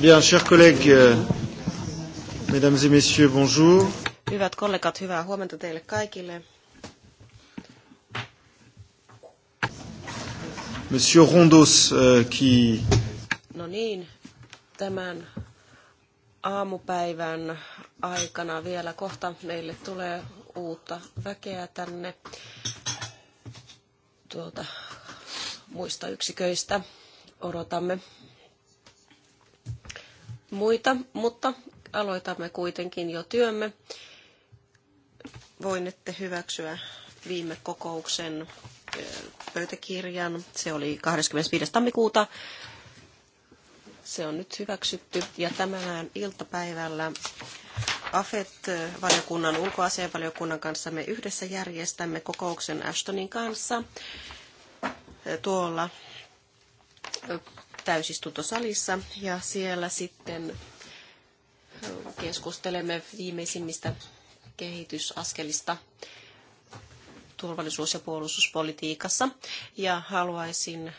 Bien, chers collègues, euh, mesdames et messieurs, bonjour. Hyvät kollegat, hyvää huomenta teille kaikille. Monsieur Rondos, euh, qui... No niin, tämän aamupäivän aikana vielä kohta meille tulee uutta väkeä tänne tuota, muista yksiköistä odotamme muita, mutta aloitamme kuitenkin jo työmme. Voinette hyväksyä viime kokouksen pöytäkirjan. Se oli 25. tammikuuta. Se on nyt hyväksytty ja tämän iltapäivällä AFET-valiokunnan ulkoasianvaliokunnan kanssa me yhdessä järjestämme kokouksen Ashtonin kanssa tuolla täysistuntosalissa ja siellä sitten keskustelemme viimeisimmistä kehitysaskelista turvallisuus- ja puolustuspolitiikassa. Ja haluaisin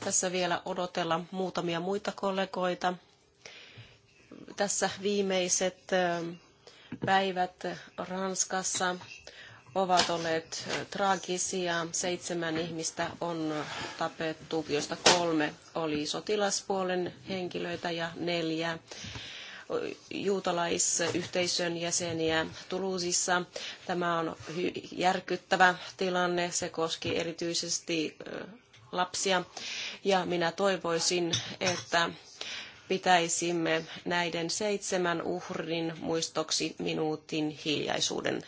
tässä vielä odotella muutamia muita kollegoita. Tässä viimeiset päivät Ranskassa ovat olleet traagisia. Seitsemän ihmistä on tapettu, joista kolme oli sotilaspuolen henkilöitä ja neljä juutalaisyhteisön jäseniä Tulusissa. Tämä on järkyttävä tilanne. Se koski erityisesti lapsia. Ja minä toivoisin, että pitäisimme näiden seitsemän uhrin muistoksi minuutin hiljaisuuden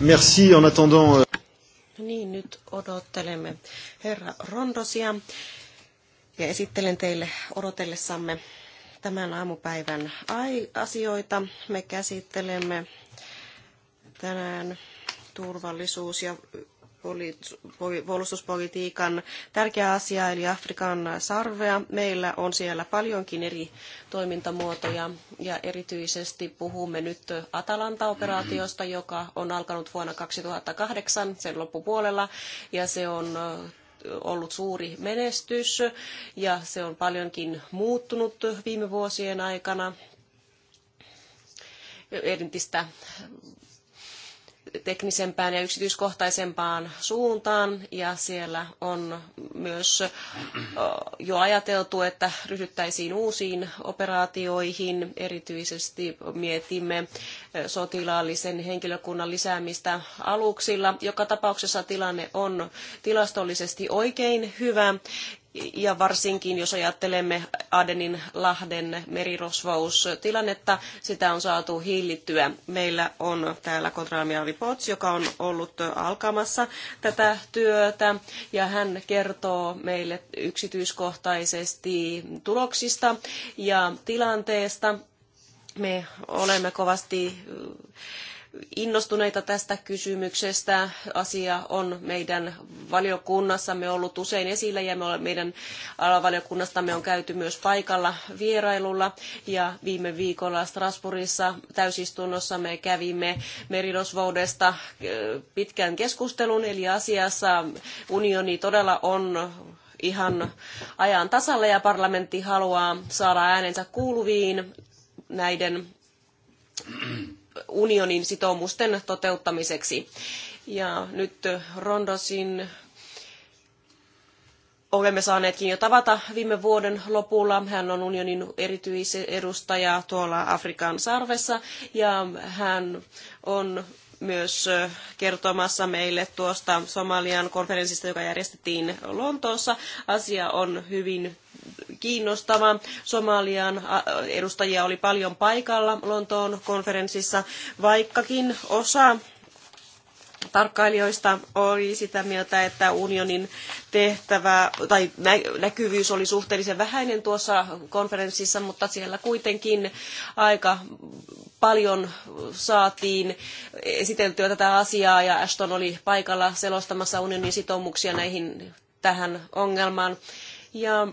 Merci en attendant. Euh, no niin, nyt odottelemme herra Rondosia ja esittelen teille odotellessamme tämän aamupäivän asioita. Me käsittelemme tänään turvallisuus- ja puolustuspolitiikan tärkeä asia, eli Afrikan sarvea. Meillä on siellä paljonkin eri toimintamuotoja, ja erityisesti puhumme nyt Atalanta-operaatiosta, joka on alkanut vuonna 2008 sen loppupuolella, ja se on ollut suuri menestys, ja se on paljonkin muuttunut viime vuosien aikana entistä teknisempään ja yksityiskohtaisempaan suuntaan ja siellä on myös jo ajateltu, että ryhdyttäisiin uusiin operaatioihin. Erityisesti mietimme sotilaallisen henkilökunnan lisäämistä aluksilla. Joka tapauksessa tilanne on tilastollisesti oikein hyvä ja varsinkin jos ajattelemme Adenin lahden merirosvoustilannetta, sitä on saatu hillittyä. Meillä on täällä Kontraamia Lipots, joka on ollut alkamassa tätä työtä ja hän kertoo meille yksityiskohtaisesti tuloksista ja tilanteesta. Me olemme kovasti innostuneita tästä kysymyksestä. Asia on meidän valiokunnassamme ollut usein esillä ja me meidän alavaliokunnastamme on käyty myös paikalla vierailulla. Ja viime viikolla Strasbourgissa täysistunnossa me kävimme merirosvoudesta äh, pitkän keskustelun, eli asiassa unioni todella on ihan ajan tasalla ja parlamentti haluaa saada äänensä kuuluviin näiden unionin sitoumusten toteuttamiseksi. Ja nyt Rondosin olemme saaneetkin jo tavata viime vuoden lopulla. Hän on unionin erityisedustaja tuolla Afrikan sarvessa ja hän on myös kertomassa meille tuosta Somalian konferenssista, joka järjestettiin Lontoossa. Asia on hyvin kiinnostava. Somalian edustajia oli paljon paikalla Lontoon konferenssissa, vaikkakin osa tarkkailijoista oli sitä mieltä, että unionin tehtävä tai näkyvyys oli suhteellisen vähäinen tuossa konferenssissa, mutta siellä kuitenkin aika paljon saatiin esiteltyä tätä asiaa ja Ashton oli paikalla selostamassa unionin sitoumuksia näihin tähän ongelmaan. Ja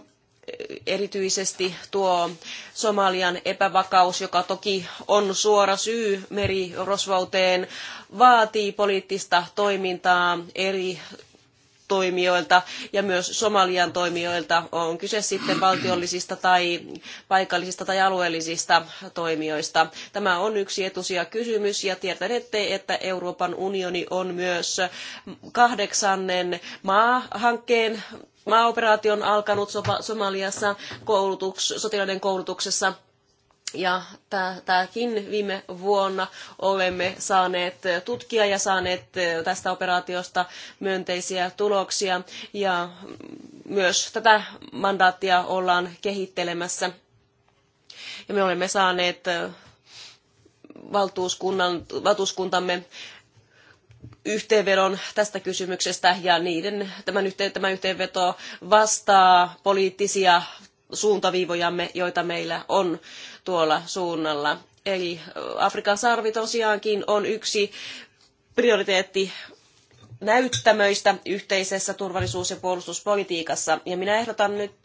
erityisesti tuo Somalian epävakaus, joka toki on suora syy merirosvouteen, vaatii poliittista toimintaa eri toimijoilta ja myös Somalian toimijoilta, on kyse sitten valtiollisista tai paikallisista tai alueellisista toimijoista. Tämä on yksi etusia kysymys ja tiedätte, että Euroopan unioni on myös kahdeksannen maahankkeen maaoperaation alkanut Somaliassa koulutuks, sotilaiden koulutuksessa ja tämäkin viime vuonna olemme saaneet tutkia ja saaneet tästä operaatiosta myönteisiä tuloksia. Ja myös tätä mandaattia ollaan kehittelemässä. Ja me olemme saaneet valtuuskunnan, valtuuskuntamme yhteenvedon tästä kysymyksestä ja niiden, tämän yhteen, tämä yhteenveto vastaa poliittisia suuntaviivojamme, joita meillä on tuolla suunnalla. Eli Afrikan sarvi tosiaankin on yksi prioriteetti näyttämöistä yhteisessä turvallisuus- ja puolustuspolitiikassa. Ja minä ehdotan nyt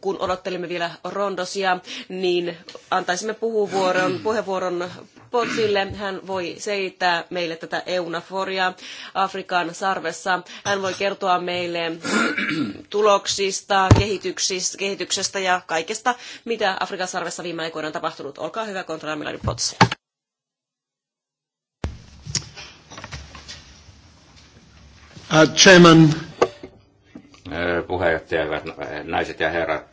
kun odottelimme vielä Rondosia, niin antaisimme puheenvuoron, puheenvuoron Potsille. Hän voi selittää meille tätä eunaforiaa Afrikan sarvessa. Hän voi kertoa meille tuloksista, kehityksestä ja kaikesta, mitä Afrikan sarvessa viime aikoina on tapahtunut. Olkaa hyvä, kontraamiradi Pots. Uh, chairman, puheenjohtaja, hyvät naiset ja herrat.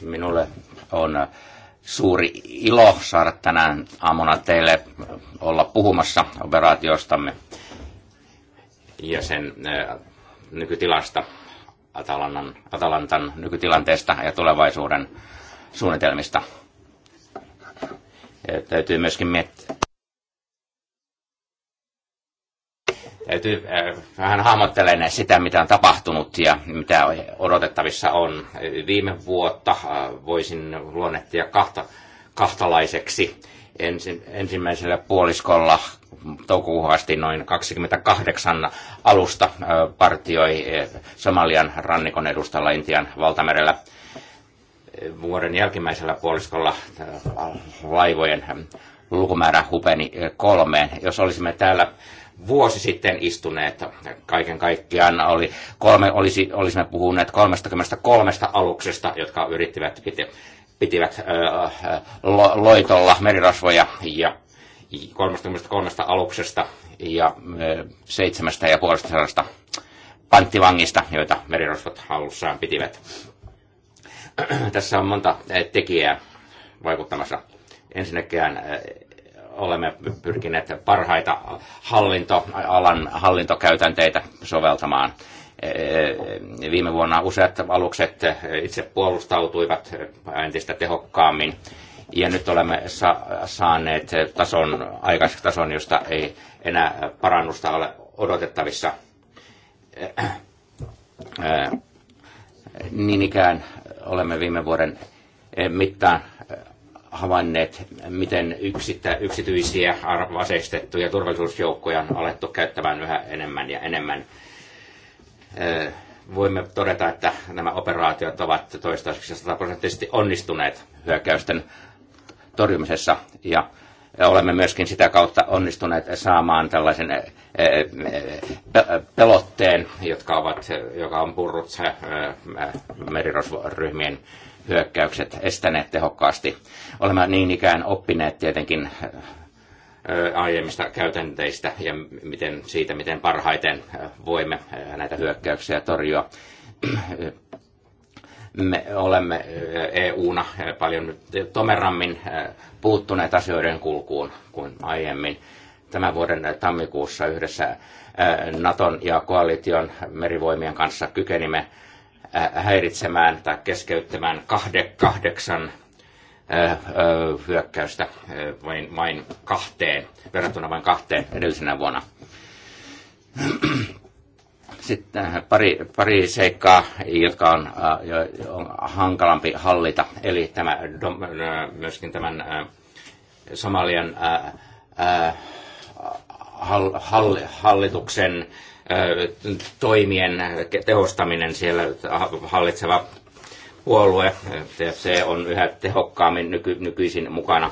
Minulle on suuri ilo saada tänään aamuna teille olla puhumassa operaatiostamme ja sen nykytilasta, Atalantan, Atalantan nykytilanteesta ja tulevaisuuden suunnitelmista. Ja täytyy myöskin miettiä, Täytyy äh, vähän hahmottelen sitä, mitä on tapahtunut ja mitä odotettavissa on. Viime vuotta äh, voisin luonnehtia kahta, kahtalaiseksi. Ensi, ensimmäisellä puoliskolla toukokuuhun asti noin 28 alusta äh, partioi Somalian rannikon edustalla Intian valtamerellä. Vuoden jälkimmäisellä puoliskolla laivojen lukumäärä hupeni kolmeen. Jos olisimme täällä vuosi sitten istuneet. Kaiken kaikkiaan oli kolme, olisi, olisimme puhuneet 33 aluksesta, jotka yrittivät piti, pitivät äh, lo, loitolla merirasvoja ja 33 aluksesta ja seitsemästä ja puolesta panttivangista, joita merirosvot hallussaan pitivät. Tässä on monta tekijää vaikuttamassa. Ensinnäkään olemme pyrkineet parhaita hallintoalan hallintokäytänteitä soveltamaan. E, viime vuonna useat alukset itse puolustautuivat entistä tehokkaammin ja nyt olemme sa- saaneet tason, aikaiseksi tason, josta ei enää parannusta ole odotettavissa. E, e, niin ikään olemme viime vuoden mittaan havainneet, miten yksittä, yksityisiä aseistettuja turvallisuusjoukkoja on alettu käyttämään yhä enemmän ja enemmän. Voimme todeta, että nämä operaatiot ovat toistaiseksi sataprosenttisesti onnistuneet hyökkäysten torjumisessa ja olemme myöskin sitä kautta onnistuneet saamaan tällaisen pelotteen, jotka ovat, joka on purrut merirosvoryhmien hyökkäykset estäneet tehokkaasti. Olemme niin ikään oppineet tietenkin aiemmista käytänteistä ja miten, siitä, miten parhaiten voimme näitä hyökkäyksiä torjua. Me olemme EU-na paljon tomerammin puuttuneet asioiden kulkuun kuin aiemmin. Tämän vuoden tammikuussa yhdessä Naton ja koalition merivoimien kanssa kykenimme Äh, häiritsemään tai keskeyttämään kahde, kahdeksan äh, äh, hyökkäystä vain, vain kahteen, verrattuna vain kahteen edellisenä vuonna. Sitten pari, pari seikkaa, jotka on, on hankalampi hallita, eli tämä, myöskin tämän Somalian hall, hall, hallituksen toimien tehostaminen siellä hallitseva puolue. TFC on yhä tehokkaammin nyky, nykyisin mukana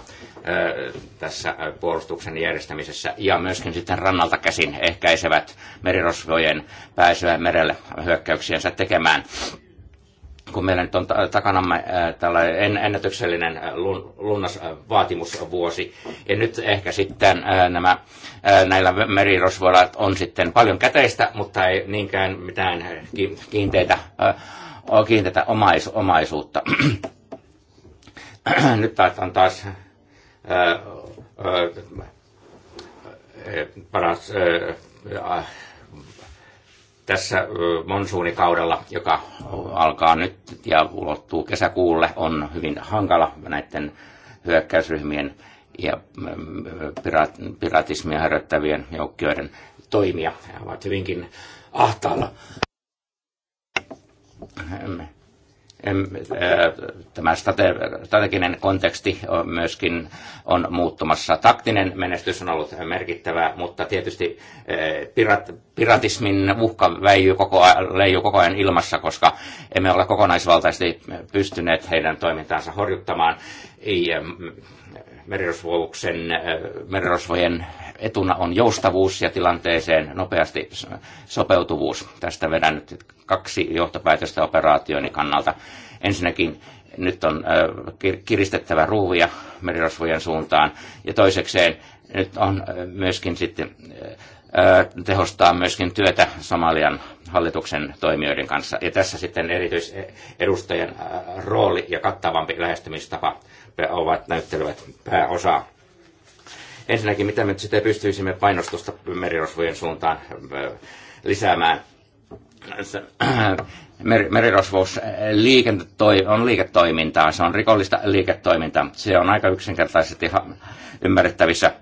tässä puolustuksen järjestämisessä ja myöskin sitten rannalta käsin ehkäisevät merirosvojen pääsyä merelle hyökkäyksiänsä tekemään kun meillä nyt on takanamme äh, tällainen ennätyksellinen äh, lunnasvaatimusvuosi. Äh, ja nyt ehkä sitten nämä, näillä merirosvoilla on sitten paljon käteistä, mutta ei niinkään mitään kiinteitä, kiinteitä omais, omaisuutta. nyt taas on taas paras tässä monsuunikaudella, joka alkaa nyt ja ulottuu kesäkuulle, on hyvin hankala näiden hyökkäysryhmien ja mm, piraat, piratismia harjoittavien joukkioiden toimia. He ovat hyvinkin ahtaalla. Tämä strateginen konteksti on myöskin on muuttumassa. Taktinen menestys on ollut merkittävää, mutta tietysti pirat, piratismin uhka väijyy koko ajan, leijuu koko ajan ilmassa, koska emme ole kokonaisvaltaisesti pystyneet heidän toimintaansa horjuttamaan. Merirosvouksen, merirosvojen etuna on joustavuus ja tilanteeseen nopeasti sopeutuvuus. Tästä vedän nyt kaksi johtopäätöstä operaationi kannalta. Ensinnäkin nyt on kiristettävä ruuvia merirosvojen suuntaan ja toisekseen nyt on myöskin sitten tehostaa myöskin työtä Somalian hallituksen toimijoiden kanssa. Ja tässä sitten erityisedustajan rooli ja kattavampi lähestymistapa ovat näyttelevät pääosaa. Ensinnäkin, mitä me sitten pystyisimme painostusta merirosvojen suuntaan lisäämään. Mer- merirosvous on liiketoimintaa, se on rikollista liiketoimintaa. Se on aika yksinkertaisesti ymmärrettävissä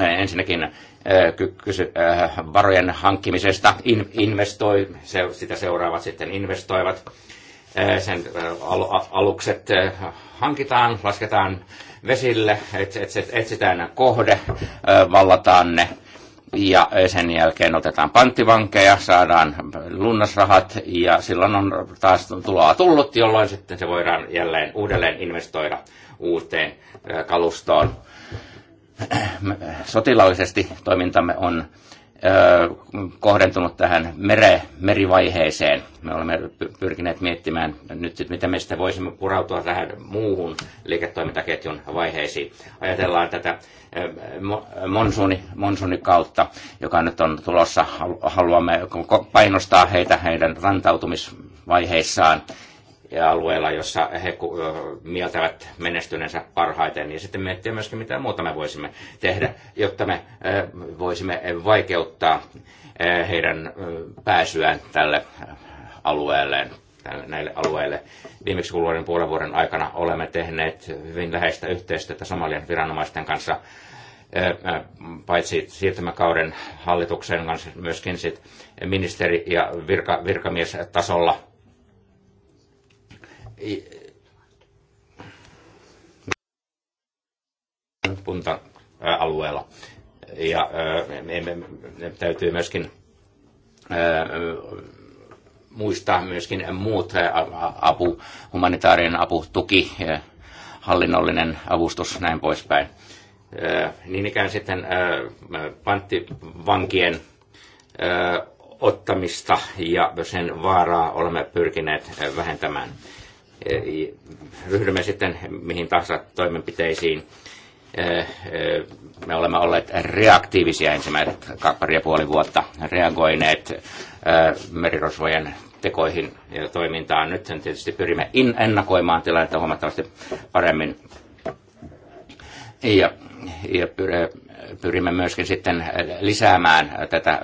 ensinnäkin Äh, kysy, äh, varojen hankkimisesta, investoi, sitä seuraavat sitten investoivat, äh, sen alukset hankitaan, lasketaan vesille, etsitään kohde, vallataan ne ja sen jälkeen otetaan panttivankeja, saadaan lunnasrahat ja silloin on taas tuloa tullut, jolloin sitten se voidaan jälleen uudelleen investoida uuteen kalustoon sotilaallisesti toimintamme on kohdentunut tähän mere, merivaiheeseen. Me olemme pyrkineet miettimään nyt, sit, miten me sitten voisimme purautua tähän muuhun liiketoimintaketjun vaiheisiin. Ajatellaan tätä monsuni, monsunikautta, joka nyt on tulossa. Haluamme painostaa heitä heidän rantautumisvaiheissaan ja alueella, jossa he mieltävät menestyneensä parhaiten. Ja niin sitten miettiä myöskin, mitä muuta me voisimme tehdä, jotta me voisimme vaikeuttaa heidän pääsyään tälle alueelleen näille alueille. Viimeksi kuluvan puolen vuoden aikana olemme tehneet hyvin läheistä yhteistyötä Somalian viranomaisten kanssa, paitsi siirtymäkauden hallituksen kanssa, myöskin sit ministeri- ja virka, virkamiestasolla – kunta alueella Ja me täytyy myöskin ää, muistaa myöskin muut apu, humanitaarinen apu, tuki, hallinnollinen avustus, näin poispäin. Niin ikään sitten panttivankien ottamista ja sen vaaraa olemme pyrkineet vähentämään ryhdymme sitten mihin tahansa toimenpiteisiin. Me olemme olleet reaktiivisia ensimmäiset pari ja puoli vuotta, reagoineet merirosvojen tekoihin ja toimintaan. Nyt tietysti pyrimme ennakoimaan tilannetta huomattavasti paremmin. Ja, ja pyrimme myöskin sitten lisäämään tätä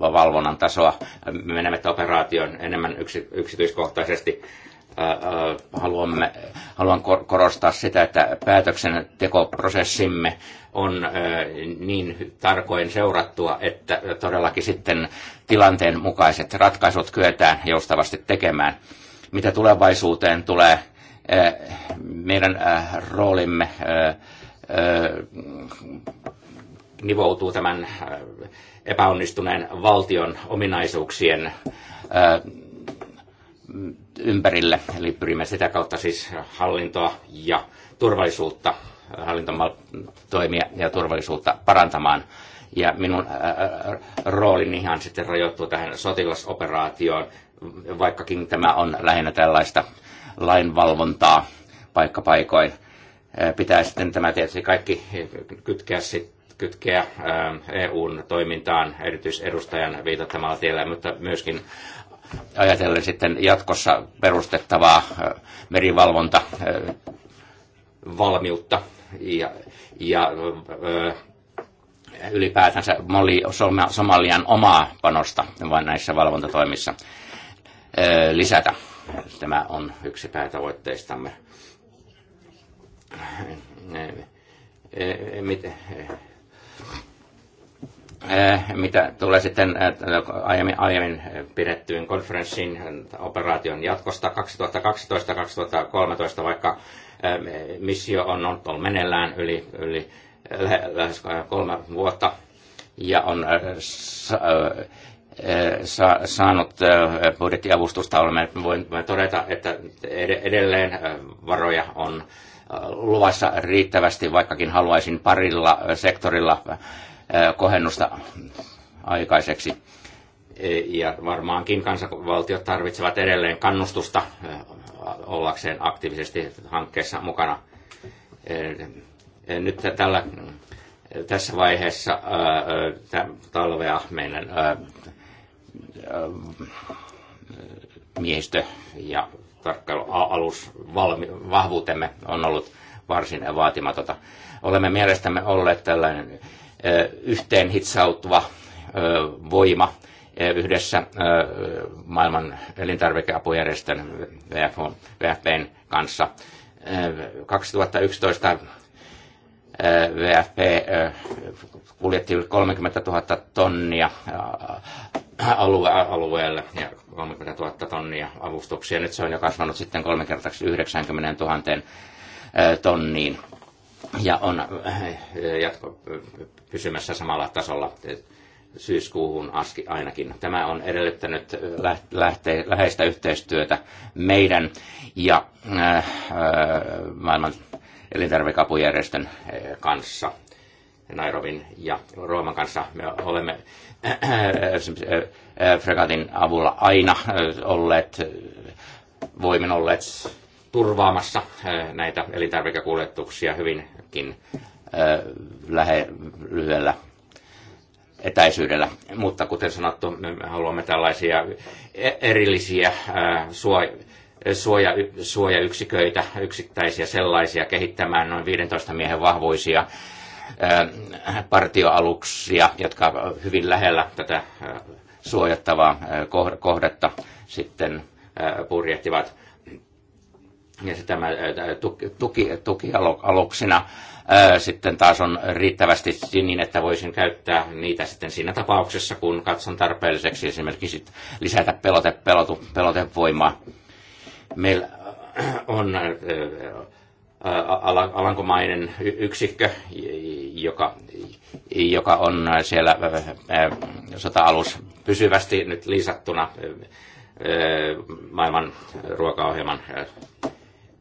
valvonnan tasoa. Menemme operaation enemmän yksityiskohtaisesti haluamme, haluan korostaa sitä, että päätöksentekoprosessimme on niin tarkoin seurattua, että todellakin sitten tilanteen mukaiset ratkaisut kyetään joustavasti tekemään. Mitä tulevaisuuteen tulee, meidän roolimme nivoutuu tämän epäonnistuneen valtion ominaisuuksien ympärille. Eli pyrimme sitä kautta siis hallintoa ja turvallisuutta, hallintotoimia ja turvallisuutta parantamaan. Ja minun roolini ihan sitten rajoittuu tähän sotilasoperaatioon, vaikkakin tämä on lähinnä tällaista lainvalvontaa paikkapaikoin. Pitää sitten tämä tietysti kaikki kytkeä sitten kytkeä EUn toimintaan erityisedustajan viitattamalla tiellä, mutta myöskin ajatellen sitten jatkossa perustettavaa merivalvonta valmiutta ja, ja ylipäätänsä Somalian omaa panosta vain näissä valvontatoimissa lisätä. Tämä on yksi päätavoitteistamme. Miten, Äh, mitä tulee sitten äh, aiemmin, aiemmin pidettyyn konferenssin äh, operaation jatkosta 2012-2013, vaikka missio on ollut meneillään yli, yli lähes kolme vuotta ja on sa- saanut budjettiavustusta. Olemme voimme todeta, että edelleen varoja on luvassa riittävästi, vaikkakin haluaisin parilla sektorilla kohennusta aikaiseksi. E, ja varmaankin kansanvaltiot tarvitsevat edelleen kannustusta ollakseen aktiivisesti hankkeessa mukana. E, e, nyt tällä, tässä vaiheessa talvea meidän miehistö ja tarkkailualus vahvuutemme on ollut varsin vaatimatonta. Olemme mielestämme olleet tällainen yhteen hitsautuva voima yhdessä maailman elintarvikeapujärjestön VFPn kanssa. 2011 VFP kuljetti yli 30 000 tonnia alueelle ja 30 000 tonnia avustuksia. Nyt se on jo kasvanut sitten kolminkertaiseksi 90 000 tonniin ja on äh, jatko äh, pysymässä samalla tasolla syyskuuhun aski ainakin. Tämä on edellyttänyt äh, lähte- läheistä yhteistyötä meidän ja maailman elintarvikapujärjestön kanssa. Nairobin ja Rooman kanssa me olemme fregatin avulla aina olleet voimin olleet turvaamassa näitä elintarvikekuljetuksia hyvinkin lähe, lyhyellä etäisyydellä. Mutta kuten sanottu, me haluamme tällaisia e-, erillisiä suoja, suojayksiköitä, yksittäisiä sellaisia, kehittämään noin 15 miehen vahvuisia partioaluksia, jotka hyvin lähellä tätä suojattavaa kohdetta sitten purjehtivat ja mä, tuki, tuki, tukialuksina sitten taas on riittävästi niin, että voisin käyttää niitä sitten siinä tapauksessa, kun katson tarpeelliseksi esimerkiksi lisätä pelote, pelotu, pelotevoimaa. Meillä on alankomainen yksikkö, joka, joka on siellä sota-alus pysyvästi nyt lisättuna maailman ruokaohjelman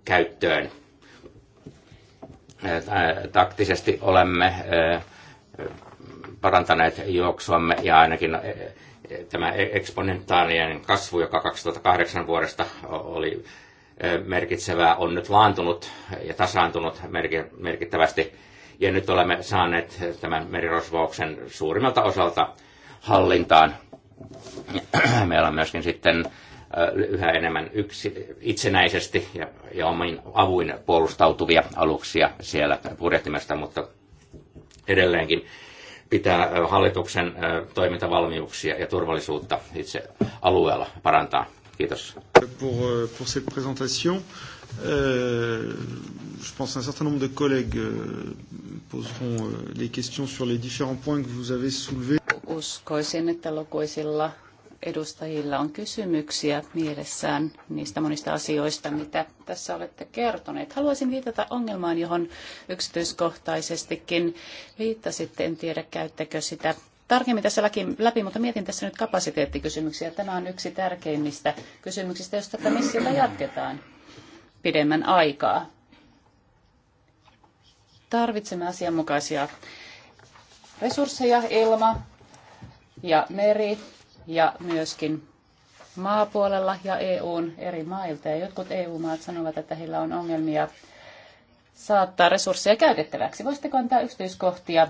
käyttöön. Taktisesti olemme parantaneet juoksuamme ja ainakin tämä e- eksponentaalinen kasvu, joka 2008 vuodesta oli merkitsevää, on nyt laantunut ja tasaantunut merkittävästi. Ja nyt olemme saaneet tämän merirosvauksen suurimmalta osalta hallintaan. Meillä on myöskin sitten yhä enemmän yksi, itsenäisesti ja, ja omin avuin puolustautuvia aluksia siellä purjehtimasta, mutta edelleenkin pitää hallituksen toimintavalmiuksia ja turvallisuutta itse alueella parantaa. Kiitos. Pour, pour cette présentation, euh, je pense un certain nombre de collègues euh, poseront les euh, questions sur les différents points que vous avez soulevés. Uskoisin, että lukuisilla edustajilla on kysymyksiä mielessään niistä monista asioista, mitä tässä olette kertoneet. Haluaisin viitata ongelmaan, johon yksityiskohtaisestikin viittasitte. En tiedä, käyttäkö sitä tarkemmin tässä läpi, mutta mietin tässä nyt kapasiteettikysymyksiä. Tämä on yksi tärkeimmistä kysymyksistä, jos tätä missiota jatketaan pidemmän aikaa. Tarvitsemme asianmukaisia resursseja, ilma ja meri ja myöskin maapuolella ja EUn eri mailta. Ja jotkut EU-maat sanovat, että heillä on ongelmia saattaa resursseja käytettäväksi. Voisitteko antaa yksityiskohtia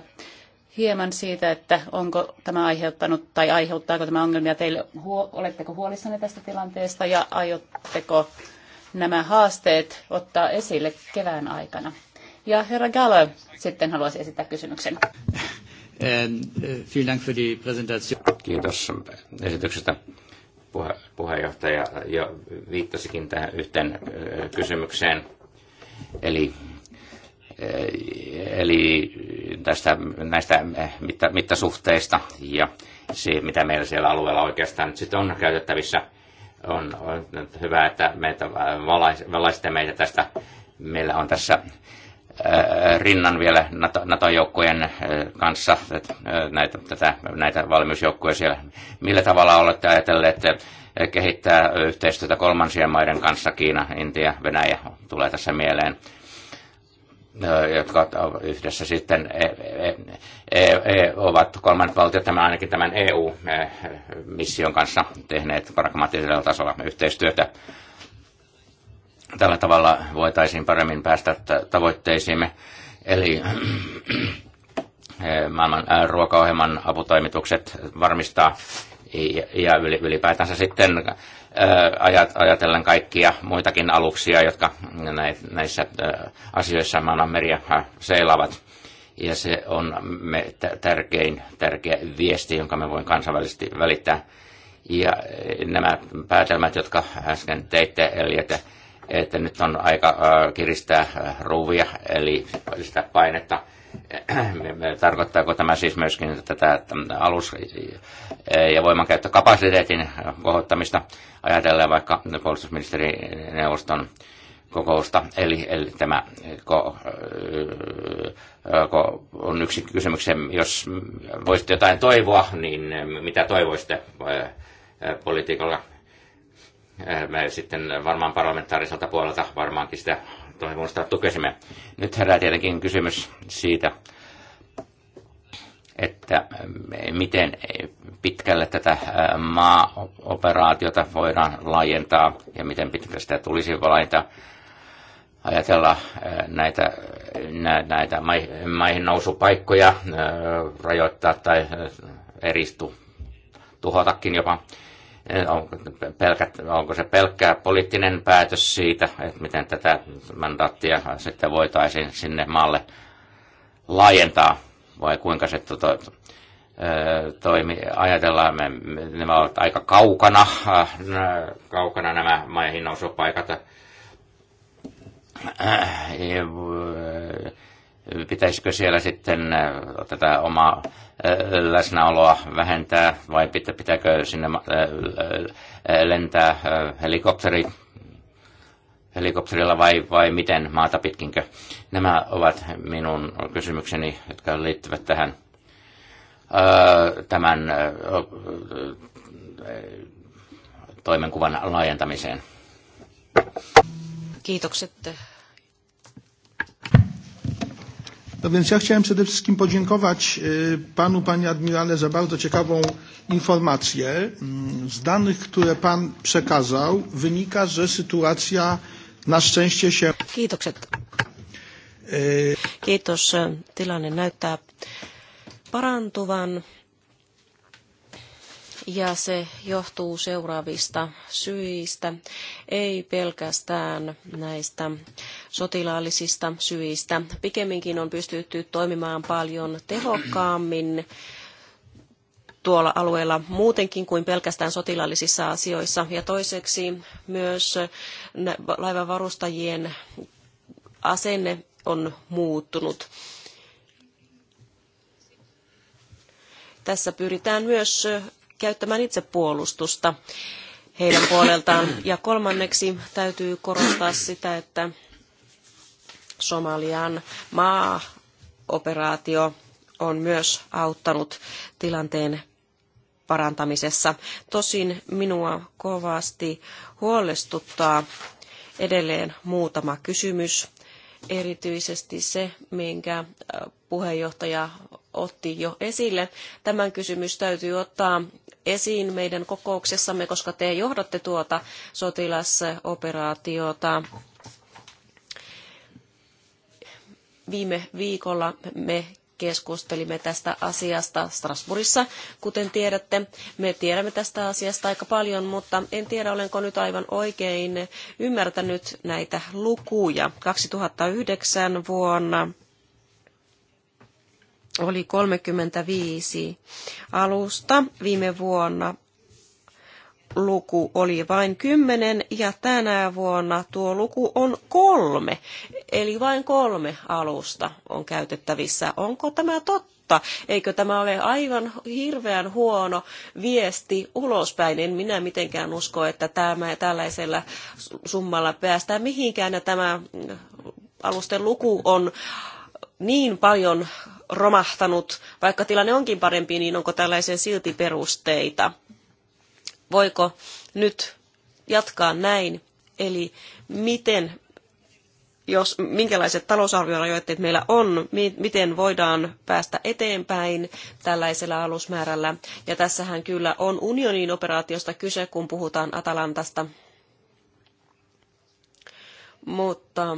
hieman siitä, että onko tämä aiheuttanut tai aiheuttaako tämä ongelmia teille? Oletteko huolissanne tästä tilanteesta ja aiotteko nämä haasteet ottaa esille kevään aikana? Ja herra Gallo sitten haluaisi esittää kysymyksen. Uh, vielen Dank für die Präsentation. Kiitos esityksestä. Puhe, puheenjohtaja jo viittasikin tähän yhteen uh, kysymykseen. Eli uh, eli tästä, näistä eh, mitta, mittasuhteista ja se, mitä meillä siellä alueella oikeastaan nyt sitten on käytettävissä. On, on hyvä, että meitä äh, valaisitte meitä tästä. Meillä on tässä rinnan vielä NATO-joukkojen kanssa näitä, tätä, näitä valmiusjoukkoja siellä. Millä tavalla olette ajatelleet kehittää yhteistyötä kolmansien maiden kanssa, Kiina, Intia, Venäjä tulee tässä mieleen, jotka yhdessä sitten e, e, e, ovat kolmannet valtiot, tämän, ainakin tämän EU-mission kanssa tehneet pragmaattisella tasolla yhteistyötä Tällä tavalla voitaisiin paremmin päästä tavoitteisiimme. Eli maailman ruokaohjelman aputoimitukset varmistaa ja ylipäätänsä sitten ajatellen kaikkia muitakin aluksia, jotka näissä asioissa maailman meriä seilaavat. Ja se on me tärkein, tärkeä viesti, jonka me voin kansainvälisesti välittää. Ja nämä päätelmät, jotka äsken teitte, eli että että nyt on aika äh, kiristää äh, ruuvia, eli sitä painetta. Tarkoittaako tämä siis myöskin tätä mm, alus- äh, ja voimankäyttökapasiteetin kohottamista ajatellen vaikka puolustusministerineuvoston kokousta, eli, eli tämä ko, ko, on yksi kysymys, jos voisitte jotain toivoa, niin mitä toivoisitte politiikalla Äh, me sitten varmaan parlamentaariselta puolelta varmaankin sitä toivomusta tukesimme. Nyt herää tietenkin kysymys siitä, että äh, miten pitkälle tätä äh, maa-operaatiota voidaan laajentaa ja miten pitkälle sitä tulisi laajentaa. Ajatella näitä, näitä maihin nousupaikkoja, rajoittaa tai eristu, tuhotakin jopa. Eh, onko, pelkät, onko se pelkkää poliittinen päätös siitä, että miten tätä mandaattia sitten voitaisiin sinne maalle laajentaa, vai kuinka se to, to, eh, toimi, ajatellaan, me, nämä ovat aika kaukana, eh, kaukana nämä maihin nousupaikat. Pitäisikö siellä sitten äh, tätä omaa äh, läsnäoloa vähentää vai pitääkö sinne äh, lentää helikopteri, helikopterilla vai, vai miten maata pitkinkö? Nämä ovat minun kysymykseni, jotka liittyvät tähän tämän toimenkuvan laajentamiseen. Kiitokset No więc ja chciałem przede wszystkim podziękować panu, panie admirale, za bardzo ciekawą informację. Mm, z danych, które pan przekazał, wynika, że sytuacja na szczęście się. Kiitokset. Kiitos. Tilanne näyttää parantuvan ja se johtuu seuraavista syistä, ei pelkästään näistä sotilaallisista syistä. Pikemminkin on pystytty toimimaan paljon tehokkaammin tuolla alueella muutenkin kuin pelkästään sotilaallisissa asioissa. Ja toiseksi myös laivavarustajien asenne on muuttunut. Tässä pyritään myös käyttämään itse puolustusta heidän puoleltaan. Ja kolmanneksi täytyy korostaa sitä, että Somalian maa-operaatio on myös auttanut tilanteen parantamisessa. Tosin minua kovasti huolestuttaa edelleen muutama kysymys. Erityisesti se, minkä äh, puheenjohtaja otti jo esille. Tämän kysymys täytyy ottaa esiin meidän kokouksessamme, koska te johdatte tuota sotilasoperaatiota. Viime viikolla me keskustelimme tästä asiasta Strasbourgissa, kuten tiedätte. Me tiedämme tästä asiasta aika paljon, mutta en tiedä, olenko nyt aivan oikein ymmärtänyt näitä lukuja. 2009 vuonna oli 35 alusta. Viime vuonna luku oli vain 10 ja tänä vuonna tuo luku on kolme. Eli vain kolme alusta on käytettävissä. Onko tämä totta? Eikö tämä ole aivan hirveän huono viesti ulospäin? En minä mitenkään usko, että tämä, tällaisella summalla päästään mihinkään ja tämä alusten luku on niin paljon romahtanut, vaikka tilanne onkin parempi, niin onko tällaisen silti perusteita? Voiko nyt jatkaa näin? Eli miten, jos, minkälaiset talousarviorajoitteet meillä on, mi- miten voidaan päästä eteenpäin tällaisella alusmäärällä. Ja tässähän kyllä on unionin operaatiosta kyse, kun puhutaan Atalantasta. Mutta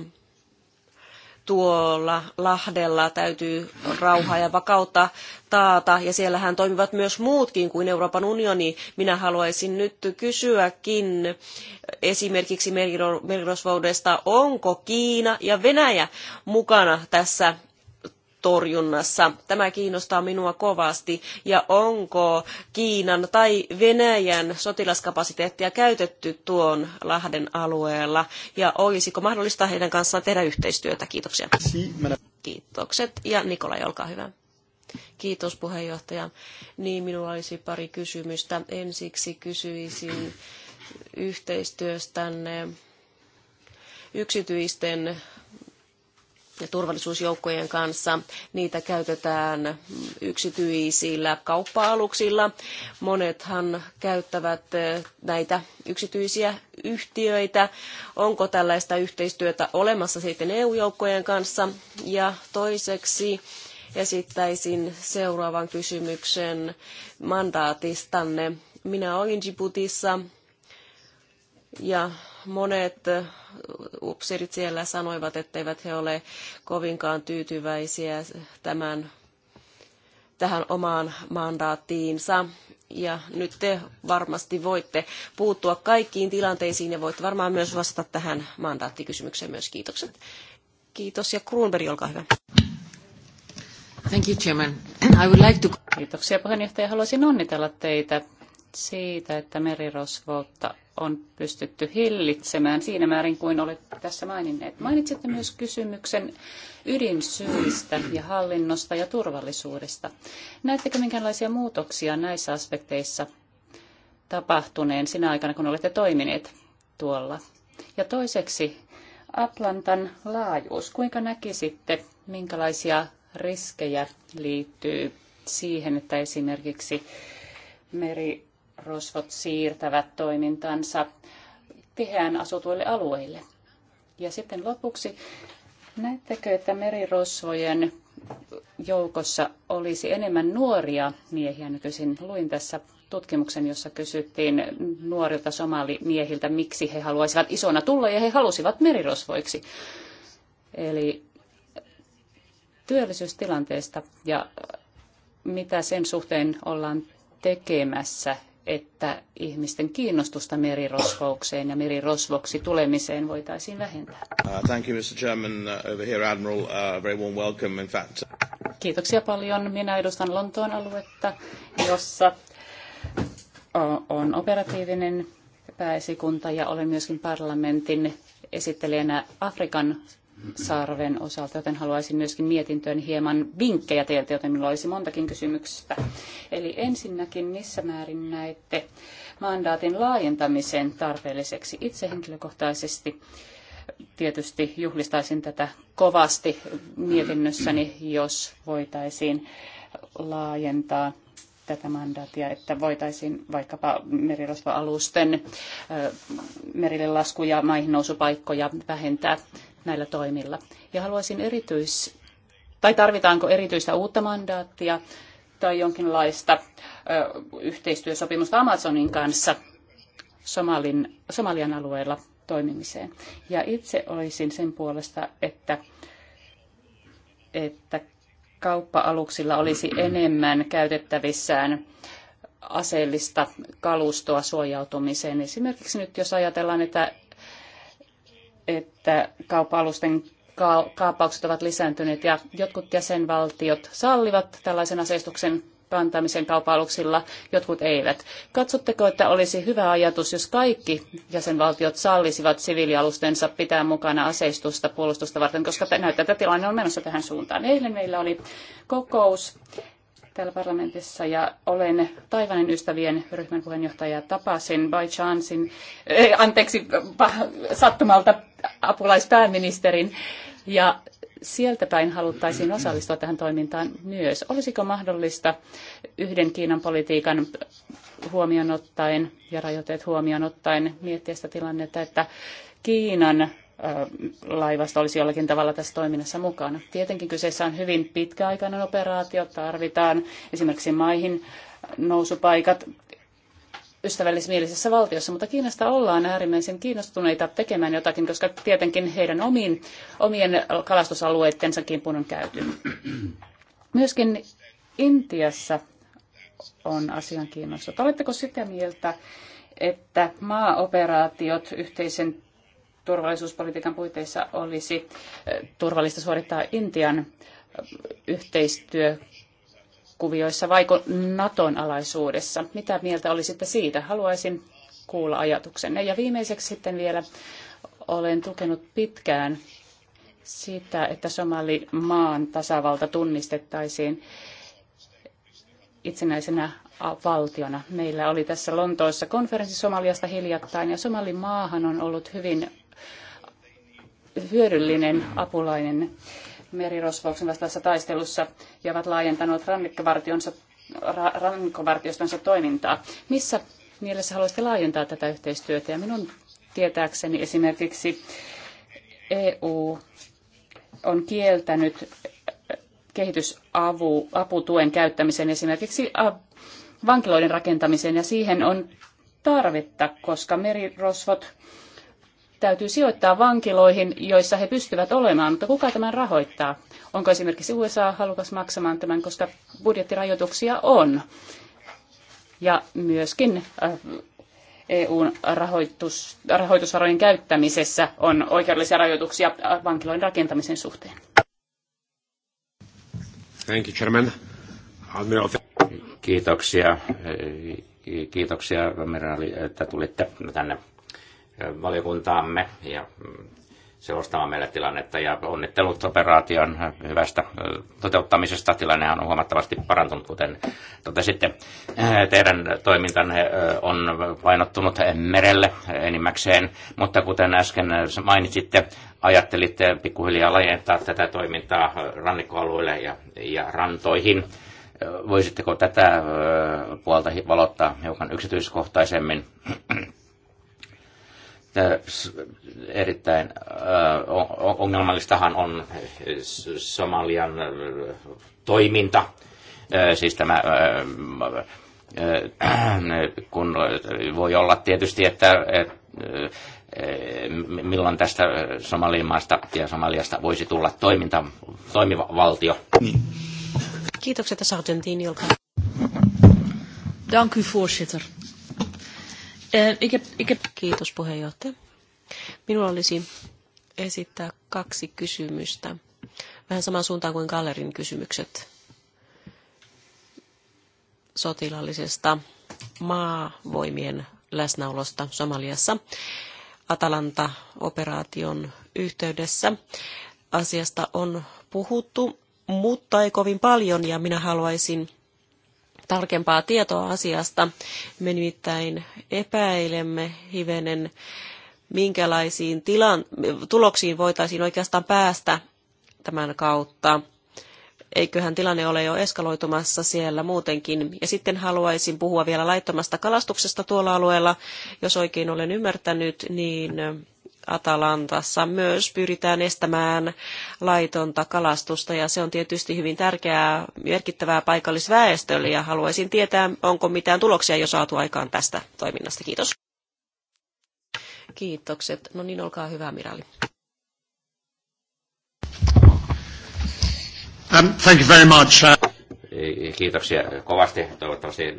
tuolla Lahdella täytyy rauhaa ja vakautta taata, ja siellähän toimivat myös muutkin kuin Euroopan unioni. Minä haluaisin nyt kysyäkin esimerkiksi merirosvoudesta, onko Kiina ja Venäjä mukana tässä torjunnassa. Tämä kiinnostaa minua kovasti. Ja onko Kiinan tai Venäjän sotilaskapasiteettia käytetty tuon Lahden alueella? Ja olisiko mahdollista heidän kanssaan tehdä yhteistyötä? Kiitoksia. Kiitokset. Ja Nikolai, olkaa hyvä. Kiitos puheenjohtaja. Niin, minulla olisi pari kysymystä. Ensiksi kysyisin yhteistyöstänne yksityisten ja turvallisuusjoukkojen kanssa. Niitä käytetään yksityisillä kauppa-aluksilla. Monethan käyttävät eh, näitä yksityisiä yhtiöitä. Onko tällaista yhteistyötä olemassa sitten EU-joukkojen kanssa? Ja toiseksi esittäisin seuraavan kysymyksen mandaatistanne. Minä olin Djiboutissa ja monet upseerit siellä sanoivat, etteivät he ole kovinkaan tyytyväisiä tämän, tähän omaan mandaattiinsa. Ja nyt te varmasti voitte puuttua kaikkiin tilanteisiin ja voitte varmaan myös vastata tähän mandaattikysymykseen myös. Kiitokset. Kiitos ja Kruunberg, olkaa hyvä. Thank you, Chairman. I would like to... Kiitoksia puheenjohtaja. Haluaisin onnitella teitä siitä, että merirosvoutta on pystytty hillitsemään siinä määrin kuin olette tässä maininneet. Mainitsitte myös kysymyksen ydinsyistä ja hallinnosta ja turvallisuudesta. Näettekö minkälaisia muutoksia näissä aspekteissa tapahtuneen sinä aikana, kun olette toimineet tuolla? Ja toiseksi Atlantan laajuus. Kuinka näkisitte, minkälaisia riskejä liittyy siihen, että esimerkiksi meri rosvot siirtävät toimintansa tiheään asutuille alueille. Ja sitten lopuksi, näettekö, että merirosvojen joukossa olisi enemmän nuoria miehiä nykyisin? Luin tässä tutkimuksen, jossa kysyttiin nuorilta somalimiehiltä, miksi he haluaisivat isona tulla, ja he halusivat merirosvoiksi. Eli työllisyystilanteesta ja mitä sen suhteen ollaan tekemässä että ihmisten kiinnostusta merirosvoukseen ja merirosvoksi tulemiseen voitaisiin vähentää. Uh, thank you, Mr. Chairman. Uh, over here, Admiral, uh, very warm welcome, in fact. Kiitoksia paljon. Minä edustan Lontoon aluetta, jossa on operatiivinen pääesikunta ja olen myöskin parlamentin esittelijänä Afrikan Sarven osalta, joten haluaisin myöskin mietintöön hieman vinkkejä teiltä, joten minulla olisi montakin kysymystä. Eli ensinnäkin, missä määrin näette mandaatin laajentamisen tarpeelliseksi? Itse henkilökohtaisesti tietysti juhlistaisin tätä kovasti mietinnössäni, jos voitaisiin laajentaa tätä mandaattia, että voitaisiin vaikkapa merirosva-alusten merille laskuja, maihin nousupaikkoja vähentää näillä toimilla. Ja haluaisin erityis, tai tarvitaanko erityistä uutta mandaattia tai jonkinlaista ö, yhteistyösopimusta Amazonin kanssa Somalin, Somalian alueella toimimiseen. Ja itse olisin sen puolesta, että, että kauppa-aluksilla olisi enemmän käytettävissään aseellista kalustoa suojautumiseen. Esimerkiksi nyt jos ajatellaan, että että kauppa-alusten kaappaukset ovat lisääntyneet ja jotkut jäsenvaltiot sallivat tällaisen aseistuksen kantamisen kaupalluksilla, jotkut eivät. Katsotteko, että olisi hyvä ajatus, jos kaikki jäsenvaltiot sallisivat siviilialustensa pitää mukana aseistusta puolustusta varten, koska näyttää, että tilanne on menossa tähän suuntaan. Eilen meillä oli kokous täällä parlamentissa ja olen Taivanin ystävien ryhmän puheenjohtaja. Tapasin by chancein, eh, anteeksi sattumalta apulaispääministerin. Ja sieltä päin haluttaisiin osallistua tähän toimintaan myös. Olisiko mahdollista yhden Kiinan politiikan huomioon ottaen ja rajoitteet huomioon ottaen miettiä sitä tilannetta, että Kiinan laivasta olisi jollakin tavalla tässä toiminnassa mukana. Tietenkin kyseessä on hyvin pitkäaikainen operaatio, tarvitaan esimerkiksi maihin nousupaikat, ystävällismielisessä valtiossa, mutta Kiinasta ollaan äärimmäisen kiinnostuneita tekemään jotakin, koska tietenkin heidän omiin, omien kalastusalueittensa kimpun on käyty. Myöskin Intiassa on asian kiinnostusta. Oletteko sitä mieltä, että maaoperaatiot yhteisen turvallisuuspolitiikan puitteissa olisi eh, turvallista suorittaa Intian eh, yhteistyö kuvioissa vaiko Naton alaisuudessa. Mitä mieltä olisitte siitä? Haluaisin kuulla ajatuksenne. Ja viimeiseksi sitten vielä olen tukenut pitkään sitä, että Somali maan tasavalta tunnistettaisiin itsenäisenä valtiona. Meillä oli tässä Lontoossa konferenssi Somaliasta hiljattain ja Somalin maahan on ollut hyvin hyödyllinen apulainen merirosvouksen vastaisessa taistelussa ja ovat laajentaneet rannikkovartiostonsa ra, toimintaa. Missä mielessä haluaisitte laajentaa tätä yhteistyötä? Ja minun tietääkseni esimerkiksi EU on kieltänyt kehitysaputuen käyttämisen esimerkiksi vankiloiden rakentamiseen ja siihen on tarvetta, koska merirosvot täytyy sijoittaa vankiloihin, joissa he pystyvät olemaan, mutta kuka tämän rahoittaa? Onko esimerkiksi USA halukas maksamaan tämän, koska budjettirajoituksia on? Ja myöskin äh, EUn rahoitus, rahoitusvarojen käyttämisessä on oikeudellisia rajoituksia äh, vankiloiden rakentamisen suhteen. Thank you, Chairman. Kiitoksia. Äh, kiitoksia, että tulitte tänne valiokuntaamme ja mm, selostamaan meille tilannetta ja onnittelut operaation hyvästä toteuttamisesta. Tilanne on huomattavasti parantunut, kuten totesitte. Teidän toimintanne on painottunut merelle enimmäkseen, mutta kuten äsken mainitsitte, ajattelitte pikkuhiljaa laajentaa tätä toimintaa rannikkoalueille ja, ja rantoihin. Voisitteko tätä puolta valottaa hiukan yksityiskohtaisemmin? erittäin ongelmallistahan on Somalian toiminta, siis tämä kun voi olla tietysti, että milloin tästä Somalimaasta ja Somaliasta voisi tulla toiminta, toimiva valtio. Niin. Kiitokset, Sargentini, niin, olkaa. Dank u, voorzitter. Eh, Kiitos puheenjohtaja. Minulla olisi esittää kaksi kysymystä. Vähän samaan suuntaan kuin Gallerin kysymykset sotilaallisesta maavoimien läsnäolosta Somaliassa Atalanta-operaation yhteydessä. Asiasta on puhuttu, mutta ei kovin paljon, ja minä haluaisin tarkempaa tietoa asiasta. Me nimittäin epäilemme hivenen, minkälaisiin tilan, tuloksiin voitaisiin oikeastaan päästä tämän kautta. Eiköhän tilanne ole jo eskaloitumassa siellä muutenkin. Ja sitten haluaisin puhua vielä laittomasta kalastuksesta tuolla alueella. Jos oikein olen ymmärtänyt, niin Atalantassa myös pyritään estämään laitonta kalastusta ja se on tietysti hyvin tärkeää merkittävää paikallisväestölle ja haluaisin tietää, onko mitään tuloksia jo saatu aikaan tästä toiminnasta. Kiitos. Kiitokset. No niin, olkaa hyvä, Mirali. Um, thank you very much. Uh, Kiitoksia kovasti. Toivottavasti eh,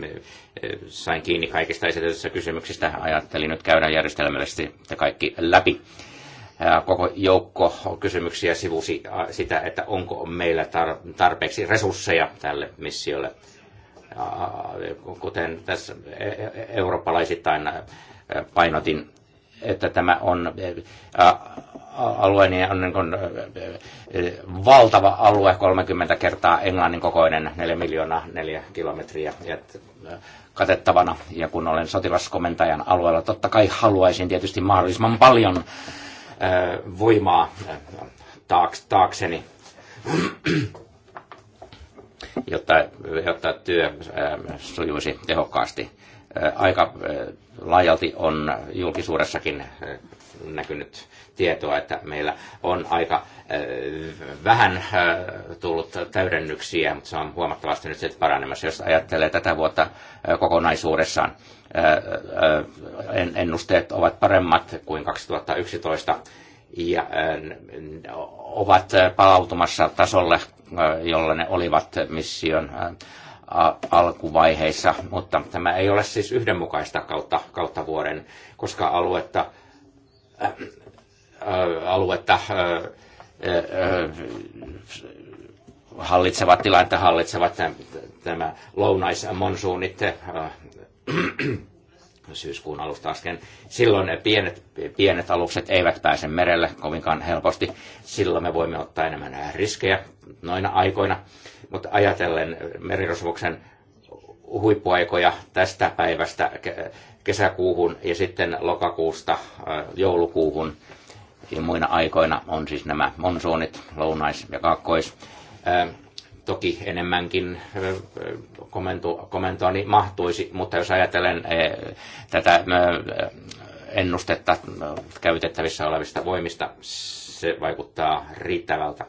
sain kiinni kaikista esitetyistä kysymyksistä. Ajattelin nyt käydä järjestelmällisesti kaikki läpi. Koko joukko kysymyksiä sivusi sitä, että onko meillä tarpeeksi resursseja tälle missiolle. Kuten tässä e-, e-, eurooppalaisittain painotin, että tämä on alueeni niin on niin kuin valtava alue, 30 kertaa Englannin kokoinen, 4 miljoonaa 4 kilometriä katettavana. Ja kun olen sotilaskomentajan alueella, totta kai haluaisin tietysti mahdollisimman paljon voimaa taakseni, jotta, jotta työ sujuisi tehokkaasti. Aika laajalti on julkisuudessakin äh, näkynyt tietoa, että meillä on aika äh, vähän äh, tullut täydennyksiä, mutta se on huomattavasti nyt sitten paranemassa, jos ajattelee tätä vuotta kokonaisuudessaan. Ennusteet ovat paremmat kuin 2011 ja ovat palautumassa tasolle, jolla ne olivat mission alkuvaiheissa, mutta tämä ei ole siis yhdenmukaista kautta, kautta vuoden, koska aluetta, äh, äh aluetta äh, äh, hallitsevat tilannetta hallitsevat äh, tämä lounaismonsuunit, äh, syyskuun alusta asken. Silloin pienet, pienet alukset eivät pääse merelle kovinkaan helposti. Silloin me voimme ottaa enemmän äh, riskejä noina aikoina. Mutta ajatellen äh, merirosvoksen huippuaikoja tästä päivästä kesäkuuhun ja sitten lokakuusta äh, joulukuuhun ja muina aikoina on siis nämä monsuunit, lounais- ja kaakkois toki enemmänkin komentoani mahtuisi, mutta jos ajatellen e, tätä ennustetta käytettävissä olevista voimista, se vaikuttaa riittävältä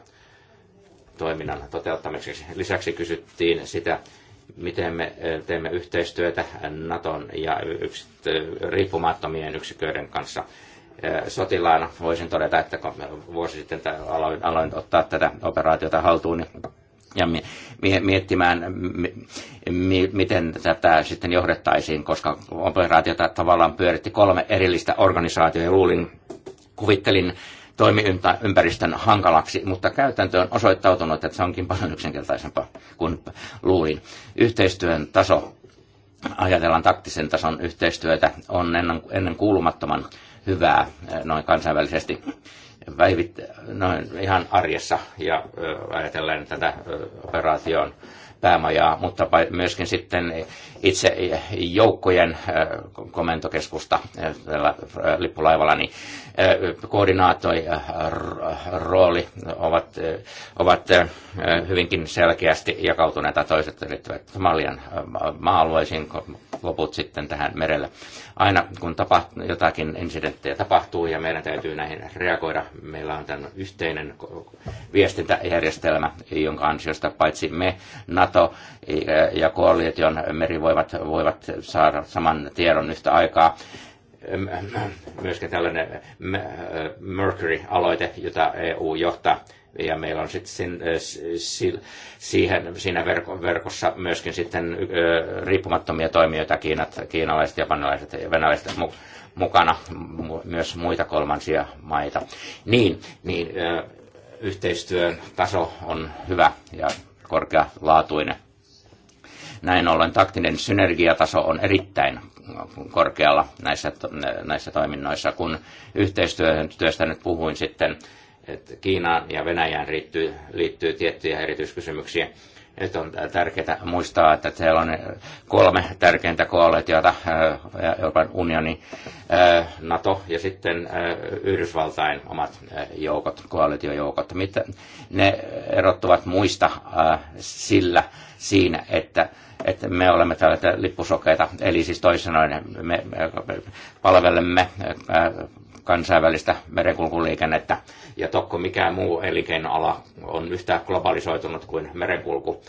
toiminnan toteuttamiseksi. Lisäksi kysyttiin sitä, miten me teemme yhteistyötä Naton ja riippumattomien yksiköiden kanssa sotilaana voisin todeta, että kun vuosi sitten aloin, aloin ottaa tätä operaatiota haltuun, niin ja miettimään, miten tätä sitten johdettaisiin, koska operaatiota tavallaan pyöritti kolme erillistä organisaatiota ja luulin, kuvittelin toimiympäristön hankalaksi, mutta käytäntö on osoittautunut, että se onkin paljon yksinkertaisempaa kuin luulin. Yhteistyön taso, ajatellaan taktisen tason yhteistyötä, on ennen, ennen kuulumattoman hyvää eh, noin kansainvälisesti päivittäin, noin ihan arjessa ja ajatellen tätä operaation päämajaa, mutta myöskin sitten itse joukkojen äh, komentokeskusta äh, tällä äh, lippulaivalla, niin koordinaatoi rooli ovat, ovat hyvinkin selkeästi jakautuneita. Toiset liittyvät Somalian maa-alueisiin, loput sitten tähän merelle. Aina kun tapahtuu, jotakin insidenttejä tapahtuu ja meidän täytyy näihin reagoida, meillä on tämän yhteinen viestintäjärjestelmä, jonka ansiosta paitsi me, NATO, NATO ja koalition merivoimat voivat saada saman tiedon yhtä aikaa myöskin tällainen äh, äh, Mercury-aloite, jota EU johtaa. Ja meillä on sitten äh, siihen, siinä verkossa myöskin sitten riippumattomia toimijoita, kiinat, kiinalaiset, japanilaiset ja venäläiset mukana, myös muita kolmansia maita. Niin, niin yhteistyön taso on hyvä ja korkealaatuinen. Näin ollen taktinen synergiataso on erittäin korkealla näissä, näissä toiminnoissa. Kun yhteistyöstä nyt puhuin sitten, että Kiinaan ja Venäjään liittyy, liittyy tiettyjä erityiskysymyksiä, että on tärkeää muistaa, että siellä on kolme tärkeintä koalitiota, Euroopan unioni, NATO ja sitten Yhdysvaltain omat joukot, koalitiojoukot. Mitä ne erottuvat muista sillä siinä, että että me olemme tällaisia lippusokeita, eli siis toisin sanoen me palvelemme kansainvälistä merenkulkuliikennettä. Ja tokko mikään muu elinkeinoala on yhtä globalisoitunut kuin merenkulku.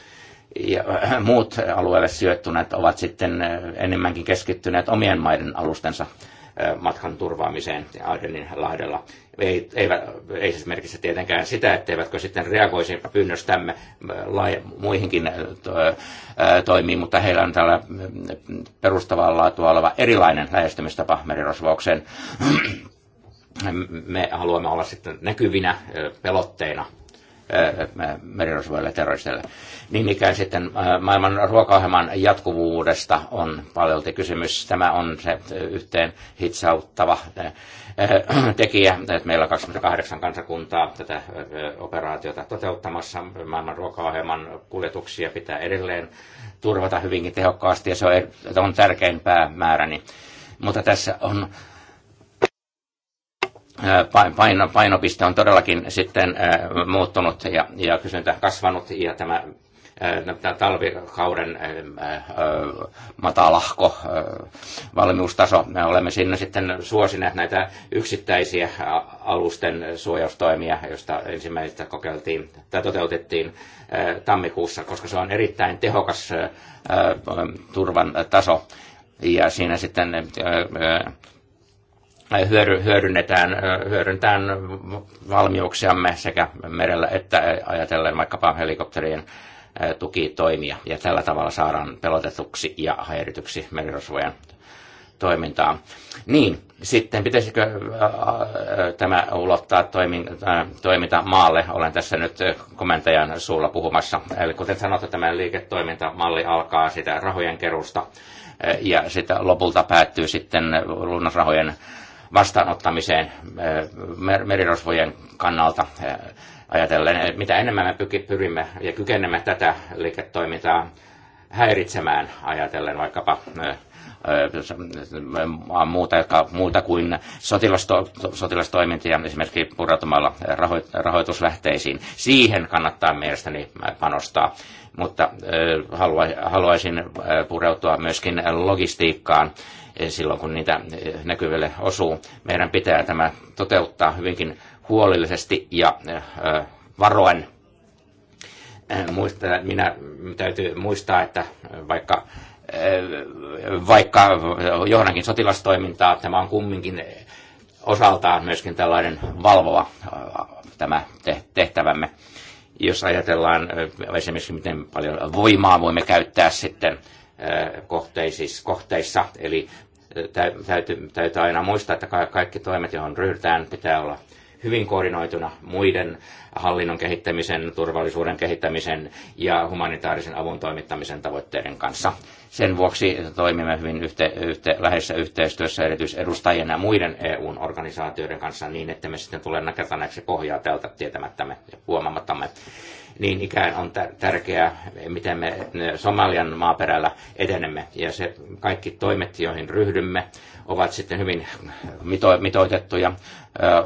Ja äh, muut alueelle sijoittuneet ovat sitten äh, enemmänkin keskittyneet omien maiden alustensa äh, matkan turvaamiseen Aydenin lahdella. Ei, ei, ei siis merkissä tietenkään sitä, etteivätkö sitten reagoisi pyynnöstämme laaja, muihinkin to, toimiin, mutta heillä on täällä perustavaa laatua oleva erilainen lähestymistapa merirosvaukseen. me haluamme olla sitten näkyvinä pelotteina merirosvoille terroristeille. Niin ikään sitten maailman ruokaohjelman jatkuvuudesta on paljolti kysymys. Tämä on se yhteen hitsauttava tekijä, että meillä on 28 kansakuntaa tätä operaatiota toteuttamassa. Maailman ruokaohjelman kuljetuksia pitää edelleen turvata hyvinkin tehokkaasti ja se on tärkein päämääräni. Mutta tässä on paino, painopiste on todellakin sitten muuttunut ja, ja kysyntä kasvanut ja tämä no, tämä talvikauden matalahko valmiustaso. Me olemme sinne sitten suosineet näitä yksittäisiä alusten suojaustoimia, joista ensimmäistä kokeiltiin tai toteutettiin tammikuussa, koska se on erittäin tehokas turvan taso. Ja siinä sitten hyödy, hyödynnetään, hyödynnetään valmiuksiamme sekä merellä että ajatellen vaikkapa helikopterien tukitoimia. Ja tällä tavalla saadaan pelotetuksi ja häirityksi merirosvojen toimintaa. Niin, sitten pitäisikö tämä ulottaa toiminta maalle? Olen tässä nyt komentajan suulla puhumassa. Eli kuten sanottu, tämä liiketoimintamalli alkaa sitä rahojen kerusta ja sitä lopulta päättyy sitten lunnasrahojen vastaanottamiseen eh, merirosvojen kannalta eh, ajatellen. Eh, mitä enemmän me pyrimme ja kykenemme tätä liiketoimintaa häiritsemään ajatellen vaikkapa muuta, muuta kuin sotilasto, sotilastoimintia, esimerkiksi purautumalla rahoituslähteisiin. Siihen kannattaa mielestäni panostaa, mutta haluaisin pureutua myöskin logistiikkaan silloin, kun niitä eh, näkyville osuu. Meidän pitää tämä toteuttaa hyvinkin huolellisesti ja eh, eh, varoen. Muista, minä täytyy muistaa, että vaikka vaikka johdankin sotilastoimintaa, tämä on kumminkin osaltaan myöskin tällainen valvova tämä tehtävämme. Jos ajatellaan esimerkiksi, miten paljon voimaa voimme käyttää sitten kohteisissa, kohteissa, eli täytyy, täytyy aina muistaa, että kaikki toimet, joihin ryhdytään, pitää olla hyvin koordinoituna muiden hallinnon kehittämisen, turvallisuuden kehittämisen ja humanitaarisen avun toimittamisen tavoitteiden kanssa. Sen vuoksi toimimme hyvin yhte, yhte, läheisessä yhteistyössä erityisedustajien ja muiden EUn organisaatioiden kanssa niin, että me sitten tulemme nakertaneeksi pohjaa tältä tietämättämme ja huomaamattamme niin ikään on tärkeää, miten me Somalian maaperällä etenemme. Ja se kaikki toimet, joihin ryhdymme, ovat sitten hyvin mito- mitoitettuja,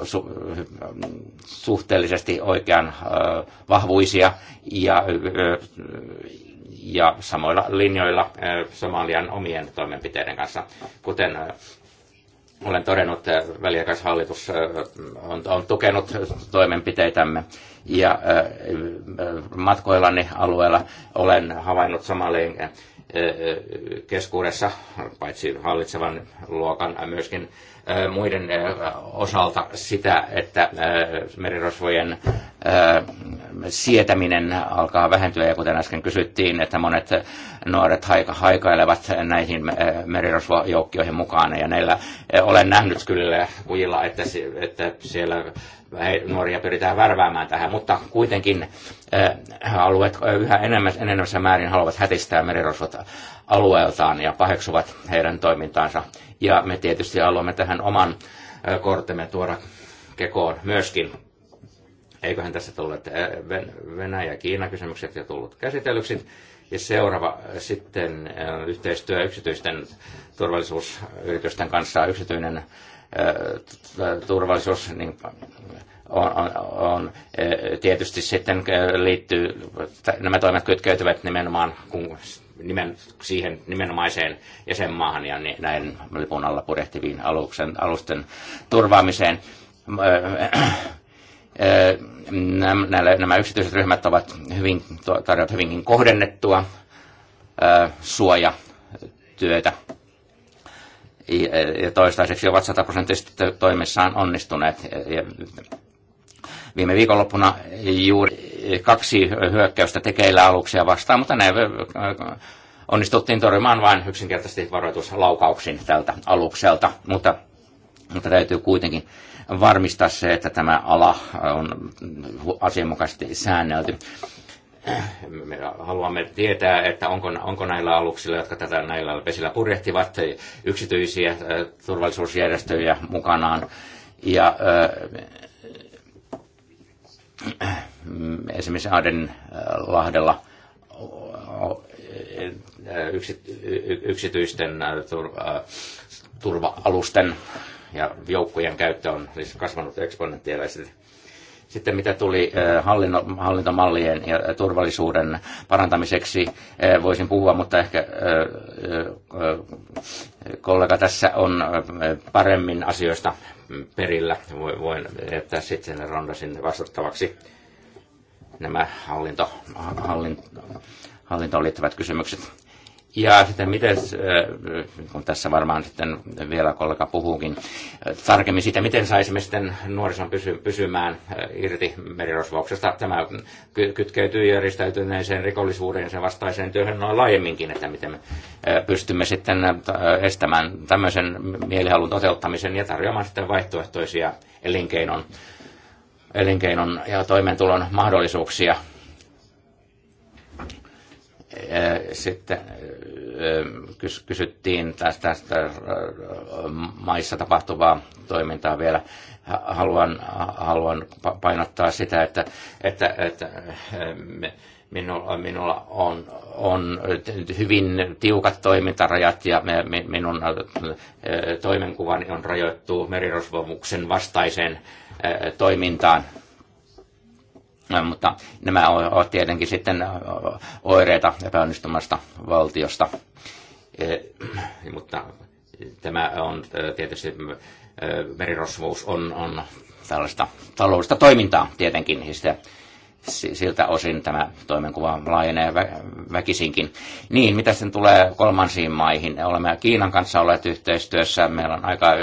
su- suhteellisesti oikean vahvuisia ja, ja samoilla linjoilla Somalian omien toimenpiteiden kanssa. Kuten olen todennut, väliaikaishallitus on, on tukenut toimenpiteitämme ja matkoillani alueella olen havainnut Somalien keskuudessa paitsi hallitsevan luokan myöskin muiden osalta sitä, että merirosvojen sietäminen alkaa vähentyä, ja kuten äsken kysyttiin, että monet nuoret haikailevat näihin merirosvojoukkioihin mukaan, ja näillä olen nähnyt kyllä kujilla, että, että siellä nuoria pyritään värväämään tähän, mutta kuitenkin alueet yhä enemmän, enemmässä määrin haluavat hätistää merirosvot alueeltaan ja paheksuvat heidän toimintaansa ja me tietysti haluamme tähän oman kortemme tuoda kekoon myöskin. Eiköhän tässä tullut Venäjä- ja Kiina-kysymykset jo tullut käsitellyksi. Ja seuraava sitten yhteistyö yksityisten turvallisuusyritysten kanssa. Yksityinen turvallisuus niin on, on, on, tietysti sitten liittyy, nämä toimet kytkeytyvät nimenomaan kun nimen, siihen nimenomaiseen jäsenmaahan ja näin lipun alla purehtiviin aluksen, alusten turvaamiseen. Nämä, nämä yksityiset ryhmät ovat hyvin, tarjoavat hyvinkin kohdennettua suojatyötä ja toistaiseksi ovat sataprosenttisesti toimessaan onnistuneet. Ja viime viikonloppuna juuri kaksi hyökkäystä tekeillä aluksia vastaan, mutta ne äh, onnistuttiin torjumaan vain yksinkertaisesti varoituslaukauksin tältä alukselta, mutta, mutta täytyy kuitenkin varmistaa se, että tämä ala on asianmukaisesti säännelty. Me haluamme tietää, että onko, onko näillä aluksilla, jotka tätä näillä vesillä purjehtivat, yksityisiä äh, turvallisuusjärjestöjä mukanaan. Ja äh, Äh, esimerkiksi Adenlahdella lahdella yksityisten turva-alusten ja joukkojen käyttö on siis kasvanut eksponentiaalisesti sitten mitä tuli eh, hallintomallien ja eh, turvallisuuden parantamiseksi, eh, voisin puhua, mutta ehkä kollega tässä on paremmin asioista perillä. Voin jättää sitten sinne vastattavaksi nämä hallinto, hallin, hallintoon liittyvät kysymykset. Ja sitten miten, äh, kun tässä varmaan sitten vielä kollega puhuukin äh, tarkemmin siitä, miten saisimme sitten nuorison pysy, pysymään äh, irti merirosvauksesta. Tämä kytkeytyy järjestäytyneeseen rikollisuuteen ja sen vastaiseen työhön noin laajemminkin, että miten me pystymme sitten estämään tämmöisen mielihalun toteuttamisen ja tarjoamaan sitten vaihtoehtoisia elinkeinon, elinkeinon ja toimeentulon mahdollisuuksia sitten kysyttiin tästä, tästä maissa tapahtuvaa toimintaa vielä. Haluan, haluan painottaa sitä, että, että, että me, minulla, minulla on, on hyvin tiukat toimintarajat ja me, minun toimenkuvani on rajoittu merirosvomuksen vastaiseen toimintaan. Äh, mutta nämä ovat tietenkin sitten äh, oireita epäonnistumasta valtiosta. Mutta tämä on äh, tietysti, merirosvous on, on tällaista taloudellista toimintaa tietenkin, ja niin sitä siltä osin tämä toimenkuva laajenee väkisinkin. Niin, mitä sen tulee kolmansiin maihin? Olemme Kiinan kanssa olleet yhteistyössä. Meillä on aika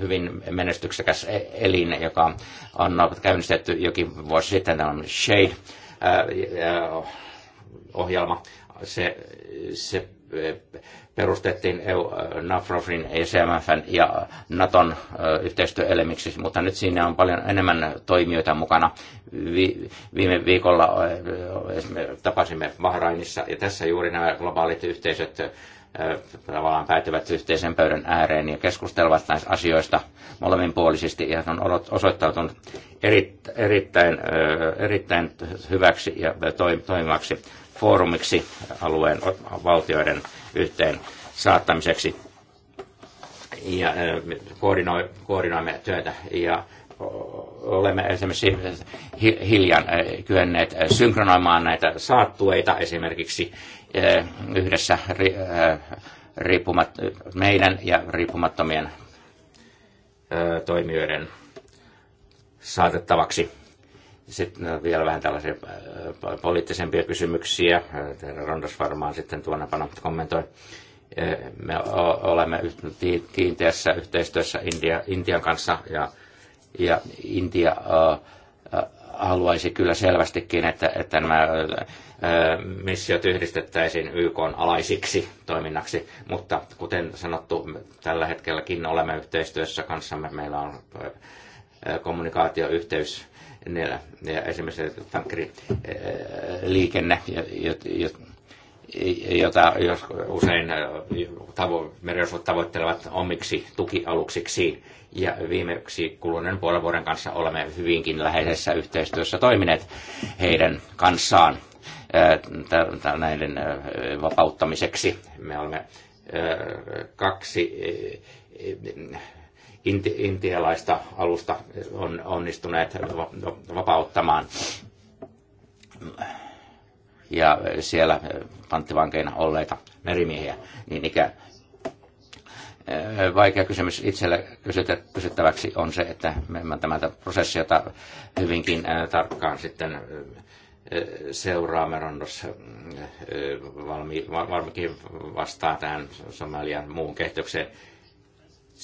hyvin menestyksekäs e-, elin, joka on käynnistetty jokin vuosi sitten. Tämä on Shade-ohjelma. Se, se perustettiin e äh, NAFROFin, ECMFn ja Naton äh, yhteistyöelimiksi, mutta nyt siinä on paljon enemmän toimijoita mukana. viime viikolla äh, tapasimme Bahrainissa ja tässä juuri nämä globaalit yhteisöt tavallaan päätyvät yhteisen pöydän ääreen ja keskustelevat näistä asioista molemminpuolisesti ja on osoittautunut erittäin, erittäin hyväksi ja toimivaksi foorumiksi alueen valtioiden yhteen saattamiseksi. Ja koordinoimme työtä ja olemme esimerkiksi hiljan kyenneet synkronoimaan näitä saattueita esimerkiksi yhdessä riippumat, meidän ja riippumattomien toimijoiden saatettavaksi sitten vielä vähän tällaisia äh, poliittisempia kysymyksiä. Rondos varmaan sitten pano kommentoi. Äh, me olemme kiinteässä yhteistyössä India, Intian kanssa ja, ja Intia äh, haluaisi kyllä selvästikin, että, että nämä missiot yhdistettäisiin YK alaisiksi toiminnaksi, mutta kuten sanottu, tällä hetkelläkin olemme yhteistyössä kanssamme. Meillä on kommunikaatioyhteys ja esimerkiksi tankeriliikenne, jota jos usein tavo, merirosvot tavoittelevat omiksi tukialuksiksi. Ja viimeksi kuluneen puolen vuoden kanssa olemme hyvinkin läheisessä yhteistyössä toimineet heidän kanssaan näiden vapauttamiseksi. Me olemme kaksi inti, intialaista alusta on onnistuneet vapauttamaan. Ja siellä eh, panttivankeina olleita merimiehiä, niin ikä, eh, vaikea kysymys itselle kysyttäväksi on se, että tämä tämän jota hyvinkin eh, tarkkaan sitten seuraamme rannossa valmi, valmikin vastaa tähän Somalian muun kehitykseen.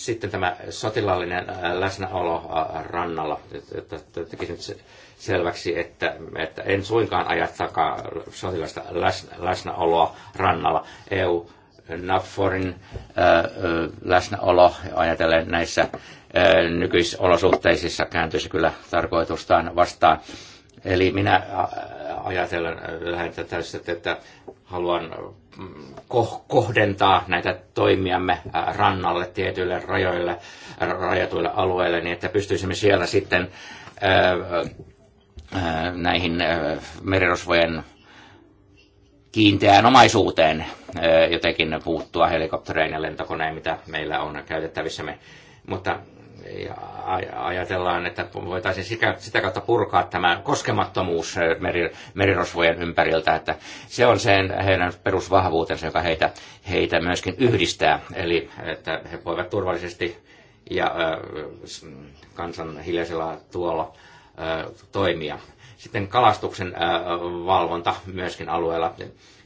Sitten tämä sotilaallinen äh, läsnäolo äh, rannalla. Tekisin nyt selväksi, että, että en suinkaan aja takaa läsnäoloa rannalla. EU NAFORin äh, läsnäolo ajatellen näissä nykyisolosuhteisissa kääntyisi kyllä tarkoitustaan vastaan. Eli minä ajatellen äh, lähettä tässä, että haluan mm, kohdentaa näitä toimiamme äh, rannalle, tietyille rajoille, rajatuille alueille, niin että pystyisimme siellä sitten äh, näihin merirosvojen kiinteään omaisuuteen jotenkin puuttua helikoptereen ja lentokoneen, mitä meillä on käytettävissämme. Mutta ajatellaan, että voitaisiin sitä kautta purkaa tämä koskemattomuus eh, meri, merirosvojen ympäriltä, että se on sen heidän perusvahvuutensa, joka heitä, heitä myöskin yhdistää, eli että he voivat turvallisesti ja äh, kansan hiljaisella tuolla äh, toimia. Sitten kalastuksen äh, valvonta myöskin alueella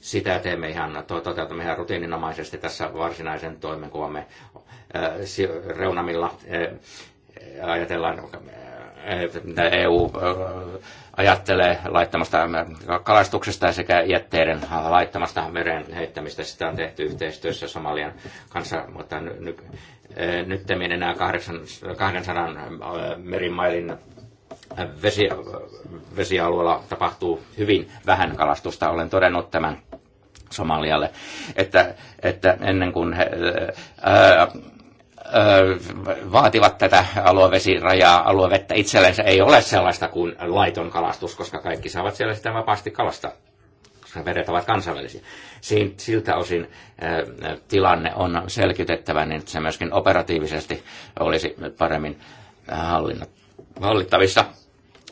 sitä teemme ihan, toteutamme ihan rutiininomaisesti tässä varsinaisen toimenkuvamme Äh, reunamilla äh, ajatellaan, äh, mitä EU ajattelee laittamasta kalastuksesta sekä jätteiden laittamasta mereen heittämistä. Sitä on tehty yhteistyössä Somalian kanssa, mutta nyt nyt en enää 200 merimailin vesi, vesialueella tapahtuu hyvin vähän kalastusta. Olen todennut tämän Somalialle, että, että ennen kuin he, ää, vaativat tätä aluevesirajaa, aluevettä itsellensä ei ole sellaista kuin laiton kalastus, koska kaikki saavat siellä sitä vapaasti kalastaa, koska vedet ovat kansainvälisiä. Siltä osin tilanne on selkiytettävä niin, että se myöskin operatiivisesti olisi paremmin hallittavissa.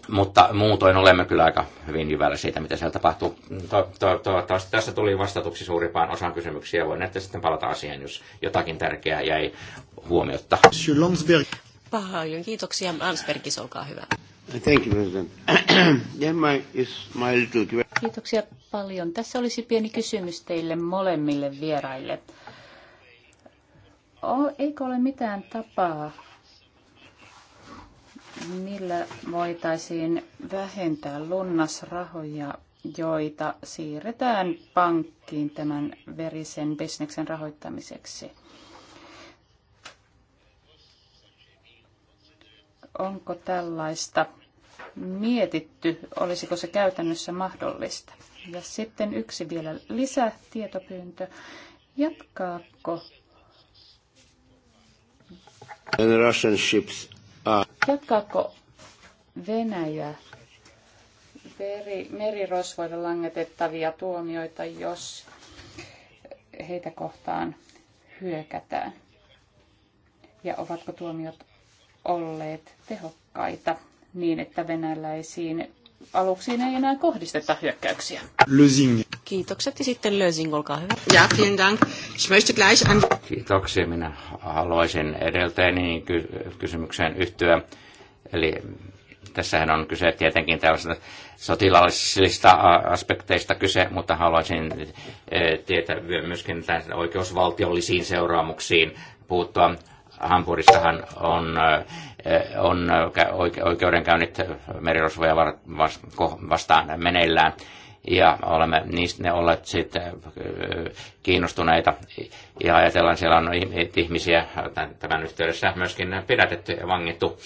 Mutta muutoin olemme kyllä aika hyvin jyvällä siitä, mitä siellä tapahtuu. To, to, to, tässä tuli vastatuksi suurimpaan osaan kysymyksiä. Voin näette sitten palata asiaan, jos jotakin tärkeää jäi huomiotta. Paljon kiitoksia. Ansbergis, olkaa hyvä. Thank you, President. Kiitoksia paljon. Tässä olisi pieni kysymys teille molemmille vieraille. Eikö ole mitään tapaa, millä voitaisiin vähentää lunnasrahoja, joita siirretään pankkiin tämän verisen bisneksen rahoittamiseksi? onko tällaista mietitty, olisiko se käytännössä mahdollista. Ja sitten yksi vielä lisätietopyyntö. Jatkaako Russian ships are... Jatkaako Venäjä meri, merirosvoille langetettavia tuomioita, jos heitä kohtaan hyökätään? Ja ovatko tuomiot olleet tehokkaita niin, että venäläisiin aluksiin ei enää kohdisteta hyökkäyksiä. Lösing. Kiitokset ja sitten Lösing, olkaa hyvä. Ja, vielen dank. Ich möchte gleich an... Kiitoksia. Minä haluaisin edeltäjäni kysymykseen yhtyä. Eli tässähän on kyse tietenkin tällaisista sotilaallisista aspekteista kyse, mutta haluaisin eh, tietää myöskin oikeusvaltiollisiin seuraamuksiin puuttua Hampurissahan on, äh, on äh, oikeudenkäynnit merirosvoja vastaan meneillään ja olemme niistä ne olleet sitten äh, kiinnostuneita ja ajatellaan, siellä on ihmisiä tämän yhteydessä myöskin pidätetty ja vangittu.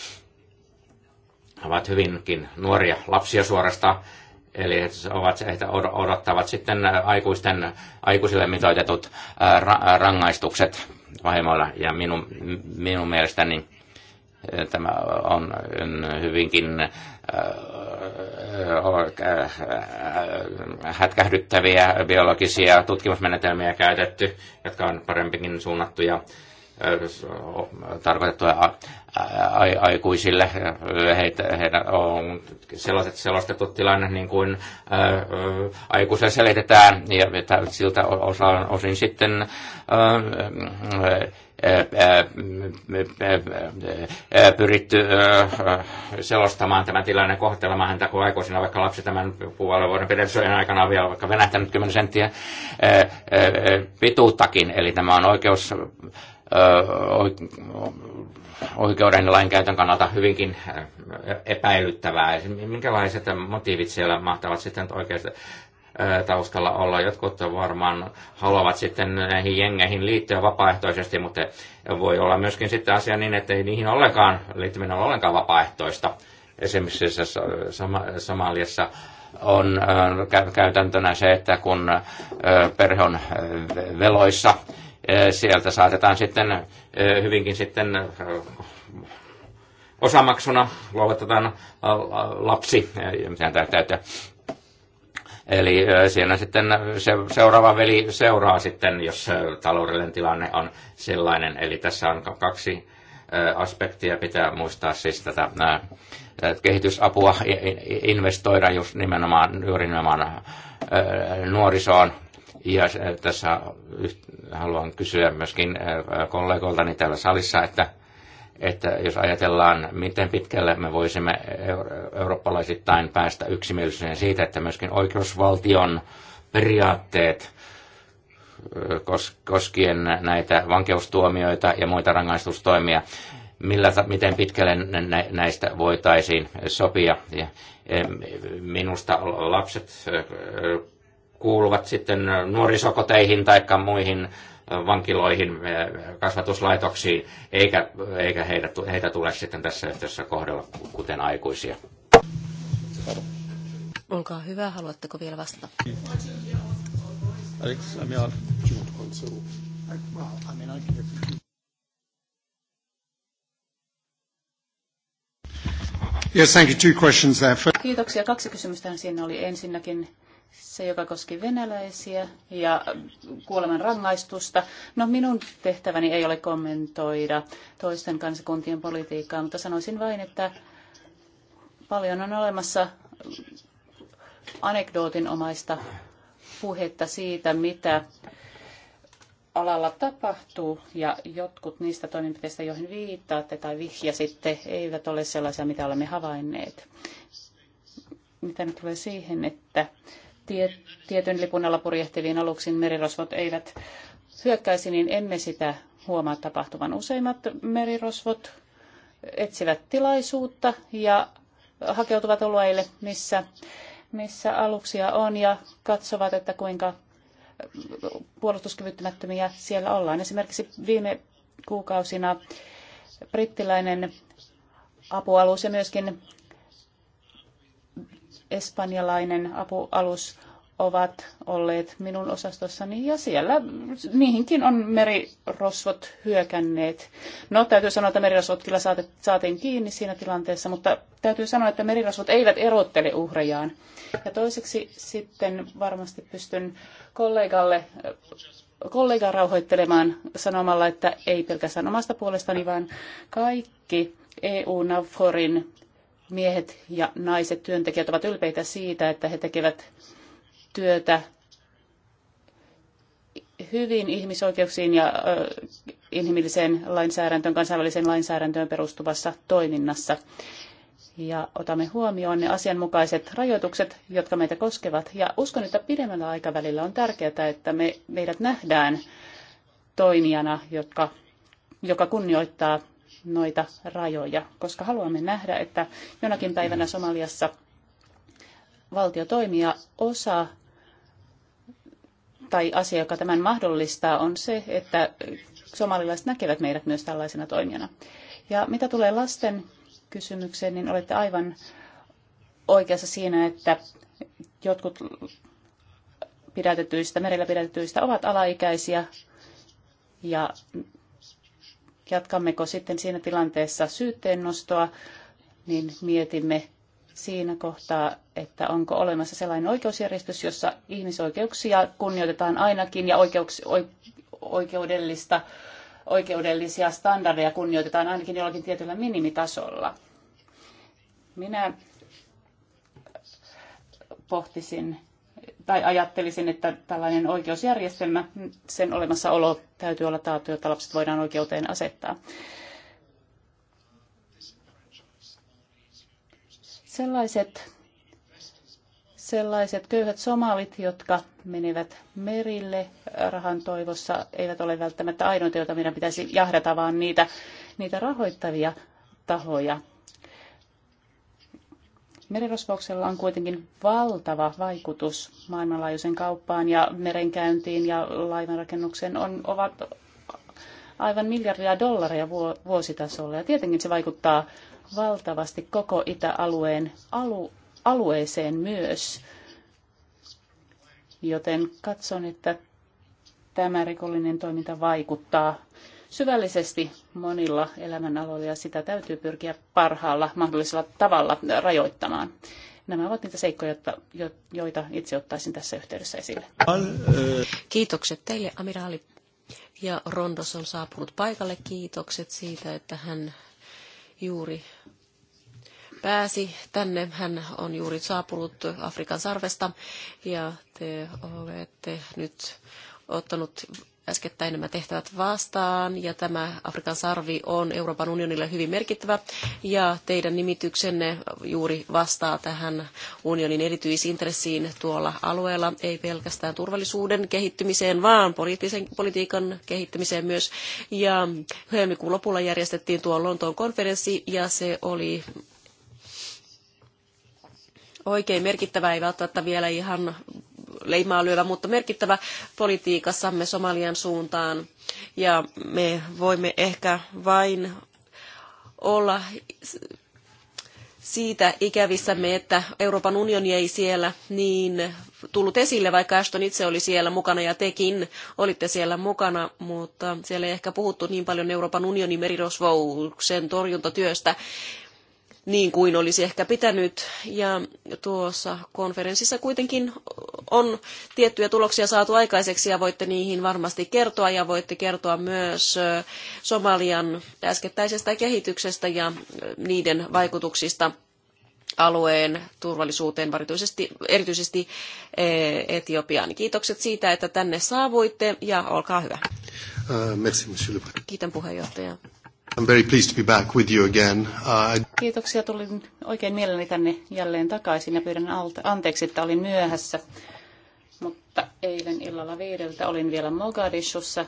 He ovat hyvinkin nuoria lapsia suorastaan, eli he ovat, he odottavat sitten aikuisten, aikuisille mitoitetut rangaistukset vahingolla. Ja minun, minun mielestäni eh, tämä on hyvinkin eh, eh, hätkähdyttäviä biologisia tutkimusmenetelmiä käytetty, jotka on parempikin suunnattuja tarkoitettuja aikuisille. Heitä, heidän on sellaiset selostetut tilanne, niin kuin aikuisille selitetään, ja siltä osaan osin sitten pyritty selostamaan tämä tilanne, kohtelemaan häntä kuin aikuisena, vaikka lapsi tämän puolen vuoden pidetysojen aikana on vielä vaikka venähtänyt 10 senttiä pituuttakin. Eli tämä on oikeus oikeuden ja lainkäytön kannalta hyvinkin epäilyttävää. Minkälaiset motiivit siellä mahtavat sitten oikeasti taustalla olla. Jotkut varmaan haluavat sitten näihin jengeihin liittyä vapaaehtoisesti, mutta voi olla myöskin sitten asia niin, että ei niihin ollenkaan liittyminen ole ollenkaan vapaaehtoista. Esimerkiksi Somaliassa on käytäntönä se, että kun perhe on veloissa, sieltä saatetaan sitten hyvinkin sitten osamaksuna luovutetaan lapsi, sehän täyttää Eli siinä sitten se, seuraava veli seuraa sitten, jos taloudellinen tilanne on sellainen. Eli tässä on kaksi aspektia, pitää muistaa siis tätä kehitysapua investoida just nimenomaan, juuri nimenomaan nuorisoon, ja äh, tässä haluan kysyä myöskin äh, kollegoiltani täällä salissa, että, että jos ajatellaan, miten pitkälle me voisimme eurooppalaisittain päästä yksimielisyyteen siitä, että myöskin oikeusvaltion periaatteet äh, koskien näitä vankeustuomioita ja muita rangaistustoimia, millä, miten pitkälle näistä voitaisiin sopia. Minusta lapset kuuluvat sitten nuorisokoteihin tai muihin vankiloihin, kasvatuslaitoksiin, eikä, eikä heitä, heitä tule sitten tässä yhteydessä kohdella kuten aikuisia. Olkaa hyvä, haluatteko vielä vastata? Yes, thank you. Two questions there. Kiitoksia. Kaksi kysymystä siinä oli. Ensinnäkin se, joka koski venäläisiä ja kuoleman rangaistusta. No minun tehtäväni ei ole kommentoida toisten kansakuntien politiikkaa, mutta sanoisin vain, että paljon on olemassa anekdootinomaista puhetta siitä, mitä alalla tapahtuu ja jotkut niistä toimenpiteistä, joihin viittaatte tai vihjasitte, eivät ole sellaisia, mitä olemme havainneet. Mitä nyt tulee siihen, että tie, tietyn lipun alla purjehtiviin aluksiin merirosvot eivät hyökkäisi, niin emme sitä huomaa tapahtuvan. Useimmat merirosvot etsivät tilaisuutta ja hakeutuvat alueille, missä, missä aluksia on ja katsovat, että kuinka puolustuskyvyttömättömiä siellä ollaan. Esimerkiksi viime kuukausina brittiläinen apualus ja myöskin espanjalainen apualus ovat olleet minun osastossani ja siellä niihinkin on merirosvot hyökänneet. No täytyy sanoa, että merirosvot kyllä saatiin kiinni siinä tilanteessa, mutta täytyy sanoa, että merirosvot eivät erottele uhrejaan. Ja toiseksi sitten varmasti pystyn kollegalle kollegaa rauhoittelemaan sanomalla, että ei pelkästään omasta puolestani, vaan kaikki EU-NAVFORin miehet ja naiset työntekijät ovat ylpeitä siitä, että he tekevät työtä hyvin ihmisoikeuksiin ja inhimilliseen lainsäädäntöön, kansainväliseen lainsäädäntöön perustuvassa toiminnassa. Ja otamme huomioon ne asianmukaiset rajoitukset, jotka meitä koskevat. Ja uskon, että pidemmällä aikavälillä on tärkeää, että me, meidät nähdään toimijana, jotka, joka kunnioittaa noita rajoja, koska haluamme nähdä, että jonakin päivänä Somaliassa valtio toimii ja osa tai asia, joka tämän mahdollistaa, on se, että somalilaiset näkevät meidät myös tällaisena toimijana. Ja mitä tulee lasten kysymykseen, niin olette aivan oikeassa siinä, että jotkut pidätetyistä, merillä pidätetyistä ovat alaikäisiä ja jatkammeko sitten siinä tilanteessa syytteennostoa, niin mietimme siinä kohtaa, että onko olemassa sellainen oikeusjärjestys, jossa ihmisoikeuksia kunnioitetaan ainakin ja oikeuks, oikeudellista, oikeudellisia standardeja kunnioitetaan ainakin jollakin tietyllä minimitasolla. Minä pohtisin tai ajattelisin, että tällainen oikeusjärjestelmä, sen olemassaolo täytyy olla taattu, jotta lapset voidaan oikeuteen asettaa. Sellaiset, sellaiset köyhät somalit, jotka menevät merille rahan toivossa, eivät ole välttämättä ainoita, joita meidän pitäisi jahdata, vaan niitä, niitä rahoittavia tahoja Merirosvouksella on kuitenkin valtava vaikutus maailmanlaajuisen kauppaan ja merenkäyntiin ja laivanrakennukseen on, ovat aivan miljardia dollaria vuositasolla. Ja tietenkin se vaikuttaa valtavasti koko itäalueen alu, alueeseen myös. Joten katson, että tämä rikollinen toiminta vaikuttaa syvällisesti monilla elämänaloilla ja sitä täytyy pyrkiä parhaalla mahdollisella tavalla rajoittamaan. Nämä ovat niitä seikkoja, joita itse ottaisin tässä yhteydessä esille. Eh. Kiitokset teille, amiraali. Ja Rondos on saapunut paikalle. Kiitokset siitä, että hän juuri pääsi tänne. Hän on juuri saapunut Afrikan sarvesta ja te olette nyt ottanut äskettäin nämä tehtävät vastaan, ja tämä Afrikan sarvi on Euroopan unionille hyvin merkittävä, ja teidän nimityksenne juuri vastaa tähän unionin erityisintressiin tuolla alueella, ei pelkästään turvallisuuden kehittymiseen, vaan poliittisen, politiikan kehittymiseen myös, ja helmikuun lopulla järjestettiin tuo Lontoon konferenssi, ja se oli oikein merkittävä, ei välttämättä vielä ihan leimaa lyövä, mutta merkittävä politiikassamme Somalian suuntaan. Ja me voimme ehkä vain olla siitä ikävissämme, että Euroopan unioni ei siellä niin tullut esille, vaikka Ashton itse oli siellä mukana ja tekin olitte siellä mukana, mutta siellä ei ehkä puhuttu niin paljon Euroopan unionin merirosvouksen torjuntatyöstä niin kuin olisi ehkä pitänyt. Ja tuossa konferenssissa kuitenkin on tiettyjä tuloksia saatu aikaiseksi ja voitte niihin varmasti kertoa ja voitte kertoa myös Somalian äskettäisestä kehityksestä ja niiden vaikutuksista alueen turvallisuuteen, erityisesti, e, Etiopiaan. Kiitokset siitä, että tänne saavuitte ja olkaa hyvä. Äh, Kiitän puheenjohtajaa. I'm very pleased to be back with you again. Uh, Kiitoksia, tulin oikein mielelläni tänne jälleen takaisin ja pyydän anteeksi, että olin myöhässä. Mutta eilen illalla viideltä olin vielä Mogadishussa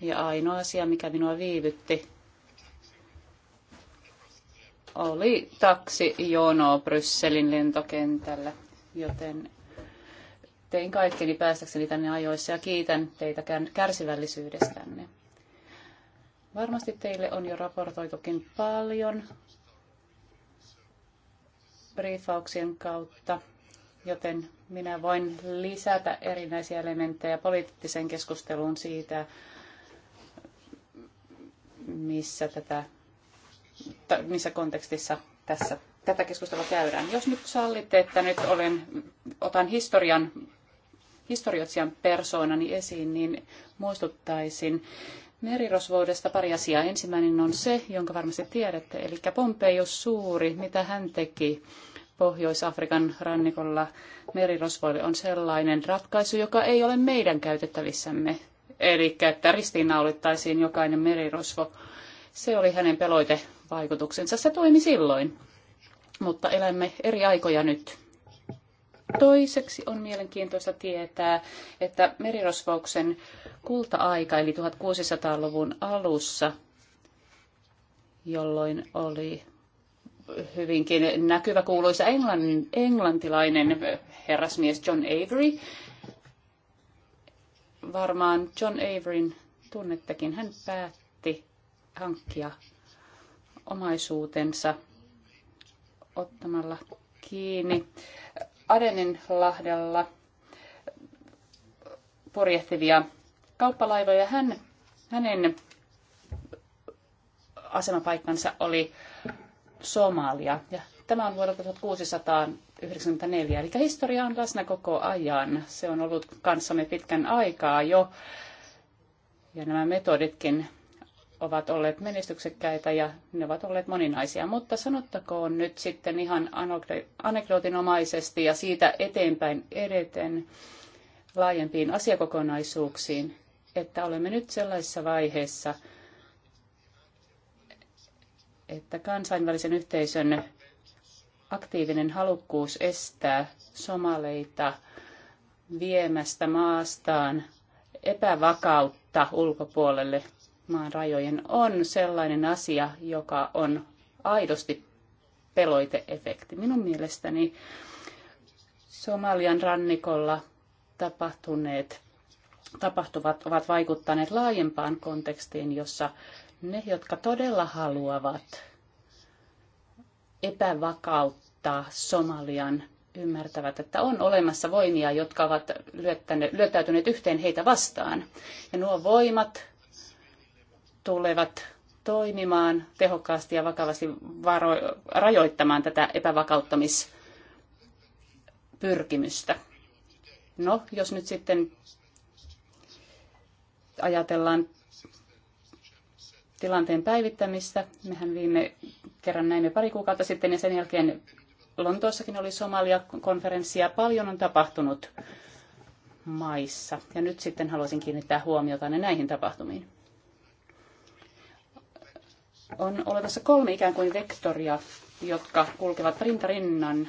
ja ainoa asia, mikä minua viivytti, oli taksijono Brysselin lentokentällä, joten tein kaikkeni päästäkseni tänne ajoissa ja kiitän teitä kärsivällisyydestänne. Varmasti teille on jo raportoitukin paljon briefauksien kautta, joten minä voin lisätä erinäisiä elementtejä poliittiseen keskusteluun siitä, missä, tätä, missä kontekstissa tässä, tätä keskustelua käydään. Jos nyt sallitte, että nyt olen, otan historian, historiotsijan persoonani esiin, niin muistuttaisin merirosvoudesta pari asiaa. Ensimmäinen on se, jonka varmasti tiedätte, eli Pompeius suuri, mitä hän teki Pohjois-Afrikan rannikolla merirosvoille, on sellainen ratkaisu, joka ei ole meidän käytettävissämme. Eli että ristiinnaulittaisiin jokainen merirosvo. Se oli hänen peloitevaikutuksensa. Se toimi silloin, mutta elämme eri aikoja nyt. Toiseksi on mielenkiintoista tietää, että merirosvouksen kulta-aika, eli 1600-luvun alussa, jolloin oli hyvinkin näkyvä kuuluisa englannin, englantilainen herrasmies John Avery. Varmaan John Averyn tunnettekin. Hän päätti hankkia omaisuutensa ottamalla kiinni Adeninlahdella purjehtivia kauppalaivoja. Hän, hänen asemapaikkansa oli Somalia. Ja tämä on vuodelta 1694, eli historia on läsnä koko ajan. Se on ollut kanssamme pitkän aikaa jo. Ja nämä metoditkin ovat olleet menestyksekkäitä ja ne ovat olleet moninaisia. Mutta sanottakoon nyt sitten ihan anekdootinomaisesti ja siitä eteenpäin edeten laajempiin asiakokonaisuuksiin, että olemme nyt sellaisessa vaiheessa, että kansainvälisen yhteisön aktiivinen halukkuus estää somaleita viemästä maastaan epävakautta ulkopuolelle maan rajojen on sellainen asia, joka on aidosti peloiteefekti. Minun mielestäni Somalian rannikolla tapahtuneet tapahtuvat ovat vaikuttaneet laajempaan kontekstiin, jossa ne, jotka todella haluavat epävakauttaa Somalian, ymmärtävät, että on olemassa voimia, jotka ovat lyöttäytyneet yhteen heitä vastaan. Ja nuo voimat tulevat toimimaan tehokkaasti ja vakavasti varo- rajoittamaan tätä epävakauttamispyrkimystä. No, jos nyt sitten ajatellaan tilanteen päivittämistä, mehän viime kerran näimme pari kuukautta sitten ja sen jälkeen Lontoossakin oli Somalia-konferenssi ja paljon on tapahtunut maissa. Ja nyt sitten haluaisin kiinnittää huomiota näihin tapahtumiin on olemassa kolme ikään kuin vektoria, jotka kulkevat rintarinnan.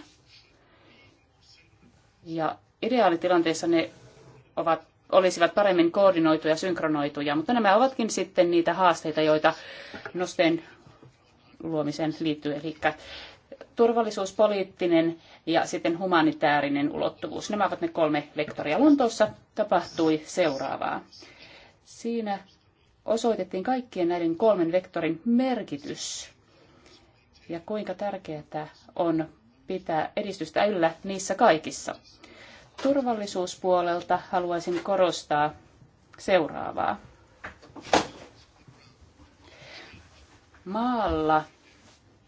Ja ideaalitilanteessa ne ovat, olisivat paremmin koordinoituja, synkronoituja, mutta nämä ovatkin sitten niitä haasteita, joita nosteen luomiseen liittyy. Eli turvallisuuspoliittinen ja sitten humanitaarinen ulottuvuus. Nämä ovat ne kolme vektoria. Lontoossa tapahtui seuraavaa. Siinä osoitettiin kaikkien näiden kolmen vektorin merkitys ja kuinka tärkeää on pitää edistystä yllä niissä kaikissa. Turvallisuuspuolelta haluaisin korostaa seuraavaa. Maalla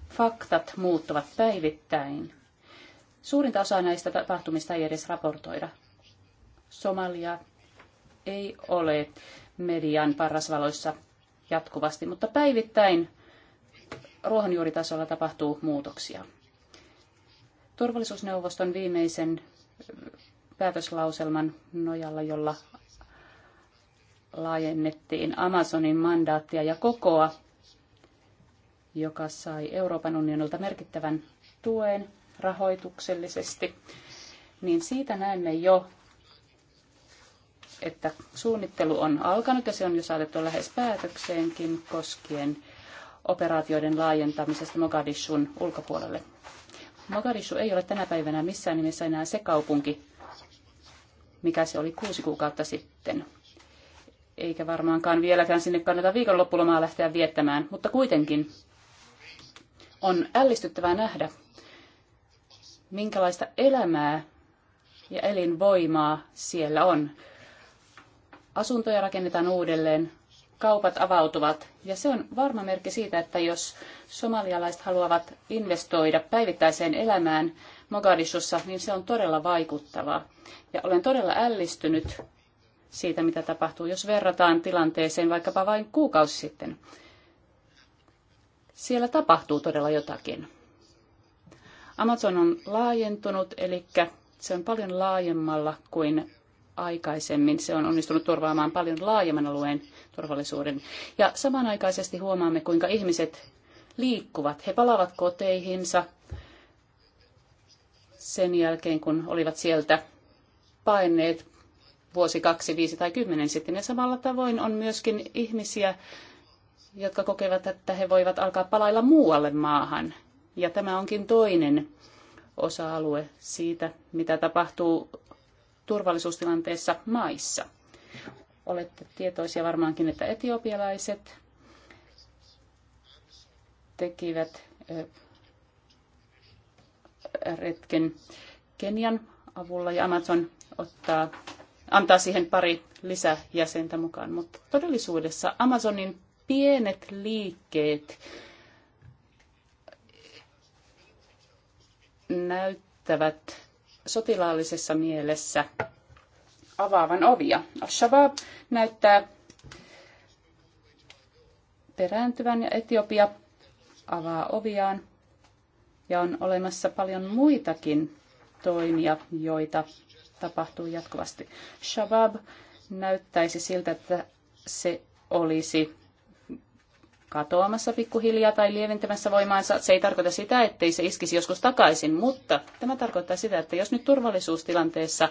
faktat muuttuvat päivittäin. Suurinta osaa näistä tapahtumista ei edes raportoida. Somalia ei ole median parrasvaloissa jatkuvasti, mutta päivittäin ruohonjuuritasolla tapahtuu muutoksia. Turvallisuusneuvoston viimeisen päätöslauselman nojalla, jolla laajennettiin Amazonin mandaattia ja kokoa, joka sai Euroopan unionilta merkittävän tuen rahoituksellisesti, niin siitä näemme jo, että suunnittelu on alkanut ja se on jo saatettu lähes päätökseenkin koskien operaatioiden laajentamisesta Mogadishun ulkopuolelle. Mogadishu ei ole tänä päivänä missään nimessä enää se kaupunki, mikä se oli kuusi kuukautta sitten. Eikä varmaankaan vieläkään sinne kannata viikonloppulomaa lähteä viettämään, mutta kuitenkin on ällistyttävää nähdä, minkälaista elämää ja elinvoimaa siellä on asuntoja rakennetaan uudelleen, kaupat avautuvat. Ja se on varma merkki siitä, että jos somalialaiset haluavat investoida päivittäiseen elämään Mogadishussa, niin se on todella vaikuttavaa. Ja olen todella ällistynyt siitä, mitä tapahtuu, jos verrataan tilanteeseen vaikkapa vain kuukausi sitten. Siellä tapahtuu todella jotakin. Amazon on laajentunut, eli se on paljon laajemmalla kuin aikaisemmin. Se on onnistunut turvaamaan paljon laajemman alueen turvallisuuden. Ja samanaikaisesti huomaamme, kuinka ihmiset liikkuvat. He palaavat koteihinsa sen jälkeen, kun olivat sieltä paineet vuosi, kaksi, viisi tai kymmenen sitten. Ja samalla tavoin on myöskin ihmisiä, jotka kokevat, että he voivat alkaa palailla muualle maahan. Ja tämä onkin toinen osa-alue siitä, mitä tapahtuu turvallisuustilanteessa maissa. Olette tietoisia varmaankin, että etiopialaiset tekivät retken Kenian avulla ja Amazon ottaa, antaa siihen pari lisäjäsentä mukaan. Mutta todellisuudessa Amazonin pienet liikkeet näyttävät sotilaallisessa mielessä avaavan ovia. Al-Shabaab näyttää perääntyvän ja Etiopia avaa oviaan ja on olemassa paljon muitakin toimia, joita tapahtuu jatkuvasti. Shabab näyttäisi siltä, että se olisi katoamassa pikkuhiljaa tai lieventämässä voimaansa. Se ei tarkoita sitä, ettei se iskisi joskus takaisin, mutta tämä tarkoittaa sitä, että jos nyt turvallisuustilanteessa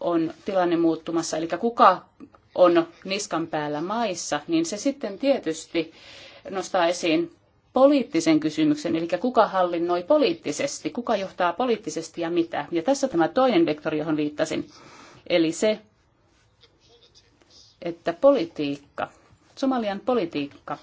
on tilanne muuttumassa, eli kuka on niskan päällä maissa, niin se sitten tietysti nostaa esiin poliittisen kysymyksen, eli kuka hallinnoi poliittisesti, kuka johtaa poliittisesti ja mitä. Ja tässä tämä toinen vektori, johon viittasin, eli se, että politiikka, Somalian politiikka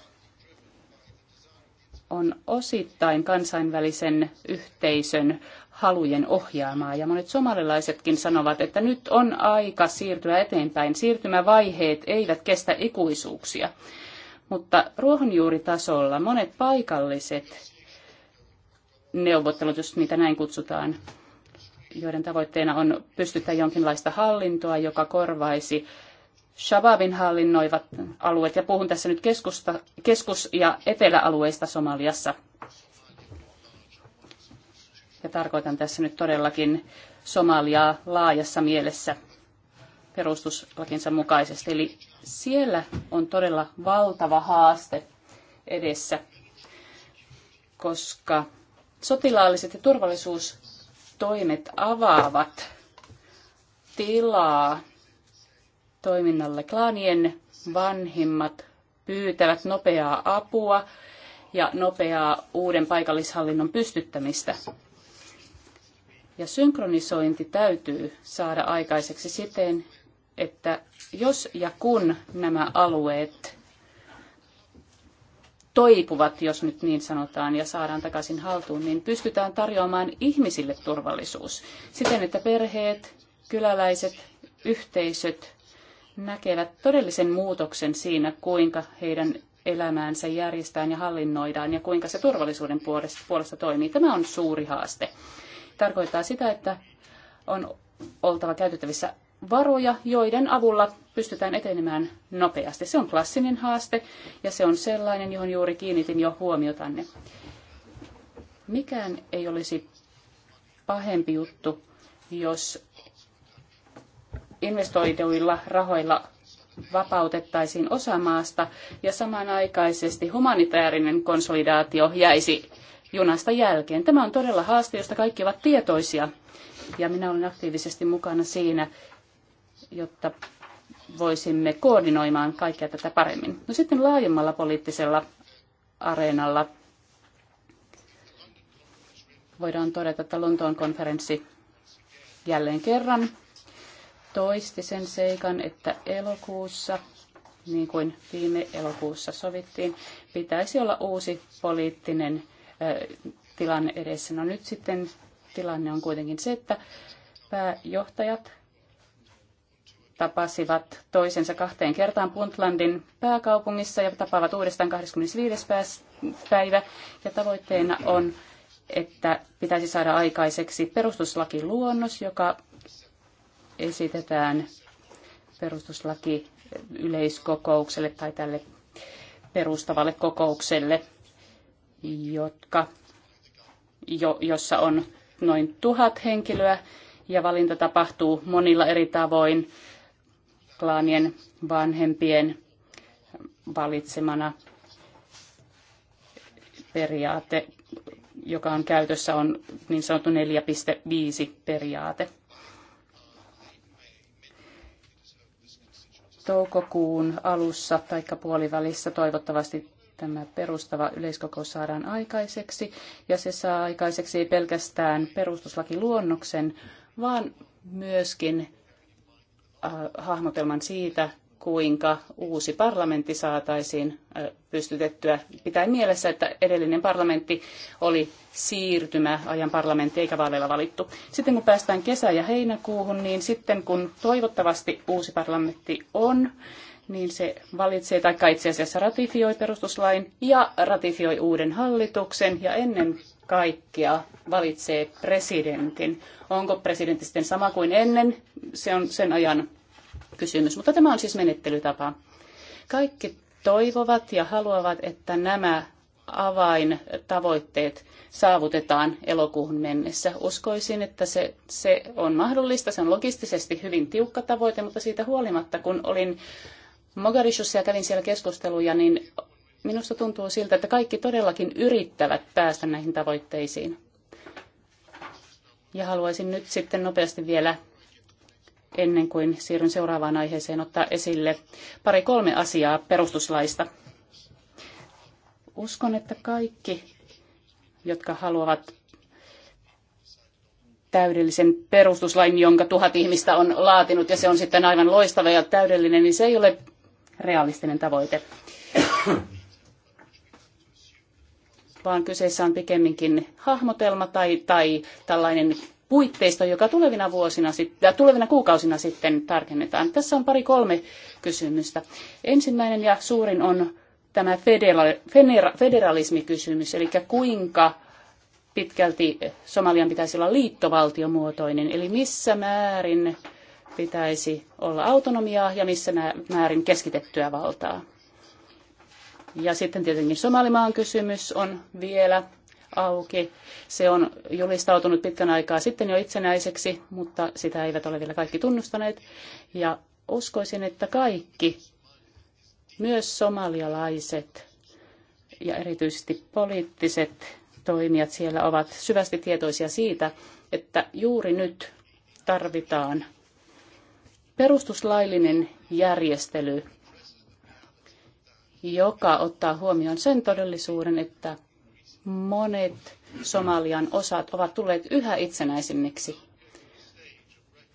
on osittain kansainvälisen yhteisön halujen ohjaamaa. Ja monet somalilaisetkin sanovat, että nyt on aika siirtyä eteenpäin. Siirtymävaiheet eivät kestä ikuisuuksia. Mutta ruohonjuuritasolla monet paikalliset neuvottelut, jos niitä näin kutsutaan, joiden tavoitteena on pystyttää jonkinlaista hallintoa, joka korvaisi Shababin hallinnoivat alueet, ja puhun tässä nyt keskusta, keskus- ja eteläalueista Somaliassa. Ja tarkoitan tässä nyt todellakin Somaliaa laajassa mielessä perustuslakinsa mukaisesti. Eli siellä on todella valtava haaste edessä, koska sotilaalliset ja turvallisuustoimet avaavat tilaa toiminnalle. Klaanien vanhimmat pyytävät nopeaa apua ja nopeaa uuden paikallishallinnon pystyttämistä. Ja synkronisointi täytyy saada aikaiseksi siten, että jos ja kun nämä alueet toipuvat, jos nyt niin sanotaan, ja saadaan takaisin haltuun, niin pystytään tarjoamaan ihmisille turvallisuus siten, että perheet, kyläläiset, yhteisöt näkevät todellisen muutoksen siinä, kuinka heidän elämäänsä järjestään ja hallinnoidaan ja kuinka se turvallisuuden puolesta, puolesta toimii. Tämä on suuri haaste. Tarkoittaa sitä, että on oltava käytettävissä varoja, joiden avulla pystytään etenemään nopeasti. Se on klassinen haaste ja se on sellainen, johon juuri kiinnitin jo huomiotanne. Mikään ei olisi pahempi juttu, jos investoiduilla rahoilla vapautettaisiin osa maasta ja samanaikaisesti humanitaarinen konsolidaatio jäisi junasta jälkeen. Tämä on todella haaste, josta kaikki ovat tietoisia ja minä olen aktiivisesti mukana siinä, jotta voisimme koordinoimaan kaikkea tätä paremmin. No sitten laajemmalla poliittisella areenalla voidaan todeta, että Lontoon konferenssi jälleen kerran toisti sen seikan, että elokuussa, niin kuin viime elokuussa sovittiin, pitäisi olla uusi poliittinen tilanne edessä. No nyt sitten tilanne on kuitenkin se, että pääjohtajat tapasivat toisensa kahteen kertaan Puntlandin pääkaupungissa ja tapaavat uudestaan 25. päivä. Ja tavoitteena on, että pitäisi saada aikaiseksi perustuslakiluonnos, joka esitetään perustuslaki yleiskokoukselle tai tälle perustavalle kokoukselle, jotka, jo, jossa on noin tuhat henkilöä ja valinta tapahtuu monilla eri tavoin klaanien vanhempien valitsemana periaate, joka on käytössä, on niin sanottu 4.5 periaate. toukokuun alussa tai puolivälissä toivottavasti tämä perustava yleiskokous saadaan aikaiseksi. Ja se saa aikaiseksi ei pelkästään perustuslakiluonnoksen, vaan myöskin äh, hahmotelman siitä, kuinka uusi parlamentti saataisiin pystytettyä. Pitää mielessä, että edellinen parlamentti oli siirtymäajan parlamentti eikä vaaleilla valittu. Sitten kun päästään kesä- ja heinäkuuhun, niin sitten kun toivottavasti uusi parlamentti on, niin se valitsee tai itse asiassa ratifioi perustuslain ja ratifioi uuden hallituksen ja ennen kaikkea valitsee presidentin. Onko presidentti sitten sama kuin ennen? Se on sen ajan kysymys, mutta tämä on siis menettelytapa. Kaikki toivovat ja haluavat, että nämä avaintavoitteet saavutetaan elokuuhun mennessä. Uskoisin, että se, se on mahdollista, se on logistisesti hyvin tiukka tavoite, mutta siitä huolimatta, kun olin Mogadishussa ja kävin siellä keskusteluja, niin minusta tuntuu siltä, että kaikki todellakin yrittävät päästä näihin tavoitteisiin. Ja haluaisin nyt sitten nopeasti vielä ennen kuin siirryn seuraavaan aiheeseen ottaa esille pari-kolme asiaa perustuslaista. Uskon, että kaikki, jotka haluavat täydellisen perustuslain, jonka tuhat ihmistä on laatinut ja se on sitten aivan loistava ja täydellinen, niin se ei ole realistinen tavoite. Vaan kyseessä on pikemminkin hahmotelma tai, tai tällainen puitteisto, joka tulevina, vuosina ja tulevina kuukausina sitten tarkennetaan. Tässä on pari-kolme kysymystä. Ensimmäinen ja suurin on tämä federa- federalismikysymys, eli kuinka pitkälti Somalian pitäisi olla liittovaltiomuotoinen, eli missä määrin pitäisi olla autonomiaa ja missä määrin keskitettyä valtaa. Ja sitten tietenkin Somalimaan kysymys on vielä auki. Se on julistautunut pitkän aikaa sitten jo itsenäiseksi, mutta sitä eivät ole vielä kaikki tunnustaneet. Ja uskoisin, että kaikki, myös somalialaiset ja erityisesti poliittiset toimijat siellä ovat syvästi tietoisia siitä, että juuri nyt tarvitaan perustuslaillinen järjestely, joka ottaa huomioon sen todellisuuden, että monet Somalian osat ovat tulleet yhä itsenäisemmiksi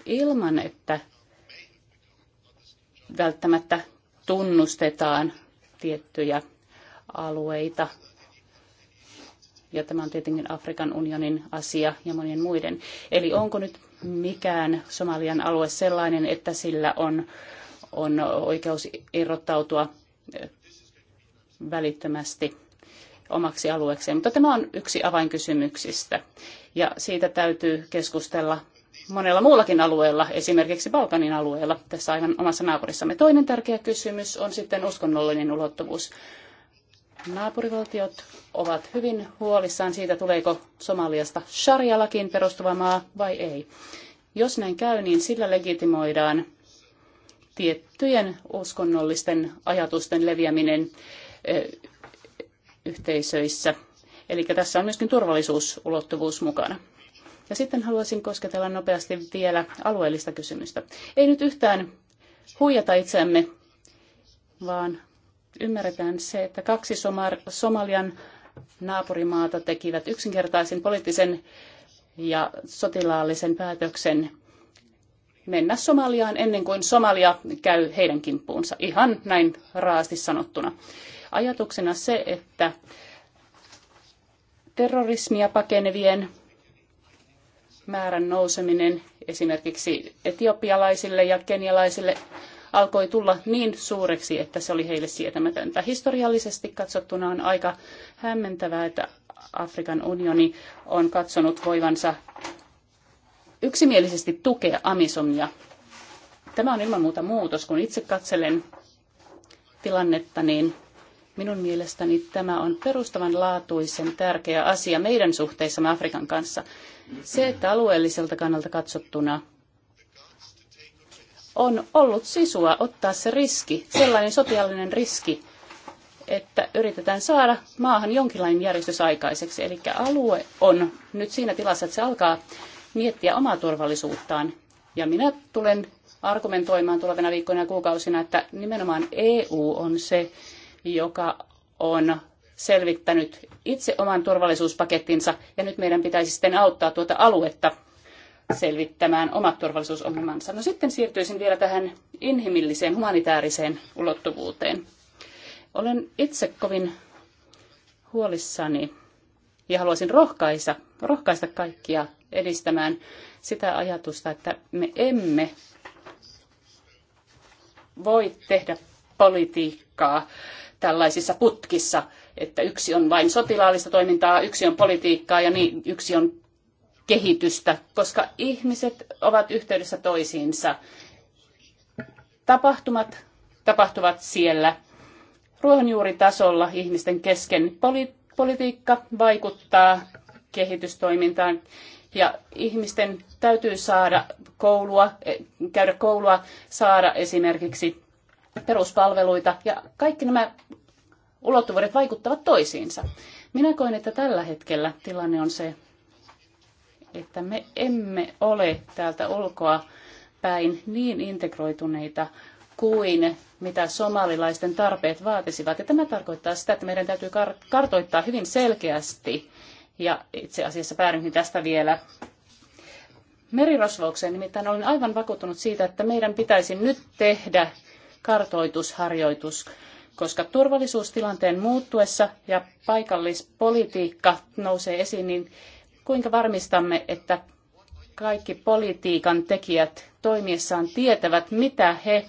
ilman, että välttämättä tunnustetaan tiettyjä alueita. Ja tämä on tietenkin Afrikan unionin asia ja monien muiden. Eli onko nyt mikään Somalian alue sellainen, että sillä on, on oikeus irrottautua välittömästi omaksi alueekseen. Mutta tämä on yksi avainkysymyksistä ja siitä täytyy keskustella monella muullakin alueella, esimerkiksi Balkanin alueella, tässä aivan omassa naapurissamme. Toinen tärkeä kysymys on sitten uskonnollinen ulottuvuus. Naapurivaltiot ovat hyvin huolissaan siitä, tuleeko Somaliasta sharia-lakiin perustuva maa vai ei. Jos näin käy, niin sillä legitimoidaan tiettyjen uskonnollisten ajatusten leviäminen eh, yhteisöissä. Eli tässä on myöskin turvallisuusulottuvuus mukana. Ja sitten haluaisin kosketella nopeasti vielä alueellista kysymystä. Ei nyt yhtään huijata itseämme, vaan ymmärretään se, että kaksi Somalian naapurimaata tekivät yksinkertaisen poliittisen ja sotilaallisen päätöksen mennä Somaliaan ennen kuin Somalia käy heidän kimppuunsa, ihan näin raasti sanottuna. Ajatuksena se, että terrorismia pakenevien määrän nouseminen esimerkiksi etiopialaisille ja kenialaisille alkoi tulla niin suureksi, että se oli heille sietämätöntä. Historiallisesti katsottuna on aika hämmentävää, että Afrikan unioni on katsonut voivansa yksimielisesti tukea Amisomia. Tämä on ilman muuta muutos. Kun itse katselen tilannetta, niin Minun mielestäni tämä on perustavanlaatuisen tärkeä asia meidän suhteissamme Afrikan kanssa. Se, että alueelliselta kannalta katsottuna on ollut sisua ottaa se riski, sellainen sotilaallinen riski, että yritetään saada maahan jonkinlainen järjestys aikaiseksi. Eli alue on nyt siinä tilassa, että se alkaa miettiä omaa turvallisuuttaan. Ja minä tulen argumentoimaan tulevina viikkoina ja kuukausina, että nimenomaan EU on se, joka on selvittänyt itse oman turvallisuuspakettinsa ja nyt meidän pitäisi sitten auttaa tuota aluetta selvittämään omat turvallisuusongelmansa. No sitten siirtyisin vielä tähän inhimilliseen, humanitaariseen ulottuvuuteen. Olen itse kovin huolissani ja haluaisin rohkaista, rohkaista kaikkia edistämään sitä ajatusta, että me emme voi tehdä politiikkaa tällaisissa putkissa, että yksi on vain sotilaallista toimintaa, yksi on politiikkaa ja niin, yksi on kehitystä, koska ihmiset ovat yhteydessä toisiinsa. Tapahtumat tapahtuvat siellä ruohonjuuritasolla ihmisten kesken. Poli- politiikka vaikuttaa kehitystoimintaan ja ihmisten täytyy saada koulua, eh, käydä koulua, saada esimerkiksi peruspalveluita ja kaikki nämä ulottuvuudet vaikuttavat toisiinsa. Minä koen, että tällä hetkellä tilanne on se, että me emme ole täältä ulkoa päin niin integroituneita kuin mitä somalilaisten tarpeet vaatisivat. Ja tämä tarkoittaa sitä, että meidän täytyy kartoittaa hyvin selkeästi, ja itse asiassa päädynkin tästä vielä merirosvoukseen. Nimittäin olen aivan vakuuttunut siitä, että meidän pitäisi nyt tehdä kartoitusharjoitus, koska turvallisuustilanteen muuttuessa ja paikallispolitiikka nousee esiin, niin kuinka varmistamme, että kaikki politiikan tekijät toimiessaan tietävät, mitä he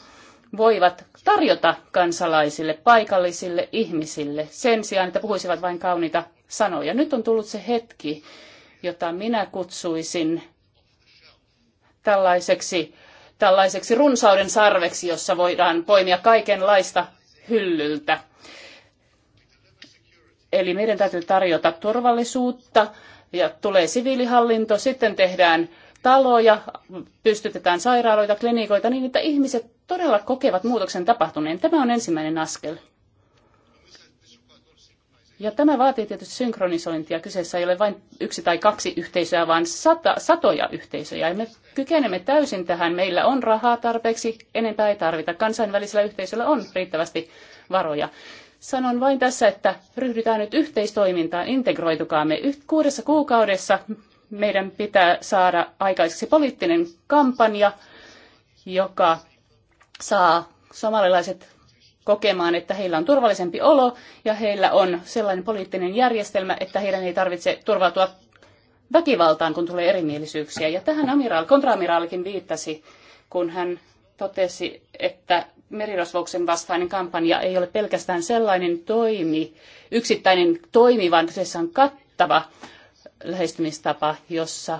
voivat tarjota kansalaisille, paikallisille ihmisille, sen sijaan, että puhuisivat vain kauniita sanoja. Nyt on tullut se hetki, jota minä kutsuisin tällaiseksi tällaiseksi runsauden sarveksi, jossa voidaan poimia kaikenlaista hyllyltä. Eli meidän täytyy tarjota turvallisuutta ja tulee siviilihallinto, sitten tehdään taloja, pystytetään sairaaloita, klinikoita niin, että ihmiset todella kokevat muutoksen tapahtuneen. Tämä on ensimmäinen askel. Ja tämä vaatii tietysti synkronisointia. Kyseessä ei ole vain yksi tai kaksi yhteisöä, vaan sata, satoja yhteisöjä. Ja me kykenemme täysin tähän. Meillä on rahaa tarpeeksi, enempää ei tarvita. Kansainvälisellä yhteisöllä on riittävästi varoja. Sanon vain tässä, että ryhdytään nyt yhteistoimintaan, integroitukaamme. Kuudessa kuukaudessa meidän pitää saada aikaiseksi poliittinen kampanja, joka saa somalilaiset kokemaan, että heillä on turvallisempi olo ja heillä on sellainen poliittinen järjestelmä, että heidän ei tarvitse turvautua väkivaltaan, kun tulee erimielisyyksiä. Ja tähän amiraal, kontraamiraalikin viittasi, kun hän totesi, että merirosvouksen vastainen kampanja ei ole pelkästään sellainen toimi, yksittäinen toimi, vaan kyseessä on kattava lähestymistapa, jossa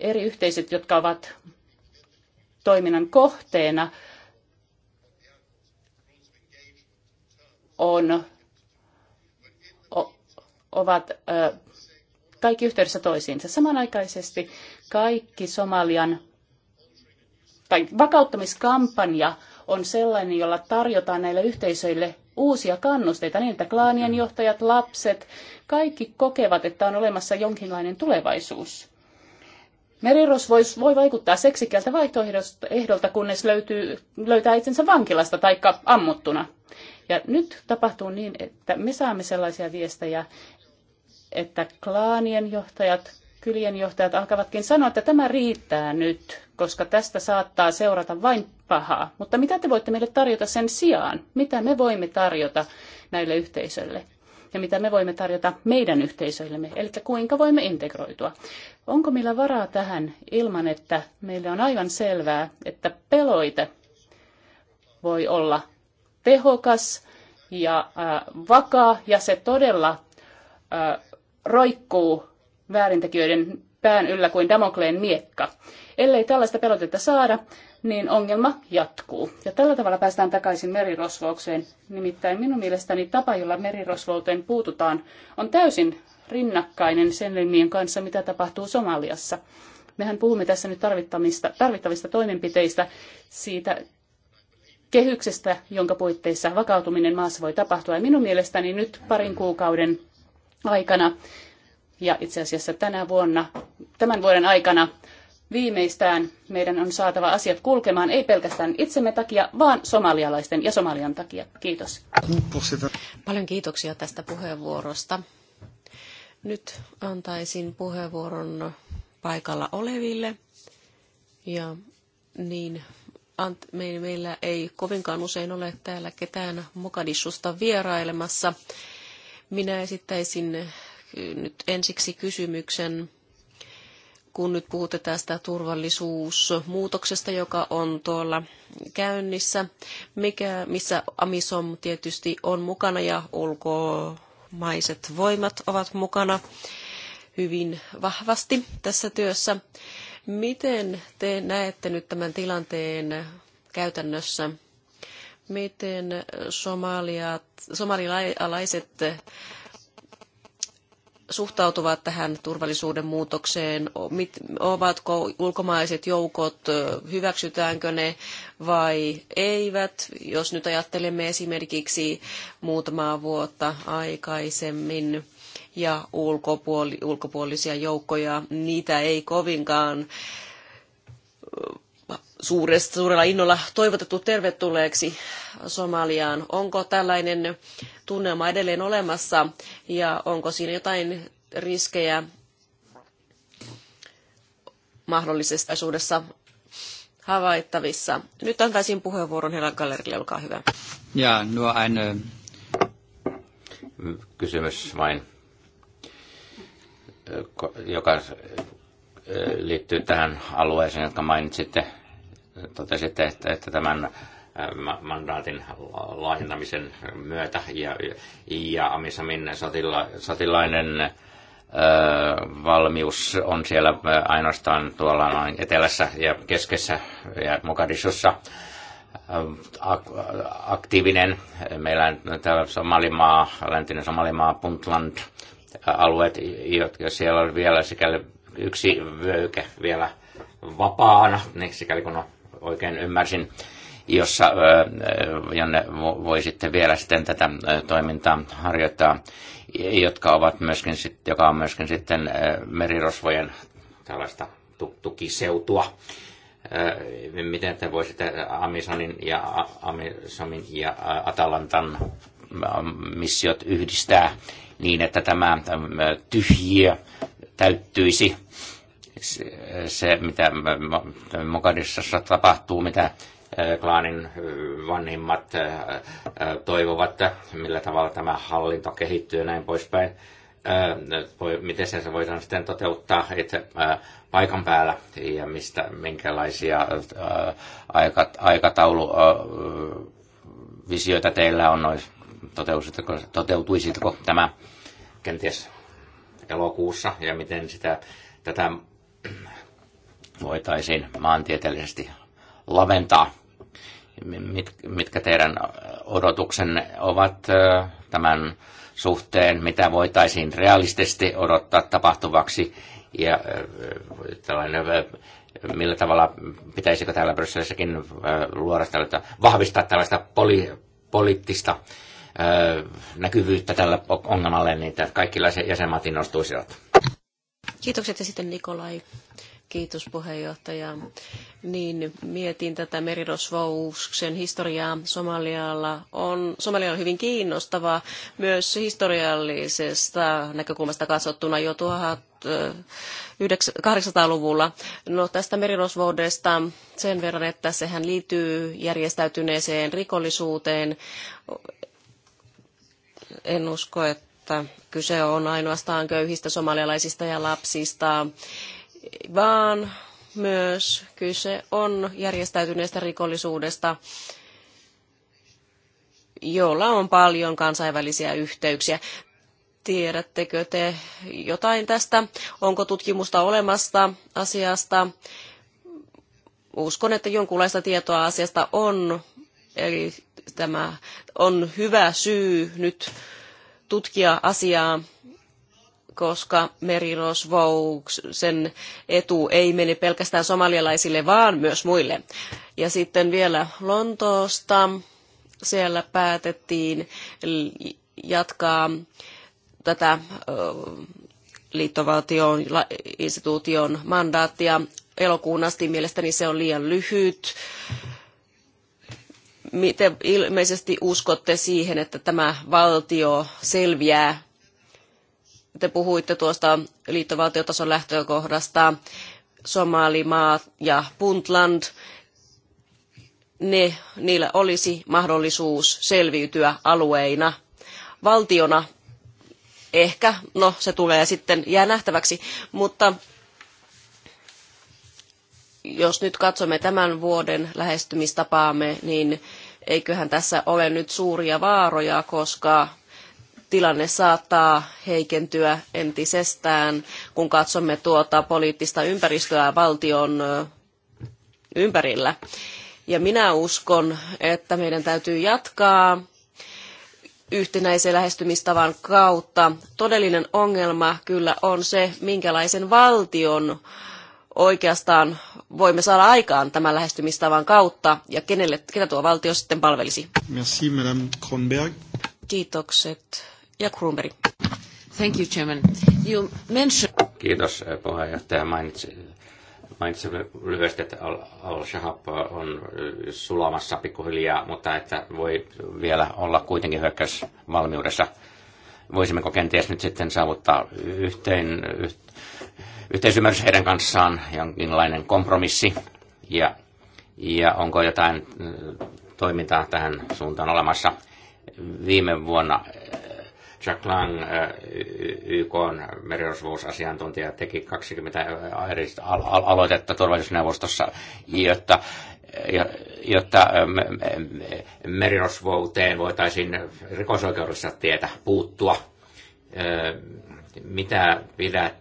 eri yhteisöt, jotka ovat toiminnan kohteena, on, o, ovat ö, kaikki yhteydessä toisiinsa. Samanaikaisesti kaikki Somalian tai vakauttamiskampanja on sellainen, jolla tarjotaan näille yhteisöille uusia kannusteita niin, että klaanien johtajat, lapset, kaikki kokevat, että on olemassa jonkinlainen tulevaisuus. Meriros voi, voi vaikuttaa seksikältä vaihtoehdolta, kunnes löytyy, löytää itsensä vankilasta tai ammuttuna. Ja nyt tapahtuu niin, että me saamme sellaisia viestejä, että klaanien johtajat, kylien johtajat alkavatkin sanoa, että tämä riittää nyt, koska tästä saattaa seurata vain pahaa. Mutta mitä te voitte meille tarjota sen sijaan? Mitä me voimme tarjota näille yhteisöille? ja mitä me voimme tarjota meidän yhteisöillemme, eli kuinka voimme integroitua. Onko meillä varaa tähän ilman, että meillä on aivan selvää, että peloite voi olla tehokas ja äh, vakaa ja se todella äh, roikkuu väärintekijöiden pään yllä kuin Damokleen miekka. Ellei tällaista pelotetta saada, niin ongelma jatkuu. Ja tällä tavalla päästään takaisin merirosvoukseen. Nimittäin minun mielestäni tapa, jolla merirosvouteen puututaan, on täysin rinnakkainen sen linjien kanssa, mitä tapahtuu Somaliassa. Mehän puhumme tässä nyt tarvittavista, tarvittavista toimenpiteistä siitä, kehyksestä, jonka puitteissa vakautuminen maassa voi tapahtua. Ja minun mielestäni nyt parin kuukauden aikana ja itse asiassa tänä vuonna, tämän vuoden aikana viimeistään meidän on saatava asiat kulkemaan, ei pelkästään itsemme takia, vaan somalialaisten ja Somalian takia. Kiitos. Paljon kiitoksia tästä puheenvuorosta. Nyt antaisin puheenvuoron paikalla oleville ja niin meillä ei kovinkaan usein ole täällä ketään Mokadishusta vierailemassa. Minä esittäisin eh, nyt ensiksi kysymyksen, kun nyt puhutte tästä turvallisuusmuutoksesta, joka on tuolla käynnissä, mikä, missä Amisom tietysti on mukana ja ulkomaiset voimat ovat mukana hyvin vahvasti tässä työssä. Miten te näette nyt tämän tilanteen käytännössä? Miten somaliat, somalialaiset suhtautuvat tähän turvallisuuden muutokseen? Ovatko ulkomaiset joukot, hyväksytäänkö ne vai eivät? Jos nyt ajattelemme esimerkiksi muutamaa vuotta aikaisemmin, ja ulkopuoli, ulkopuolisia joukkoja. Niitä ei kovinkaan suuresta, suurella innolla toivotettu tervetulleeksi Somaliaan. Onko tällainen tunnelma edelleen olemassa ja onko siinä jotain riskejä mahdollisessa suudessa havaittavissa? Nyt antaisin puheenvuoron Helen Gallerille, olkaa hyvä. Ja, no Kysymys vain joka äh, liittyy tähän alueeseen, jotka mainitsitte, totesitte, että, että tämän äh, mandaatin laajentamisen myötä ja, ja Amisamin sotila, sotilainen äh, valmius on siellä ainoastaan tuolla noin etelässä ja keskessä ja Mogadishussa aktiivinen. Meillä on täällä Somalimaa, läntinen Somalimaa, Puntland, alueet, jotka siellä on vielä sikäli yksi vöyke vielä vapaana, niin sikäli kun oikein ymmärsin, jossa, jonne voi sitten vielä sitten tätä toimintaa harjoittaa, jotka ovat myöskin, joka on myöskin sitten merirosvojen tällaista tukiseutua. Miten te voisitte Amisonin ja, Amisonin ja Atalantan missiot yhdistää niin, että tämä tyhjiö täyttyisi se, mitä Mogadissassa tapahtuu, mitä klaanin vanhimmat toivovat, millä tavalla tämä hallinto kehittyy ja näin poispäin. Miten se voidaan sitten toteuttaa että paikan päällä ja mistä, minkälaisia aikatauluvisioita teillä on, toteutuisitko tämä kenties elokuussa ja miten sitä, tätä voitaisiin maantieteellisesti laventaa. Mit, mitkä teidän odotuksenne ovat tämän suhteen, mitä voitaisiin realistisesti odottaa tapahtuvaksi ja tällainen, millä tavalla pitäisikö täällä Brysselissäkin luoda tällaista, vahvistaa tällaista poli, poliittista näkyvyyttä tällä ongelmalle, niin että kaikki jäsenmaat innostuisivat. Kiitokset ja sitten Nikolai. Kiitos puheenjohtaja. Niin, mietin tätä merirosvouksen historiaa Somalialla. On, Somalia on hyvin kiinnostava myös historiallisesta näkökulmasta katsottuna jo 1800-luvulla. No tästä merirosvoudesta sen verran, että sehän liittyy järjestäytyneeseen rikollisuuteen en usko, että kyse on ainoastaan köyhistä somalialaisista ja lapsista, vaan myös kyse on järjestäytyneestä rikollisuudesta, jolla on paljon kansainvälisiä yhteyksiä. Tiedättekö te jotain tästä? Onko tutkimusta olemassa asiasta? Uskon, että jonkunlaista tietoa asiasta on. Eli tämä on hyvä syy nyt tutkia asiaa, koska merirosvouk, sen etu ei mene pelkästään somalialaisille, vaan myös muille. Ja sitten vielä Lontoosta. Siellä päätettiin jatkaa tätä liittovaltion instituution mandaattia elokuun asti. Mielestäni se on liian lyhyt Miten ilmeisesti uskotte siihen, että tämä valtio selviää? Te puhuitte tuosta liittovaltiotason lähtökohdasta, Somalimaa ja Puntland. Ne, niillä olisi mahdollisuus selviytyä alueina. Valtiona ehkä, no se tulee sitten, jää nähtäväksi, mutta jos nyt katsomme tämän vuoden lähestymistapaamme, niin Eiköhän tässä ole nyt suuria vaaroja, koska tilanne saattaa heikentyä entisestään, kun katsomme tuota poliittista ympäristöä valtion ympärillä. Ja minä uskon, että meidän täytyy jatkaa yhtenäisen lähestymistavan kautta. Todellinen ongelma kyllä on se, minkälaisen valtion äh, oikeastaan voimme saada aikaan tämän lähestymistavan kautta ja kenelle, ketä tuo valtio sitten palvelisi. Merci, Madame Kronberg. Kiitokset. Ja Kronberg. Thank you, Chairman. You mentioned... Kiitos, eh, puheenjohtaja. Mainitsi, lyhyesti, että Al-Shahab on eh, sulamassa pikkuhiljaa, mutta että voi vielä olla kuitenkin hyökkäysvalmiudessa. Voisimmeko kenties nyt sitten saavuttaa yhteen, yhteen yhteisymmärrys heidän kanssaan, jonkinlainen kompromissi ja, ja onko jotain äh, toimintaa tähän suuntaan olemassa. Viime vuonna äh, Jack Lang, äh, YK merirosvousasiantuntija, teki 20 aloitetta turvallisuusneuvostossa, jotta, jotta merirosvouteen voitaisiin rikosoikeudessa tietä puuttua. Mitä pidät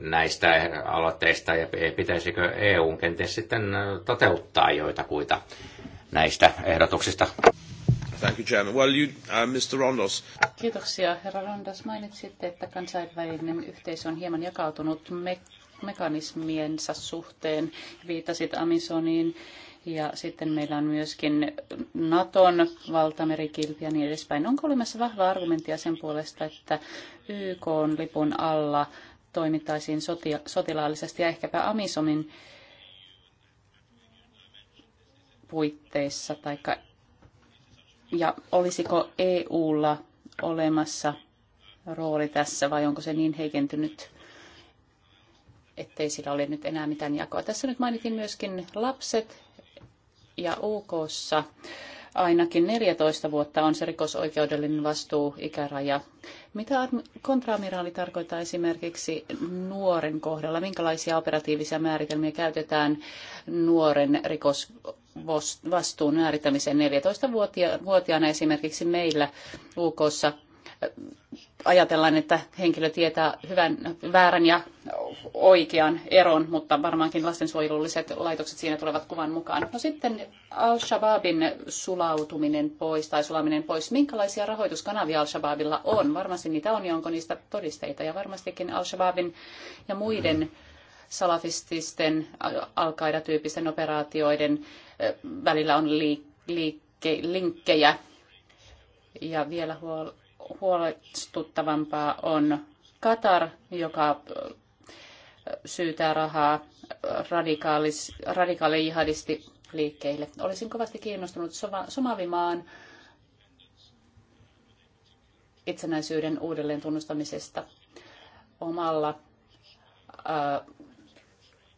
näistä aloitteista ja pitäisikö EU kenties sitten toteuttaa joitakuita näistä ehdotuksista? Thank you, Chairman. Well, you, uh, Mr. Rondos. Kiitoksia, herra Rondos. Mainitsitte, että kansainvälinen yhteisö on hieman jakautunut me- mekanismiensa suhteen. Viitasit Amisoniin ja sitten meillä on myöskin Naton valtamerikilpi ja niin edespäin. Onko olemassa vahva argumentia sen puolesta, että YK on lipun alla – toimittaisiin sotia, sotilaallisesti ja ehkäpä Amisomin puitteissa taikka, ja olisiko EUlla olemassa rooli tässä vai onko se niin heikentynyt, ettei sillä ole nyt enää mitään jakoa. Tässä nyt mainitin myöskin lapset ja uk ainakin 14 vuotta on se rikosoikeudellinen vastuu ikäraja mitä kontraamiraali tarkoittaa esimerkiksi nuoren kohdalla? Minkälaisia operatiivisia määritelmiä käytetään nuoren rikosvastuun määrittämiseen? 14-vuotiaana esimerkiksi meillä UKssa ajatellaan, että henkilö tietää hyvän, väärän ja oikean eron, mutta varmaankin lastensuojelulliset laitokset siinä tulevat kuvan mukaan. No sitten Al-Shabaabin sulautuminen pois tai sulaminen pois. Minkälaisia rahoituskanavia Al-Shabaabilla on? Varmasti niitä on ja onko niistä todisteita? Ja varmastikin Al-Shabaabin ja muiden salafististen al tyyppisten operaatioiden eh, välillä on liikkeen linkkejä. Ja vielä huol- huolestuttavampaa on Katar, joka syytää rahaa radikaali jihadisti liikkeille. Olisin kovasti kiinnostunut Somalimaan itsenäisyyden uudelleen tunnustamisesta omalla, äh,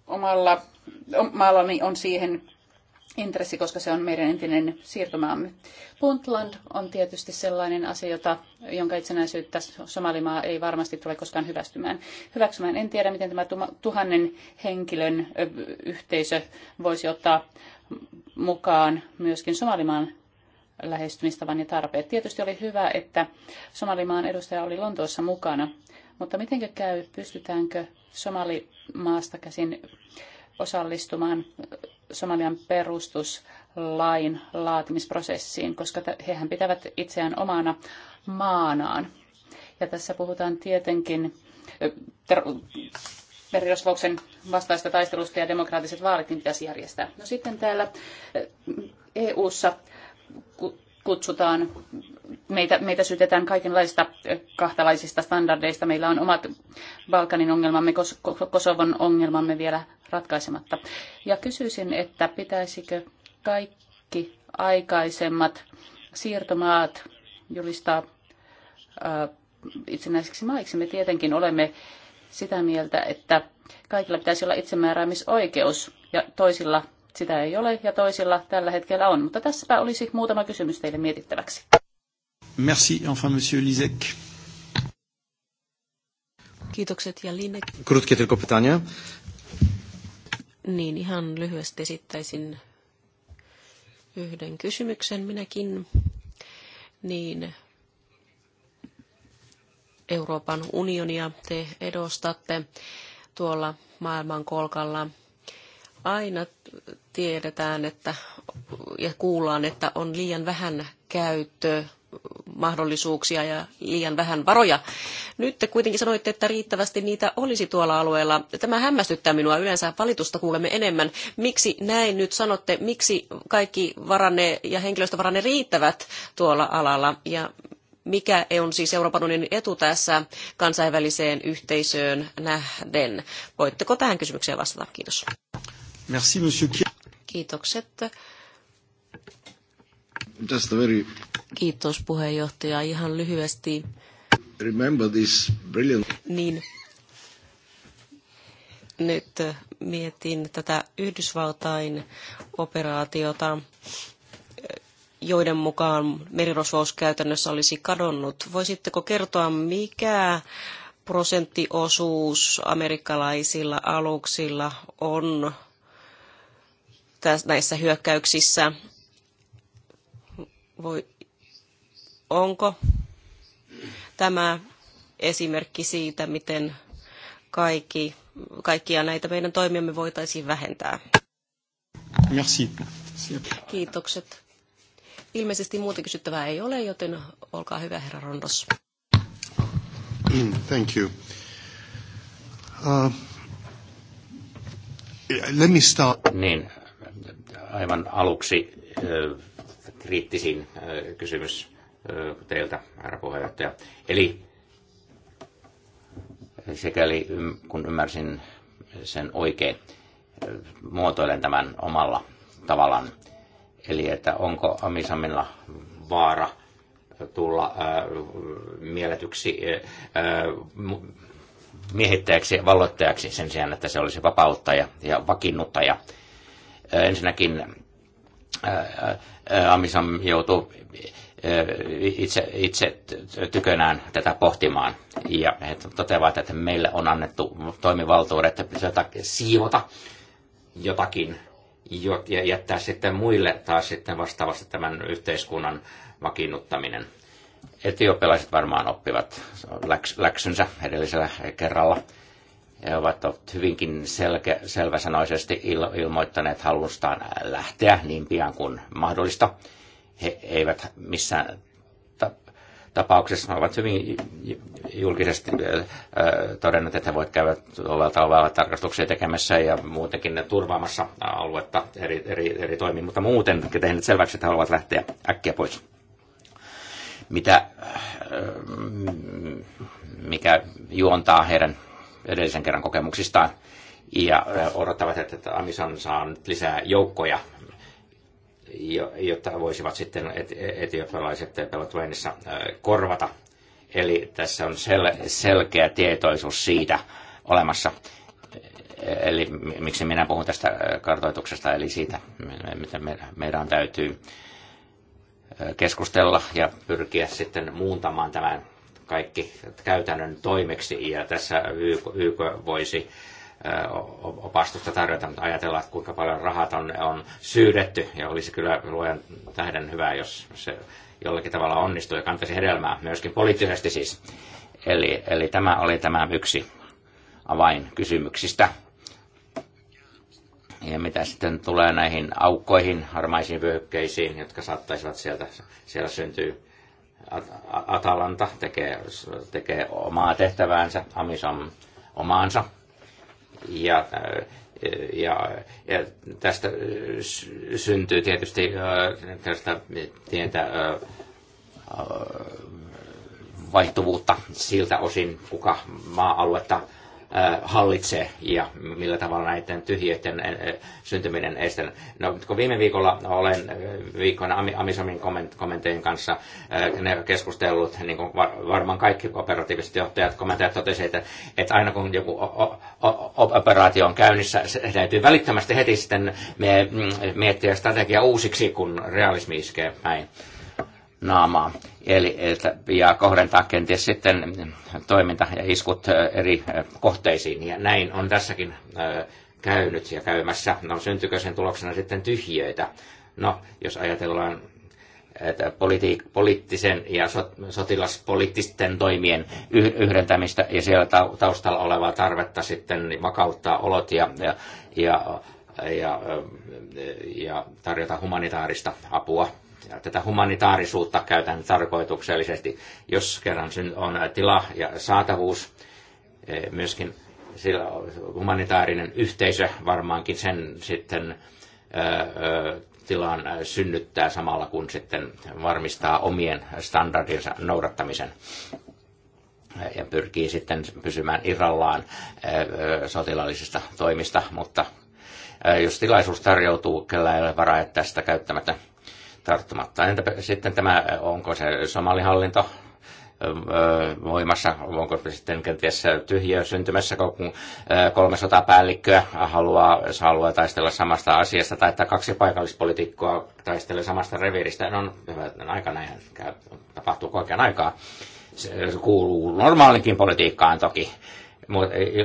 omalla maallani on siihen intressi, koska se on meidän entinen siirtomaamme. Puntland on tietysti sellainen asia, jota, jonka itsenäisyyttä Somalimaa ei varmasti tule koskaan hyvästymään. hyväksymään. En tiedä, miten tämä tuhannen henkilön yhteisö voisi ottaa mukaan myöskin Somalimaan lähestymistavan ja tarpeet. Tietysti oli hyvä, että Somalimaan edustaja oli Lontoossa mukana, mutta mitenkö käy, pystytäänkö Somalimaasta käsin osallistumaan Somalian perustuslain laatimisprosessiin, koska hehän pitävät itseään omana maanaan. Ja tässä puhutaan tietenkin merirosvouksen vastaista taistelusta ja demokraattiset vaalitkin niin pitäisi järjestää. No sitten täällä EU-ssa kutsutaan, meitä, meitä syytetään kaikenlaisista kahtalaisista standardeista. Meillä on omat Balkanin ongelmamme, Kosovon ongelmamme vielä ratkaisematta. Ja kysyisin, että pitäisikö kaikki aikaisemmat siirtomaat julistaa äh, itsenäiseksi maiksi. Me tietenkin olemme sitä mieltä, että kaikilla pitäisi olla itsemääräämisoikeus ja toisilla sitä ei ole ja toisilla tällä hetkellä on. Mutta tässäpä olisi muutama kysymys teille mietittäväksi. Merci, enfin, monsieur Lisek. Kiitokset ja Linek. Krótkie tylko pytanie. Niin ihan lyhyesti esittäisin yhden kysymyksen minäkin. Niin Euroopan unionia te edustatte tuolla maailman kolkalla. Aina tiedetään että, ja kuullaan, että on liian vähän käyttö mahdollisuuksia ja liian vähän varoja. Nyt te kuitenkin sanoitte, että riittävästi niitä olisi tuolla alueella. Tämä hämmästyttää minua. Yleensä valitusta kuulemme enemmän. Miksi näin nyt sanotte? Miksi kaikki varanne ja henkilöstövaranne riittävät tuolla alalla? Ja mikä on siis Euroopan unionin etu tässä kansainväliseen yhteisöön nähden? Voitteko tähän kysymykseen vastata? Kiitos. Merci, monsieur. Kiitokset. Just very... Kiitos puheenjohtaja. Ihan lyhyesti. Remember this brilliant... Niin. Nyt äh, mietin tätä Yhdysvaltain operaatiota äh, joiden mukaan merirosvous käytännössä olisi kadonnut. Voisitteko kertoa, mikä prosenttiosuus amerikkalaisilla aluksilla on näissä hyökkäyksissä voi, onko tämä esimerkki siitä, miten kaikki, kaikkia näitä meidän toimiamme voitaisiin vähentää? Merci. Kiitokset. Ilmeisesti muuta kysyttävää ei ole, joten olkaa hyvä, herra Rondos. Thank you. Uh, let me start. Niin, aivan aluksi kriittisin kysymys teiltä, herra puheenjohtaja. Eli sekäli kun ymmärsin sen oikein, muotoilen tämän omalla tavallaan. Eli että onko Amisamilla vaara tulla mieletyksi miehittäjäksi ja valloittajaksi sen sijaan, että se olisi vapauttaja ja vakiinnuttaja. Ensinnäkin Amisam joutuu itse, itse tykönään tätä pohtimaan. Ja he toteavat, että meille on annettu toimivaltuudet siivota jotakin ja jättää sitten muille taas sitten vastaavasti tämän yhteiskunnan vakiinnuttaminen. Etiopialaiset varmaan oppivat läks, läksynsä edellisellä kerralla he ovat hyvinkin selke, selväsanoisesti ilmoittaneet halustaan lähteä niin pian kuin mahdollista. He eivät missään tapauksessa ovat hyvin julkisesti äh, todenneet, että he voivat käydä ovelta ovella tarkastuksia tekemässä ja muutenkin turvaamassa aluetta eri, eri, eri toimiin, mutta muuten tehneet selväksi, että haluavat lähteä äkkiä pois. Mitä, äh, mikä juontaa heidän edellisen kerran kokemuksistaan ja odottavat, että Amisan saa nyt lisää joukkoja, jotta voisivat sitten etiopialaiset pelot korvata. Eli tässä on sel- selkeä tietoisuus siitä olemassa. Eli miksi minä puhun tästä kartoituksesta, eli siitä, mitä meidän täytyy keskustella ja pyrkiä sitten muuntamaan tämän kaikki käytännön toimeksi ja tässä YK, YK voisi opastusta tarjota, mutta ajatellaan, että kuinka paljon rahat on, on syydetty ja olisi kyllä luojan tähden hyvä, jos se jollakin tavalla onnistuu ja kantaisi hedelmää, myöskin poliittisesti siis. Eli, eli tämä oli tämä yksi avainkysymyksistä. Ja mitä sitten tulee näihin aukkoihin, harmaisiin vyöhykkeisiin, jotka saattaisivat sieltä, siellä syntyä? Atalanta tekee, tekee omaa tehtäväänsä, Amisom omaansa. Ja, ja, ja tästä syntyy tietysti tästä tietä vaihtuvuutta siltä osin, kuka maa-aluetta hallitse ja millä tavalla näiden tyhjiöiden syntyminen estetään. No, kun viime viikolla olen viikkoina Amisomin kommenteiden kanssa keskustellut, niin kuin varmaan kaikki operatiiviset johtajat, komentajat totesivat, että, että aina kun joku operaatio on käynnissä, se täytyy välittömästi heti sitten mm, miettiä strategia uusiksi, kun realismi iskee päin naamaa. Eli, ja kohdentaa kenties sitten toiminta ja iskut eri kohteisiin. Ja näin on tässäkin käynyt ja käymässä. No syntyykö sen tuloksena sitten tyhjöitä? No, jos ajatellaan että politi- poliittisen ja sot- sotilaspoliittisten toimien yhdentämistä ja siellä taustalla olevaa tarvetta sitten vakauttaa olot ja, ja, ja, ja, ja tarjota humanitaarista apua tätä humanitaarisuutta käytän tarkoituksellisesti, jos kerran on tila ja saatavuus, e, myöskin sillä humanitaarinen yhteisö varmaankin sen sitten e, e, tilan synnyttää samalla kun sitten varmistaa omien standardinsa noudattamisen ja pyrkii sitten pysymään irrallaan sotilaallisista toimista, mutta jos tilaisuus tarjoutuu, kellä ei ole varaa tästä käyttämättä tarttumatta. Entäpä sitten tämä, onko se somalihallinto voimassa, onko sitten kenties tyhjiö syntymässä, kun kolme sotapäällikköä haluaa, haluaa taistella samasta asiasta, tai että kaksi paikallispolitiikkoa taistelee samasta reviiristä, on no, hyvä, aika näinhän tapahtuu oikean aikaa. Se kuuluu normaalinkin politiikkaan toki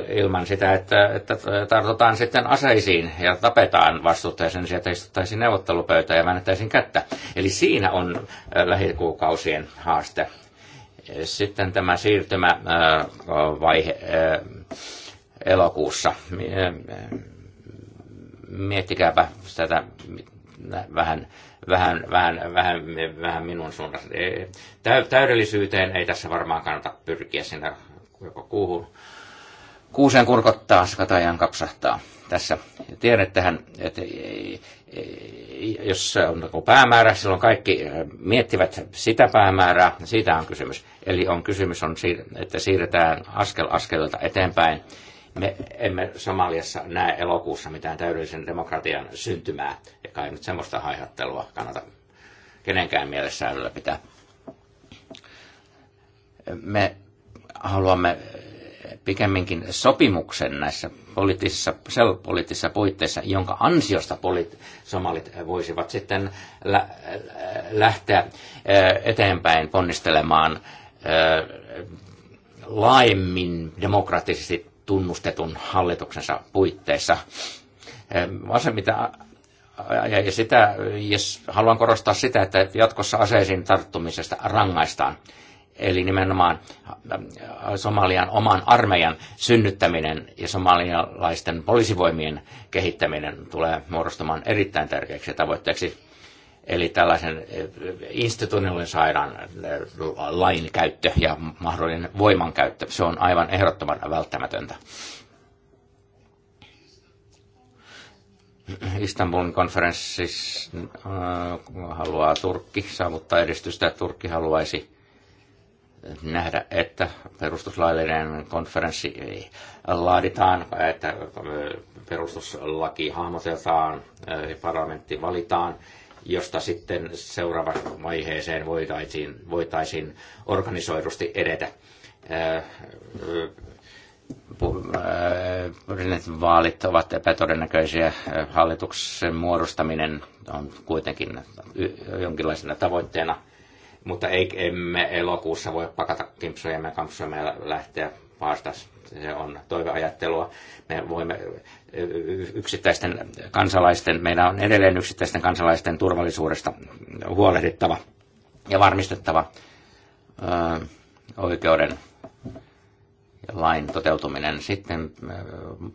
ilman sitä, että, että tartutaan sitten aseisiin ja tapetaan vastuuttaisen että istuttaisiin neuvottelupöytään ja väännettäisiin kättä. Eli siinä on äh, lähikuukausien haaste. Sitten tämä siirtymävaihe äh, äh, elokuussa. Miettikääpä tätä vähän vähän, vähän, vähän, vähän minun suuntaan. Täydellisyyteen ei tässä varmaan kannata pyrkiä sinne joko kuuhun kuusen kurkottaa, katajan kapsahtaa. Tässä tiedän, että jos on päämäärä, silloin kaikki eh, miettivät sitä päämäärää, siitä on kysymys. Eli on kysymys, on, että siirretään askel askelelta eteenpäin. Me emme Somaliassa näe elokuussa mitään täydellisen demokratian syntymää, eikä kai nyt semmoista haihattelua kannata kenenkään mielessä ylläpitää. Me haluamme pikemminkin sopimuksen näissä poliittisissa, poliittisissa puitteissa, jonka ansiosta poliit, somalit voisivat sitten lä, lähteä eh, eteenpäin ponnistelemaan eh, laajemmin demokraattisesti tunnustetun hallituksensa puitteissa. Vasemmita eh, ja, ja sitä, jos haluan korostaa sitä, että jatkossa aseisiin tarttumisesta rangaistaan eli nimenomaan äh, äh, Somalian oman armeijan synnyttäminen ja somalialaisten poliisivoimien kehittäminen tulee muodostumaan erittäin tärkeäksi tavoitteeksi. Eli tällaisen äh, institutionaalisen sairaan lain käyttö ja mahdollinen voimankäyttö, se on aivan ehdottoman välttämätöntä. Istanbulin konferenssissa haluaa Turkki saavuttaa edistystä. Turkki haluaisi nähdä, että perustuslaillinen konferenssi laaditaan, että perustuslaki ja eh, parlamentti valitaan, josta sitten seuraavaan vaiheeseen voitaisiin, voitaisiin organisoidusti edetä eh, eh, vaalit ovat epätodennäköisiä. Hallituksen muodostaminen on kuitenkin jonkinlaisena tavoitteena mutta ei, emme elokuussa voi pakata kimpsoja ja kampsoja ja lähteä vastas. Se on toiveajattelua. Me voimme yksittäisten kansalaisten, meidän on edelleen yksittäisten kansalaisten turvallisuudesta huolehdittava ja varmistettava ö, oikeuden lain toteutuminen. Sitten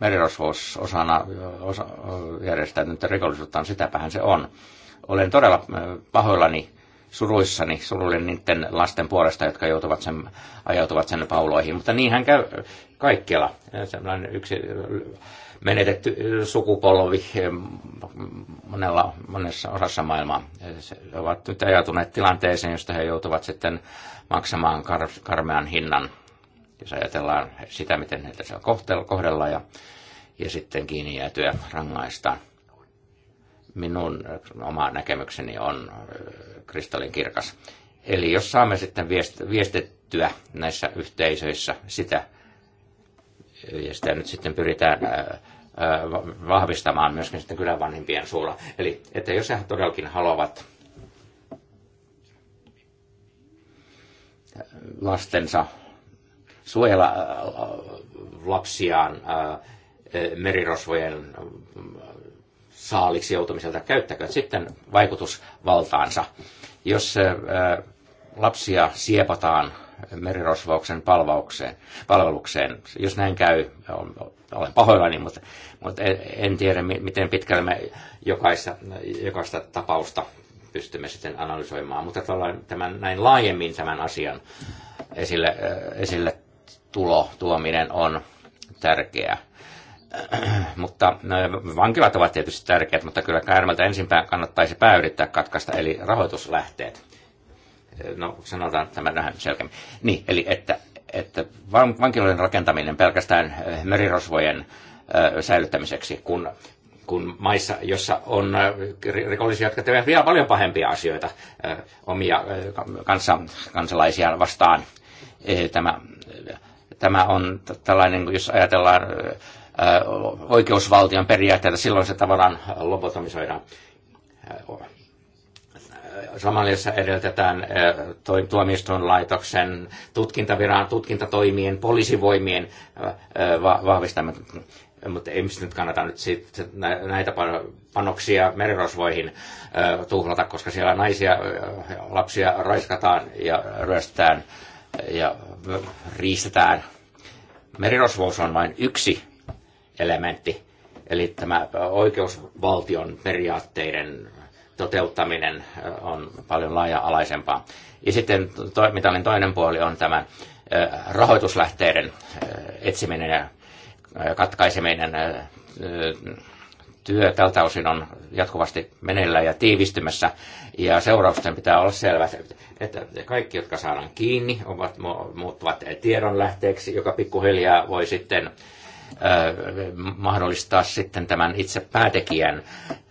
merirosvous osana osa, järjestäytynyttä rikollisuutta on sitäpähän se on. Olen todella pahoillani suruissani, surullinen niiden lasten puolesta, jotka joutuvat sen, ajautuvat sen pauloihin. Mutta niinhän käy kaikkialla. Sellainen yksi menetetty sukupolvi monella, monessa osassa maailmaa. He ovat nyt ajautuneet tilanteeseen, josta he joutuvat sitten maksamaan kar- karmean hinnan. Jos ajatellaan sitä, miten heitä siellä kohdellaan ja, ja sitten kiinni jäätyä rangaistaan minun äh, oma näkemykseni on äh, kristallin kirkas. Eli jos saamme sitten viestettyä näissä yhteisöissä sitä, äh, ja sitä nyt sitten pyritään vahvistamaan myöskin sitten kylän vanhimpien suulla. Eli että jos he todellakin haluavat lastensa suojella lapsiaan merirosvojen saaliksi joutumiselta, käyttäkööt sitten vaikutusvaltaansa. Jos lapsia siepataan merirosvauksen palvaukseen, palvelukseen, jos näin käy, olen pahoillani, mutta, mutta en tiedä, miten pitkälle me jokaista, jokaista tapausta pystymme sitten analysoimaan. Mutta tämän, näin laajemmin tämän asian esille, esille tulo, tuominen on tärkeää mutta no, vankilat ovat tietysti tärkeät, mutta kyllä käärmältä ensin kannattaisi pääyrittää katkaista, eli rahoituslähteet. No, sanotaan tämä vähän selkeämmin. Niin, eli että, että vankiloiden rakentaminen pelkästään eh, merirosvojen eh, säilyttämiseksi, kun kun maissa, jossa on eh, rikollisia, jotka tekevät vielä paljon pahempia asioita omia kanssa, kansalaisiaan vastaan. Tämä, tämä on tällainen, jos ajatellaan oikeusvaltion periaatteita, silloin se tavallaan lobotomisoidaan. Somaliassa edellytetään laitoksen tutkintaviran, tutkintatoimien, poliisivoimien vahvistamista, mutta ei nyt kannata nyt näitä panoksia merirosvoihin tuhlata, koska siellä naisia, lapsia raiskataan ja ryöstetään ja riistetään. Merirosvous on vain yksi elementti, eli tämä oikeusvaltion periaatteiden toteuttaminen äh, on paljon laaja-alaisempaa. Ja sitten to, mitalin toinen puoli on tämä äh, rahoituslähteiden äh, etsiminen ja katkaiseminen. Työ tältä osin on jatkuvasti meneillään ja tiivistymässä, ja seurausten pitää olla selvä, että kaikki, jotka saadaan kiinni, ovat, muuttuvat tiedonlähteeksi, joka pikkuhiljaa voi sitten mahdollistaa sitten tämän itse päätekijän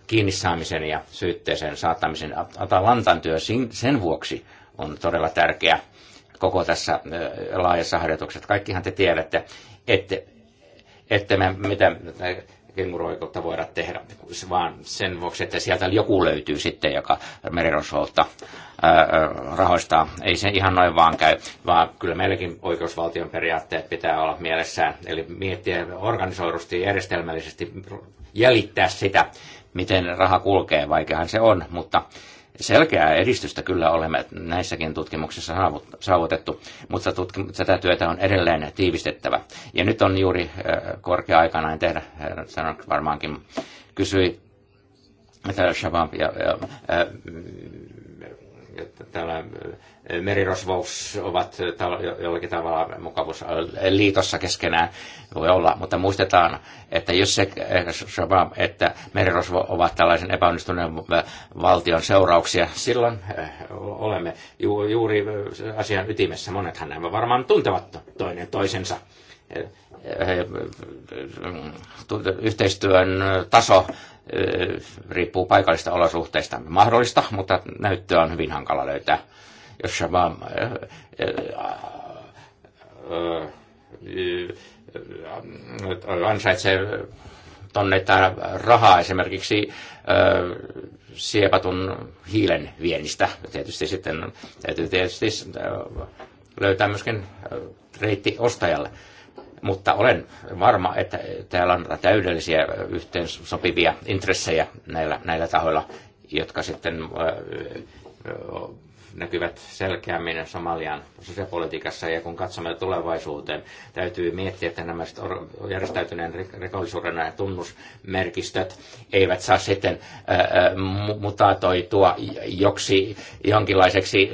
kiinni saamisen ja syytteeseen saattamisen. Atalantan työ sen vuoksi on todella tärkeä koko tässä laajassa harjoituksessa. Kaikkihan te tiedätte, että, että me mitä kenguruoikeutta voida tehdä, vaan sen vuoksi, että sieltä joku löytyy sitten, joka merirosvolta rahoistaa. Ei se ihan noin vaan käy, vaan kyllä meilläkin oikeusvaltion periaatteet pitää olla mielessään. Eli miettiä organisoidusti ja järjestelmällisesti jäljittää sitä, miten raha kulkee. Vaikeahan se on, mutta Selkeää edistystä kyllä olemme näissäkin tutkimuksissa saavutettu, mutta tätä työtä on edelleen tiivistettävä. Ja nyt on juuri äh, korkea aika näin tehdä, sanon varmaankin kysyi äh, ja, ja, ja äh, täällä merirosvous ovat jollakin tavalla mukavuusliitossa keskenään, voi olla, mutta muistetaan, että jos se, että merirosvo ovat tällaisen epäonnistuneen valtion seurauksia, silloin olemme ju, juuri asian ytimessä. Monethan nämä varmaan tuntevat toinen toisensa yhteistyön taso riippuu paikallista olosuhteista. Mahdollista, mutta näyttöä on hyvin hankala löytää. Jos vaan ansaitsee tonne rahaa esimerkiksi siepatun hiilen vienistä. Tietysti sitten täytyy tietysti löytää myöskin reitti ostajalle mutta olen varma, että täällä on täydellisiä yhteen sopivia intressejä näillä, näillä tahoilla, jotka sitten näkyvät selkeämmin Somalian sosiaalipolitiikassa ja kun katsomme tulevaisuuteen, täytyy miettiä, että nämä järjestäytyneen rikollisuuden tunnusmerkistöt eivät saa sitten mutatoitua joksi jonkinlaiseksi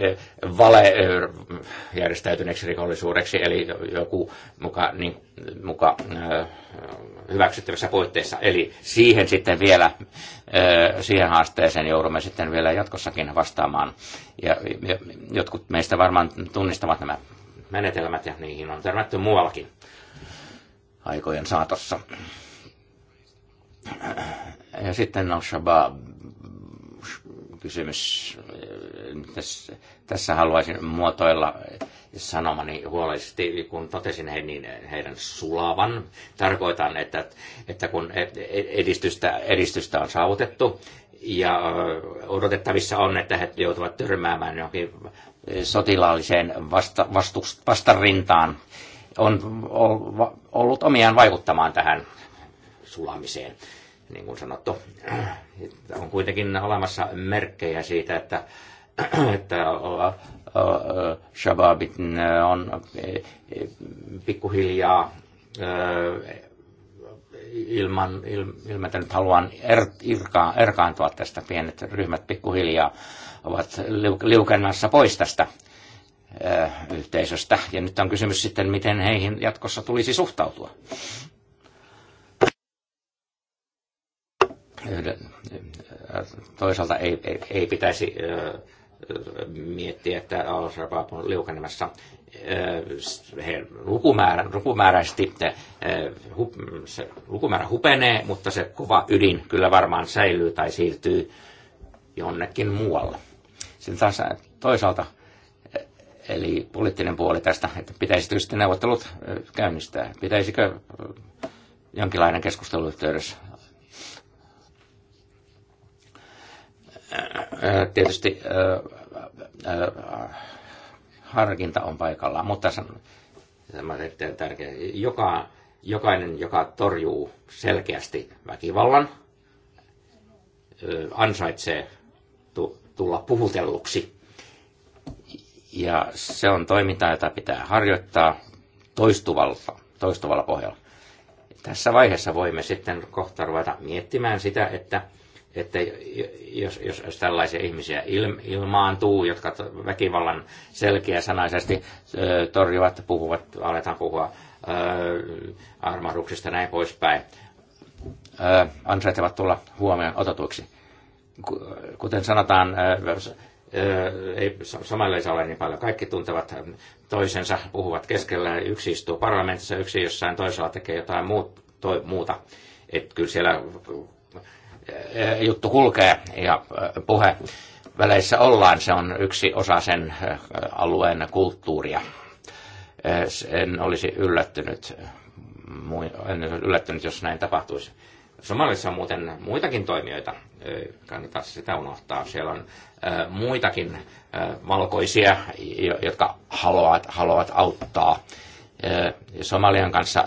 valejärjestäytyneeksi rikollisuudeksi, eli joku muka, niin, muka hyväksyttävissä puitteissa. Eli siihen sitten vielä, siihen haasteeseen joudumme sitten vielä jatkossakin vastaamaan. Ja jotkut meistä varmaan tunnistavat nämä menetelmät ja niihin on törmätty muuallakin aikojen saatossa. Ja sitten al-Shabaab kysymys. tässä haluaisin muotoilla sanomani huolellisesti, kun totesin he, niin heidän sulavan. Tarkoitan, että, että kun e- e- edistystä, edistystä on saavutettu ja odotettavissa on, että he joutuvat törmäämään johonkin sotilaalliseen vasta, vastarintaan, on ollut omiaan vaikuttamaan tähän sulamiseen, niin kuin sanottu. On kuitenkin olemassa merkkejä siitä, että, että shababit on eh, pikkuhiljaa eh, ilman, il, ilmentänyt haluan er, irka, erkaantua tästä. Pienet ryhmät pikkuhiljaa ovat liukennassa pois tästä eh, yhteisöstä. Ja nyt on kysymys sitten, miten heihin jatkossa tulisi suhtautua. toisaalta ei, ei, ei pitäisi ö, Mietti, että Al-Shabaab on liukenemassa lukumäärä, lukumääräisesti se lukumäärä hupenee, mutta se kova ydin kyllä varmaan säilyy tai siirtyy jonnekin muualle. Sitten taas toisaalta, eli poliittinen puoli tästä, että pitäisikö sitten neuvottelut käynnistää, pitäisikö jonkinlainen keskusteluyhteydessä Äh, äh, tietysti äh, harkinta on paikallaan, mutta tämä on erittäin tärkeä. Joka, jokainen, joka torjuu selkeästi väkivallan, ansaitsee tulla puhutelluksi. Ja se on toiminta, jota pitää harjoittaa toistuvalla, toistuvalla pohjalla. Tässä vaiheessa voimme sitten kohta ruveta miettimään sitä, että että jos, jos, jos tällaisia ihmisiä ilmaantuu, jotka väkivallan selkeäsanaisesti torjuvat, puhuvat, aletaan puhua armahduksista näin poispäin, ansaitsevat tulla huomioon otetuiksi. Kuten sanotaan, ei, samalla ei saa niin paljon. Kaikki tuntevat toisensa, puhuvat keskellä, yksi istuu parlamentissa, yksi jossain toisella tekee jotain muut, toi, muuta. Et kyllä siellä Eh, juttu kulkee ja eh, puhe väleissä ollaan. Se on yksi osa sen eh, alueen kulttuuria. En olisi yllättynyt, en olisi yllättynyt jos näin tapahtuisi. Somalissa on muuten muitakin toimijoita, kannattaa sitä unohtaa. Siellä on muitakin valkoisia, jotka haluavat, haluavat auttaa. Somalian kanssa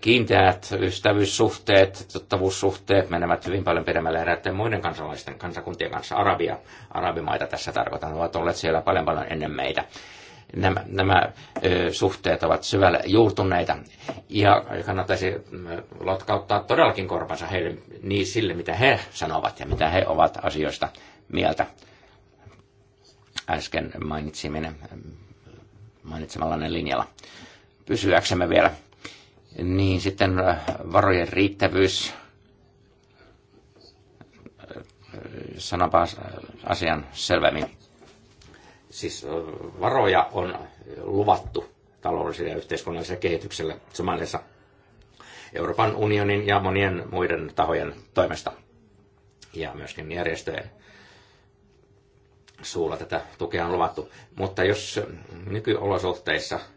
kiinteät ystävyyssuhteet, tuttavuussuhteet menevät hyvin paljon pidemmälle eräiden muiden kansalaisten kansakuntien kanssa. Arabia, arabimaita tässä tarkoitan, ovat olleet siellä paljon paljon ennen meitä. Nämä, nämä suhteet ovat syvälle juurtuneita ja kannattaisi lotkauttaa todellakin korvansa heille niin sille, mitä he sanovat ja mitä he ovat asioista mieltä. Äsken mainitsiminen mainitsemalla ne linjalla pysyäksemme vielä. Niin sitten äh, varojen riittävyys. Äh, Sanonpa asian selvemmin. Siis äh, varoja on luvattu taloudelliselle ja yhteiskunnalliselle kehitykselle Somaliassa Euroopan unionin ja monien muiden tahojen toimesta ja myöskin järjestöjen suulla tätä tukea on luvattu. Mutta jos nykyolosuhteissa –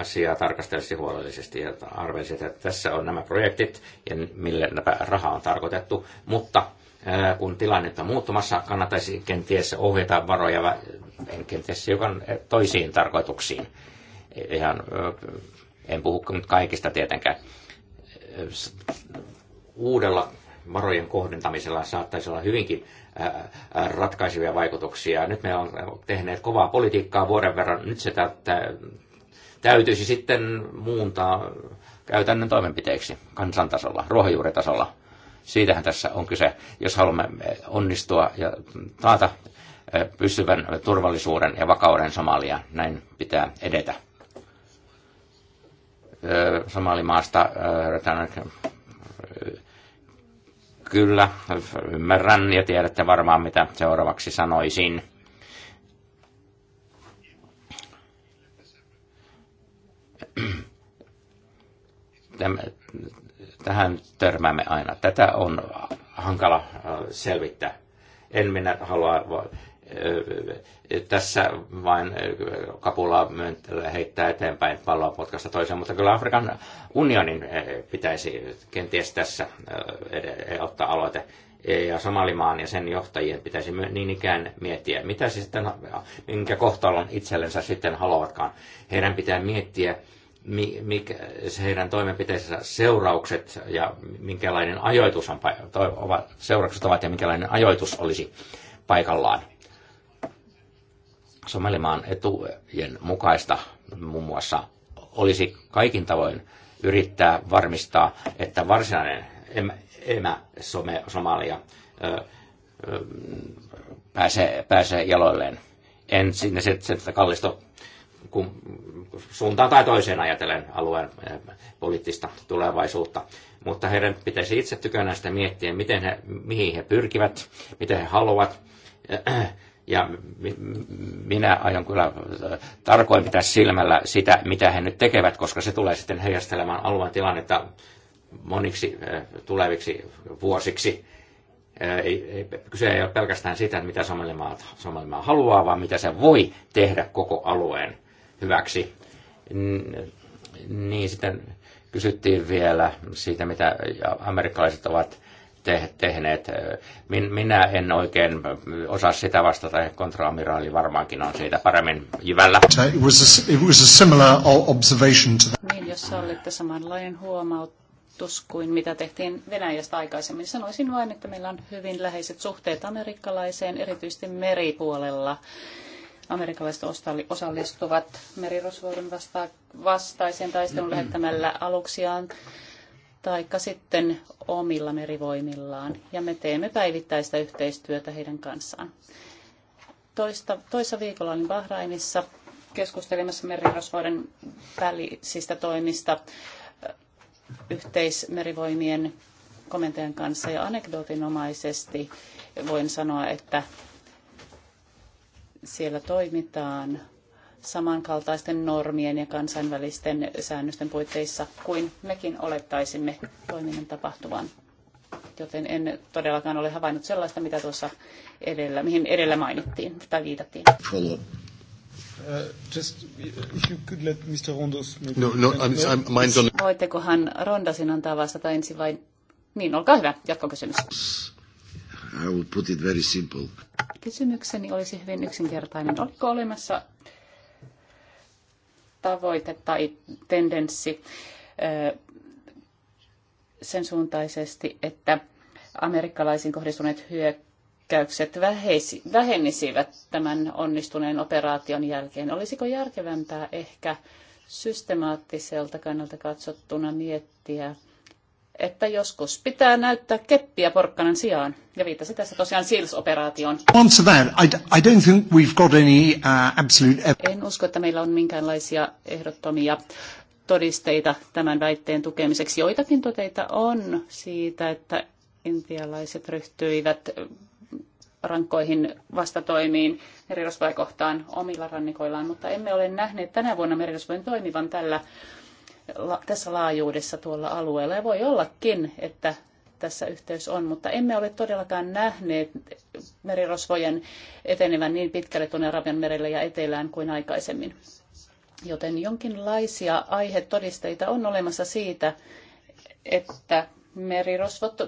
asiaa tarkastelisi huolellisesti ja arvelisi, että tässä on nämä projektit ja mille raha on tarkoitettu, mutta kun tilannetta muuttumassa, kannattaisi kenties ohjata varoja kenties hiukan toisiin tarkoituksiin. Ihan, en puhu nyt kaikista tietenkään. Uudella varojen kohdentamisella saattaisi olla hyvinkin ratkaisevia vaikutuksia. Nyt me on tehneet kovaa politiikkaa vuoden verran. Nyt se täytyisi sitten muuntaa käytännön toimenpiteiksi kansantasolla, ruohonjuuritasolla. Siitähän tässä on kyse, jos haluamme eh, onnistua ja taata eh, pysyvän turvallisuuden ja vakauden Somalia. Näin pitää edetä. Eh, Somalimaasta kyllä, ymmärrän ja tiedätte varmaan mitä seuraavaksi sanoisin. tähän törmäämme aina. Tätä on hankala äh, selvittää. En minä halua äh, tässä vain äh, kapulaa myöntää heittää eteenpäin palloa potkasta toiseen, mutta kyllä Afrikan unionin pitäisi kenties tässä e, ottaa aloite. Ja Somalimaan ja sen johtajien pitäisi niin ikään miettiä, mitä sitten, minkä kohtalon itsellensä sitten haluavatkaan. Heidän pitää miettiä, mikä heidän toimenpiteensä seuraukset ja minkälainen ajoitus on, ovat, seuraukset ovat ja minkälainen ajoitus olisi paikallaan. Somalimaan etujen mukaista muun muassa olisi kaikin tavoin yrittää varmistaa, että varsinainen emä, some, Somalia ö, ö, pääsee, pääsee jaloilleen. En sinne se, että kallisto kun suuntaan tai toiseen ajatellen alueen eh, poliittista tulevaisuutta. Mutta heidän pitäisi itse tykönä sitä miettiä, miten he, mihin he pyrkivät, miten he haluavat. Ja minä aion kyllä eh, tarkoin pitää silmällä sitä, mitä he nyt tekevät, koska se tulee sitten heijastelemaan alueen tilannetta moniksi eh, tuleviksi vuosiksi ei, ei, kyse ei ole pelkästään sitä, mitä somalimaat, somalimaa haluaa, vaan mitä se voi tehdä koko alueen hyväksi. Niin sitten kysyttiin vielä siitä, mitä amerikkalaiset ovat te- tehneet. Min- minä en oikein osaa sitä vastata, ja kontraamiraali varmaankin on siitä paremmin jyvällä. Niin, jos olette samanlainen huomautus kuin mitä tehtiin Venäjästä aikaisemmin. Sanoisin vain, että meillä on hyvin läheiset suhteet amerikkalaiseen, erityisesti meripuolella amerikkalaiset osallistuvat merirosvouden vasta- mm taistelun lähettämällä aluksiaan tai sitten omilla merivoimillaan. Ja me teemme päivittäistä yhteistyötä heidän kanssaan. Toista, toissa viikolla olin Bahrainissa keskustelemassa merirosvoiden välisistä toimista yhteismerivoimien komentajan kanssa ja anekdootinomaisesti voin sanoa, että siellä toimitaan samankaltaisten normien ja kansainvälisten säännösten puitteissa kuin mekin olettaisimme toiminnan tapahtuvan. Joten en todellakaan ole havainnut sellaista, mitä tuossa edellä, mihin edellä mainittiin tai viitattiin. Uh, no, no, Voittekohan Rondasin antaa vastata ensin vai... Niin, olkaa hyvä, jatkokysymys. I will put it very simple. Kysymykseni olisi hyvin yksinkertainen. Oliko olemassa tavoite tai tendenssi sen suuntaisesti, että amerikkalaisiin kohdistuneet hyökkäykset vähenisivät tämän onnistuneen operaation jälkeen. Olisiko järkevämpää ehkä systemaattiselta kannalta katsottuna miettiä että joskus pitää näyttää keppiä porkkanan sijaan. Ja viittasi tässä tosiaan SEALS-operaatioon. Uh, en usko, että meillä on minkäänlaisia ehdottomia todisteita tämän väitteen tukemiseksi. Joitakin toteita on siitä, että intialaiset ryhtyivät rankkoihin vastatoimiin merirosvoja kohtaan omilla rannikoillaan, mutta emme ole nähneet tänä vuonna merirosvojen toimivan tällä tässä laajuudessa tuolla alueella. Ja voi ollakin, että tässä yhteys on, mutta emme ole todellakaan nähneet merirosvojen etenevän niin pitkälle tuonne Arabian merelle ja etelään kuin aikaisemmin. Joten jonkinlaisia aihetodisteita on olemassa siitä, että merirosvot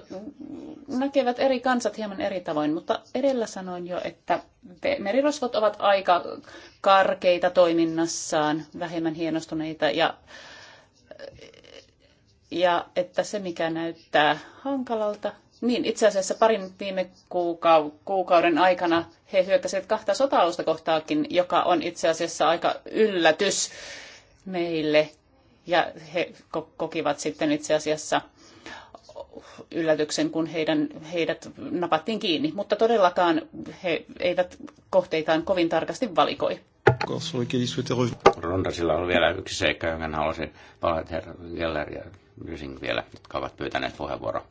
näkevät eri kansat hieman eri tavoin, mutta edellä sanoin jo, että merirosvot ovat aika karkeita toiminnassaan, vähemmän hienostuneita ja ja että se, mikä näyttää hankalalta, niin itse asiassa parin viime kuukau- kuukauden aikana he hyökkäsivät kahta sota kohtaakin, joka on itse asiassa aika yllätys meille. Ja he ko- kokivat sitten itse asiassa yllätyksen, kun heidän, heidät napattiin kiinni, mutta todellakaan he eivät kohteitaan kovin tarkasti valikoi. Rondasilla on vielä yksi seikka, jonka haluaisin palata herra Geller ja Rysing vielä, jotka ovat pyytäneet puheenvuoroa.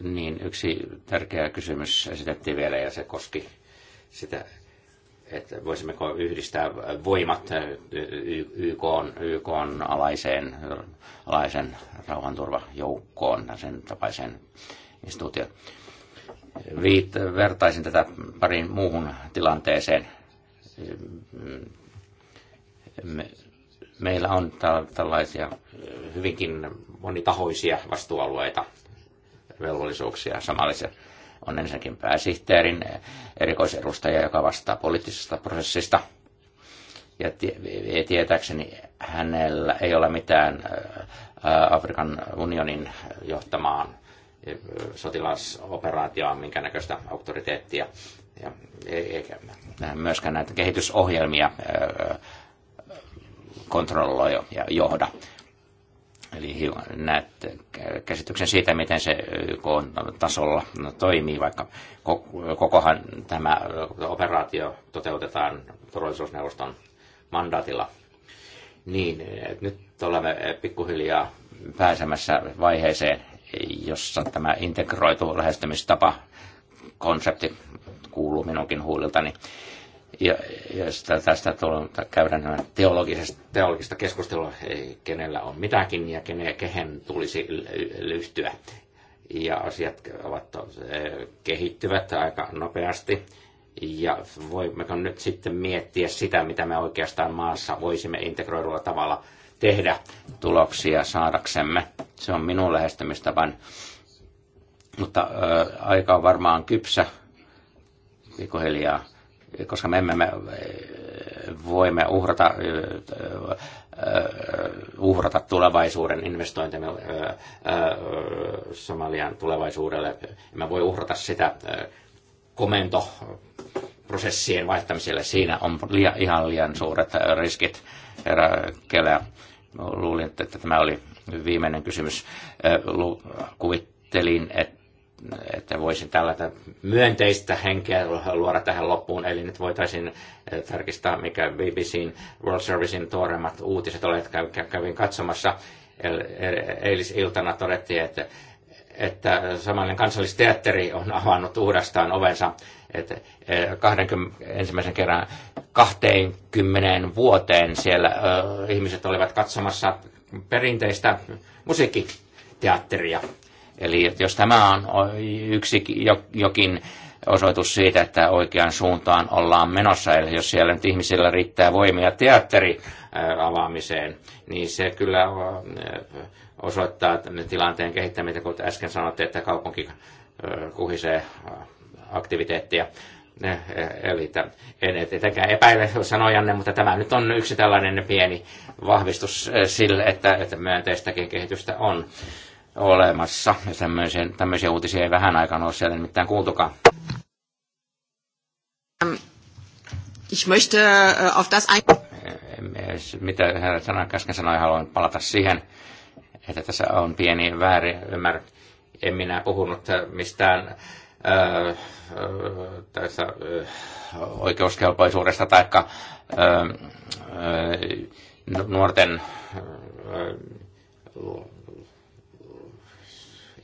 Niin, yksi tärkeä kysymys esitettiin vielä ja se koski sitä, että voisimmeko yhdistää voimat YK, YK alaiseen, alaisen rauhanturvajoukkoon, sen tapaiseen instituutioon viit, vertaisin tätä pariin muuhun tilanteeseen. Me, meillä on tällaisia hyvinkin monitahoisia vastuualueita, velvollisuuksia. Samalla on ensinnäkin pääsihteerin erikoisedustaja, joka vastaa poliittisesta prosessista. Ja tietääkseni hänellä ei ole mitään Afrikan unionin johtamaan sotilasoperaatioa, minkä näköistä auktoriteettia, ja eikä myöskään näitä kehitysohjelmia kontrolloi ja johda. Eli näet käsityksen siitä, miten se YK tasolla no, toimii, vaikka kokohan tämä operaatio toteutetaan turvallisuusneuvoston mandaatilla. Niin, nyt olemme pikkuhiljaa pääsemässä vaiheeseen, jossa tämä integroitu lähestymistapa, konsepti kuuluu minunkin huuliltani. Ja, ja sitä, tästä tuolla, käydään teologisesta teologista keskustelua, kenellä on mitäkin ja kenen, kehen tulisi lyhtyä. Ja asiat ovat, eh, kehittyvät aika nopeasti. Ja voimmeko nyt sitten miettiä sitä, mitä me oikeastaan maassa voisimme integroidulla tavalla – tehdä tuloksia saadaksemme. Se on minun lähestymistapan. Mutta ö, aika on varmaan kypsä pikkuhiljaa, koska me emme me voimme uhrata, ö, uhrata tulevaisuuden investointimme Somalian tulevaisuudelle. Emme voi uhrata sitä ö, komentoprosessien vaihtamiselle. Siinä on liian, ihan liian suuret riskit. Herra Kelea. No, luulin, että, että tämä oli viimeinen kysymys. Kuvittelin, että että voisin tällaista myönteistä henkeä luoda tähän loppuun. Eli nyt voitaisiin tarkistaa, mikä BBCn World Servicein tuoreimmat uutiset olet kävin katsomassa. Eilisiltana todettiin, että, että samanlainen kansallisteatteri on avannut uudestaan ovensa että 20, eh, ensimmäisen kerran 20 vuoteen siellä ö, ihmiset olivat katsomassa perinteistä musiikkiteatteria. Eli jos tämä on yksi jokin osoitus siitä, että oikeaan suuntaan ollaan menossa, eli jos siellä nyt ihmisillä riittää voimia teatteri avaamiseen, niin se kyllä osoittaa tilanteen kehittämistä, kun äsken sanoitte, että kaupunki kuhisee aktiviteettia. Eh, eli en tietenkään epäile sanojanne, mutta tämä nyt on yksi tällainen pieni vahvistus eh, sille, että, että myönteistäkin kehitystä on olemassa. Ja tämmöisiä, tämmöisiä uutisia ei vähän aikana ole siellä nimittäin kuultukaan. Ähm, ich möchte äh, auf das ein... Mitä herra sanan käsken sanoi, haluan palata siihen, että tässä on pieni väärin ymmärrys. En minä puhunut äh, mistään tässä oikeuskelpoisuudesta tai nuorten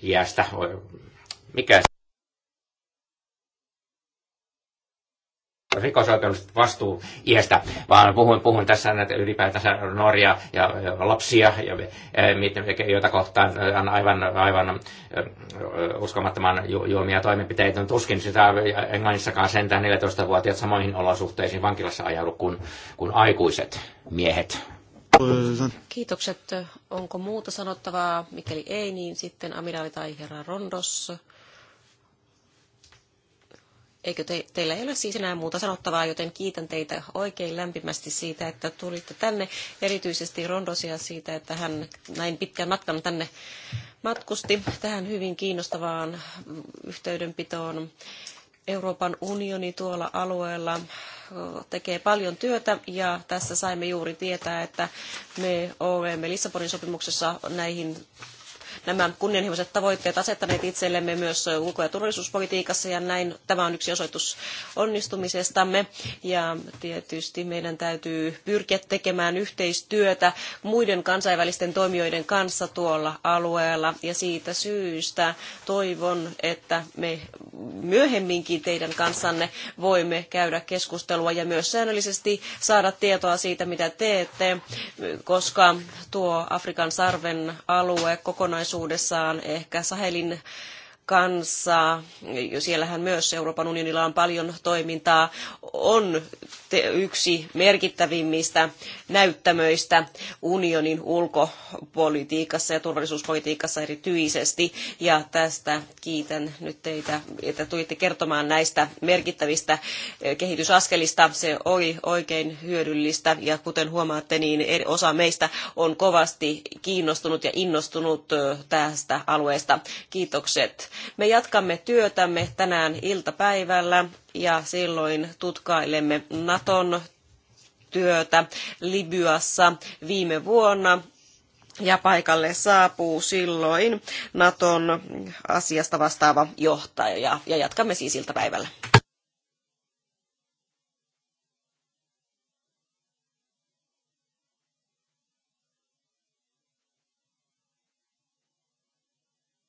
iästä, mikä rikosoikeudelliset vastuu iästä, vaan puhun, puhun tässä näitä ylipäätänsä nuoria ja, ja lapsia, ja, joita kohtaan on aivan, aivan uskomattoman juomia toimenpiteitä. Tuskin sitä Englannissakaan sentään 14-vuotiaat samoihin olosuhteisiin vankilassa ajaudu kuin, kuin aikuiset miehet. Kiitokset. Onko muuta sanottavaa? Mikäli ei, niin sitten amiraali tai herra Rondos. Eikö te, teillä ei ole siis enää muuta sanottavaa, joten kiitän teitä oikein lämpimästi siitä, että tulitte tänne, erityisesti Rondosia siitä, että hän näin pitkän matkan tänne matkusti tähän hyvin kiinnostavaan yhteydenpitoon. Euroopan unioni tuolla alueella tekee paljon työtä ja tässä saimme juuri tietää, että me olemme Lissabonin sopimuksessa näihin nämä kunnianhimoiset tavoitteet asettaneet itsellemme myös ulko- ja turvallisuuspolitiikassa ja näin tämä on yksi osoitus onnistumisestamme ja tietysti meidän täytyy pyrkiä tekemään yhteistyötä muiden kansainvälisten toimijoiden kanssa tuolla alueella ja siitä syystä toivon, että me myöhemminkin teidän kanssanne voimme käydä keskustelua ja myös säännöllisesti saada tietoa siitä, mitä teette, koska tuo Afrikan sarven alue kokonaisuus kokonaisuudessaan ehkä Sahelin kanssa, siellähän myös Euroopan unionilla on paljon toimintaa, on yksi merkittävimmistä näyttämöistä unionin ulkopolitiikassa ja turvallisuuspolitiikassa erityisesti. Ja tästä kiitän nyt teitä, että tulitte kertomaan näistä merkittävistä eh, kehitysaskelista. Se oli oikein hyödyllistä ja kuten huomaatte, niin osa meistä on kovasti kiinnostunut ja innostunut eh, tästä alueesta. Kiitokset. Me jatkamme työtämme tänään iltapäivällä ja silloin tutkailemme Naton työtä Libyassa viime vuonna ja paikalle saapuu silloin Naton asiasta vastaava johtaja ja jatkamme siis iltapäivällä.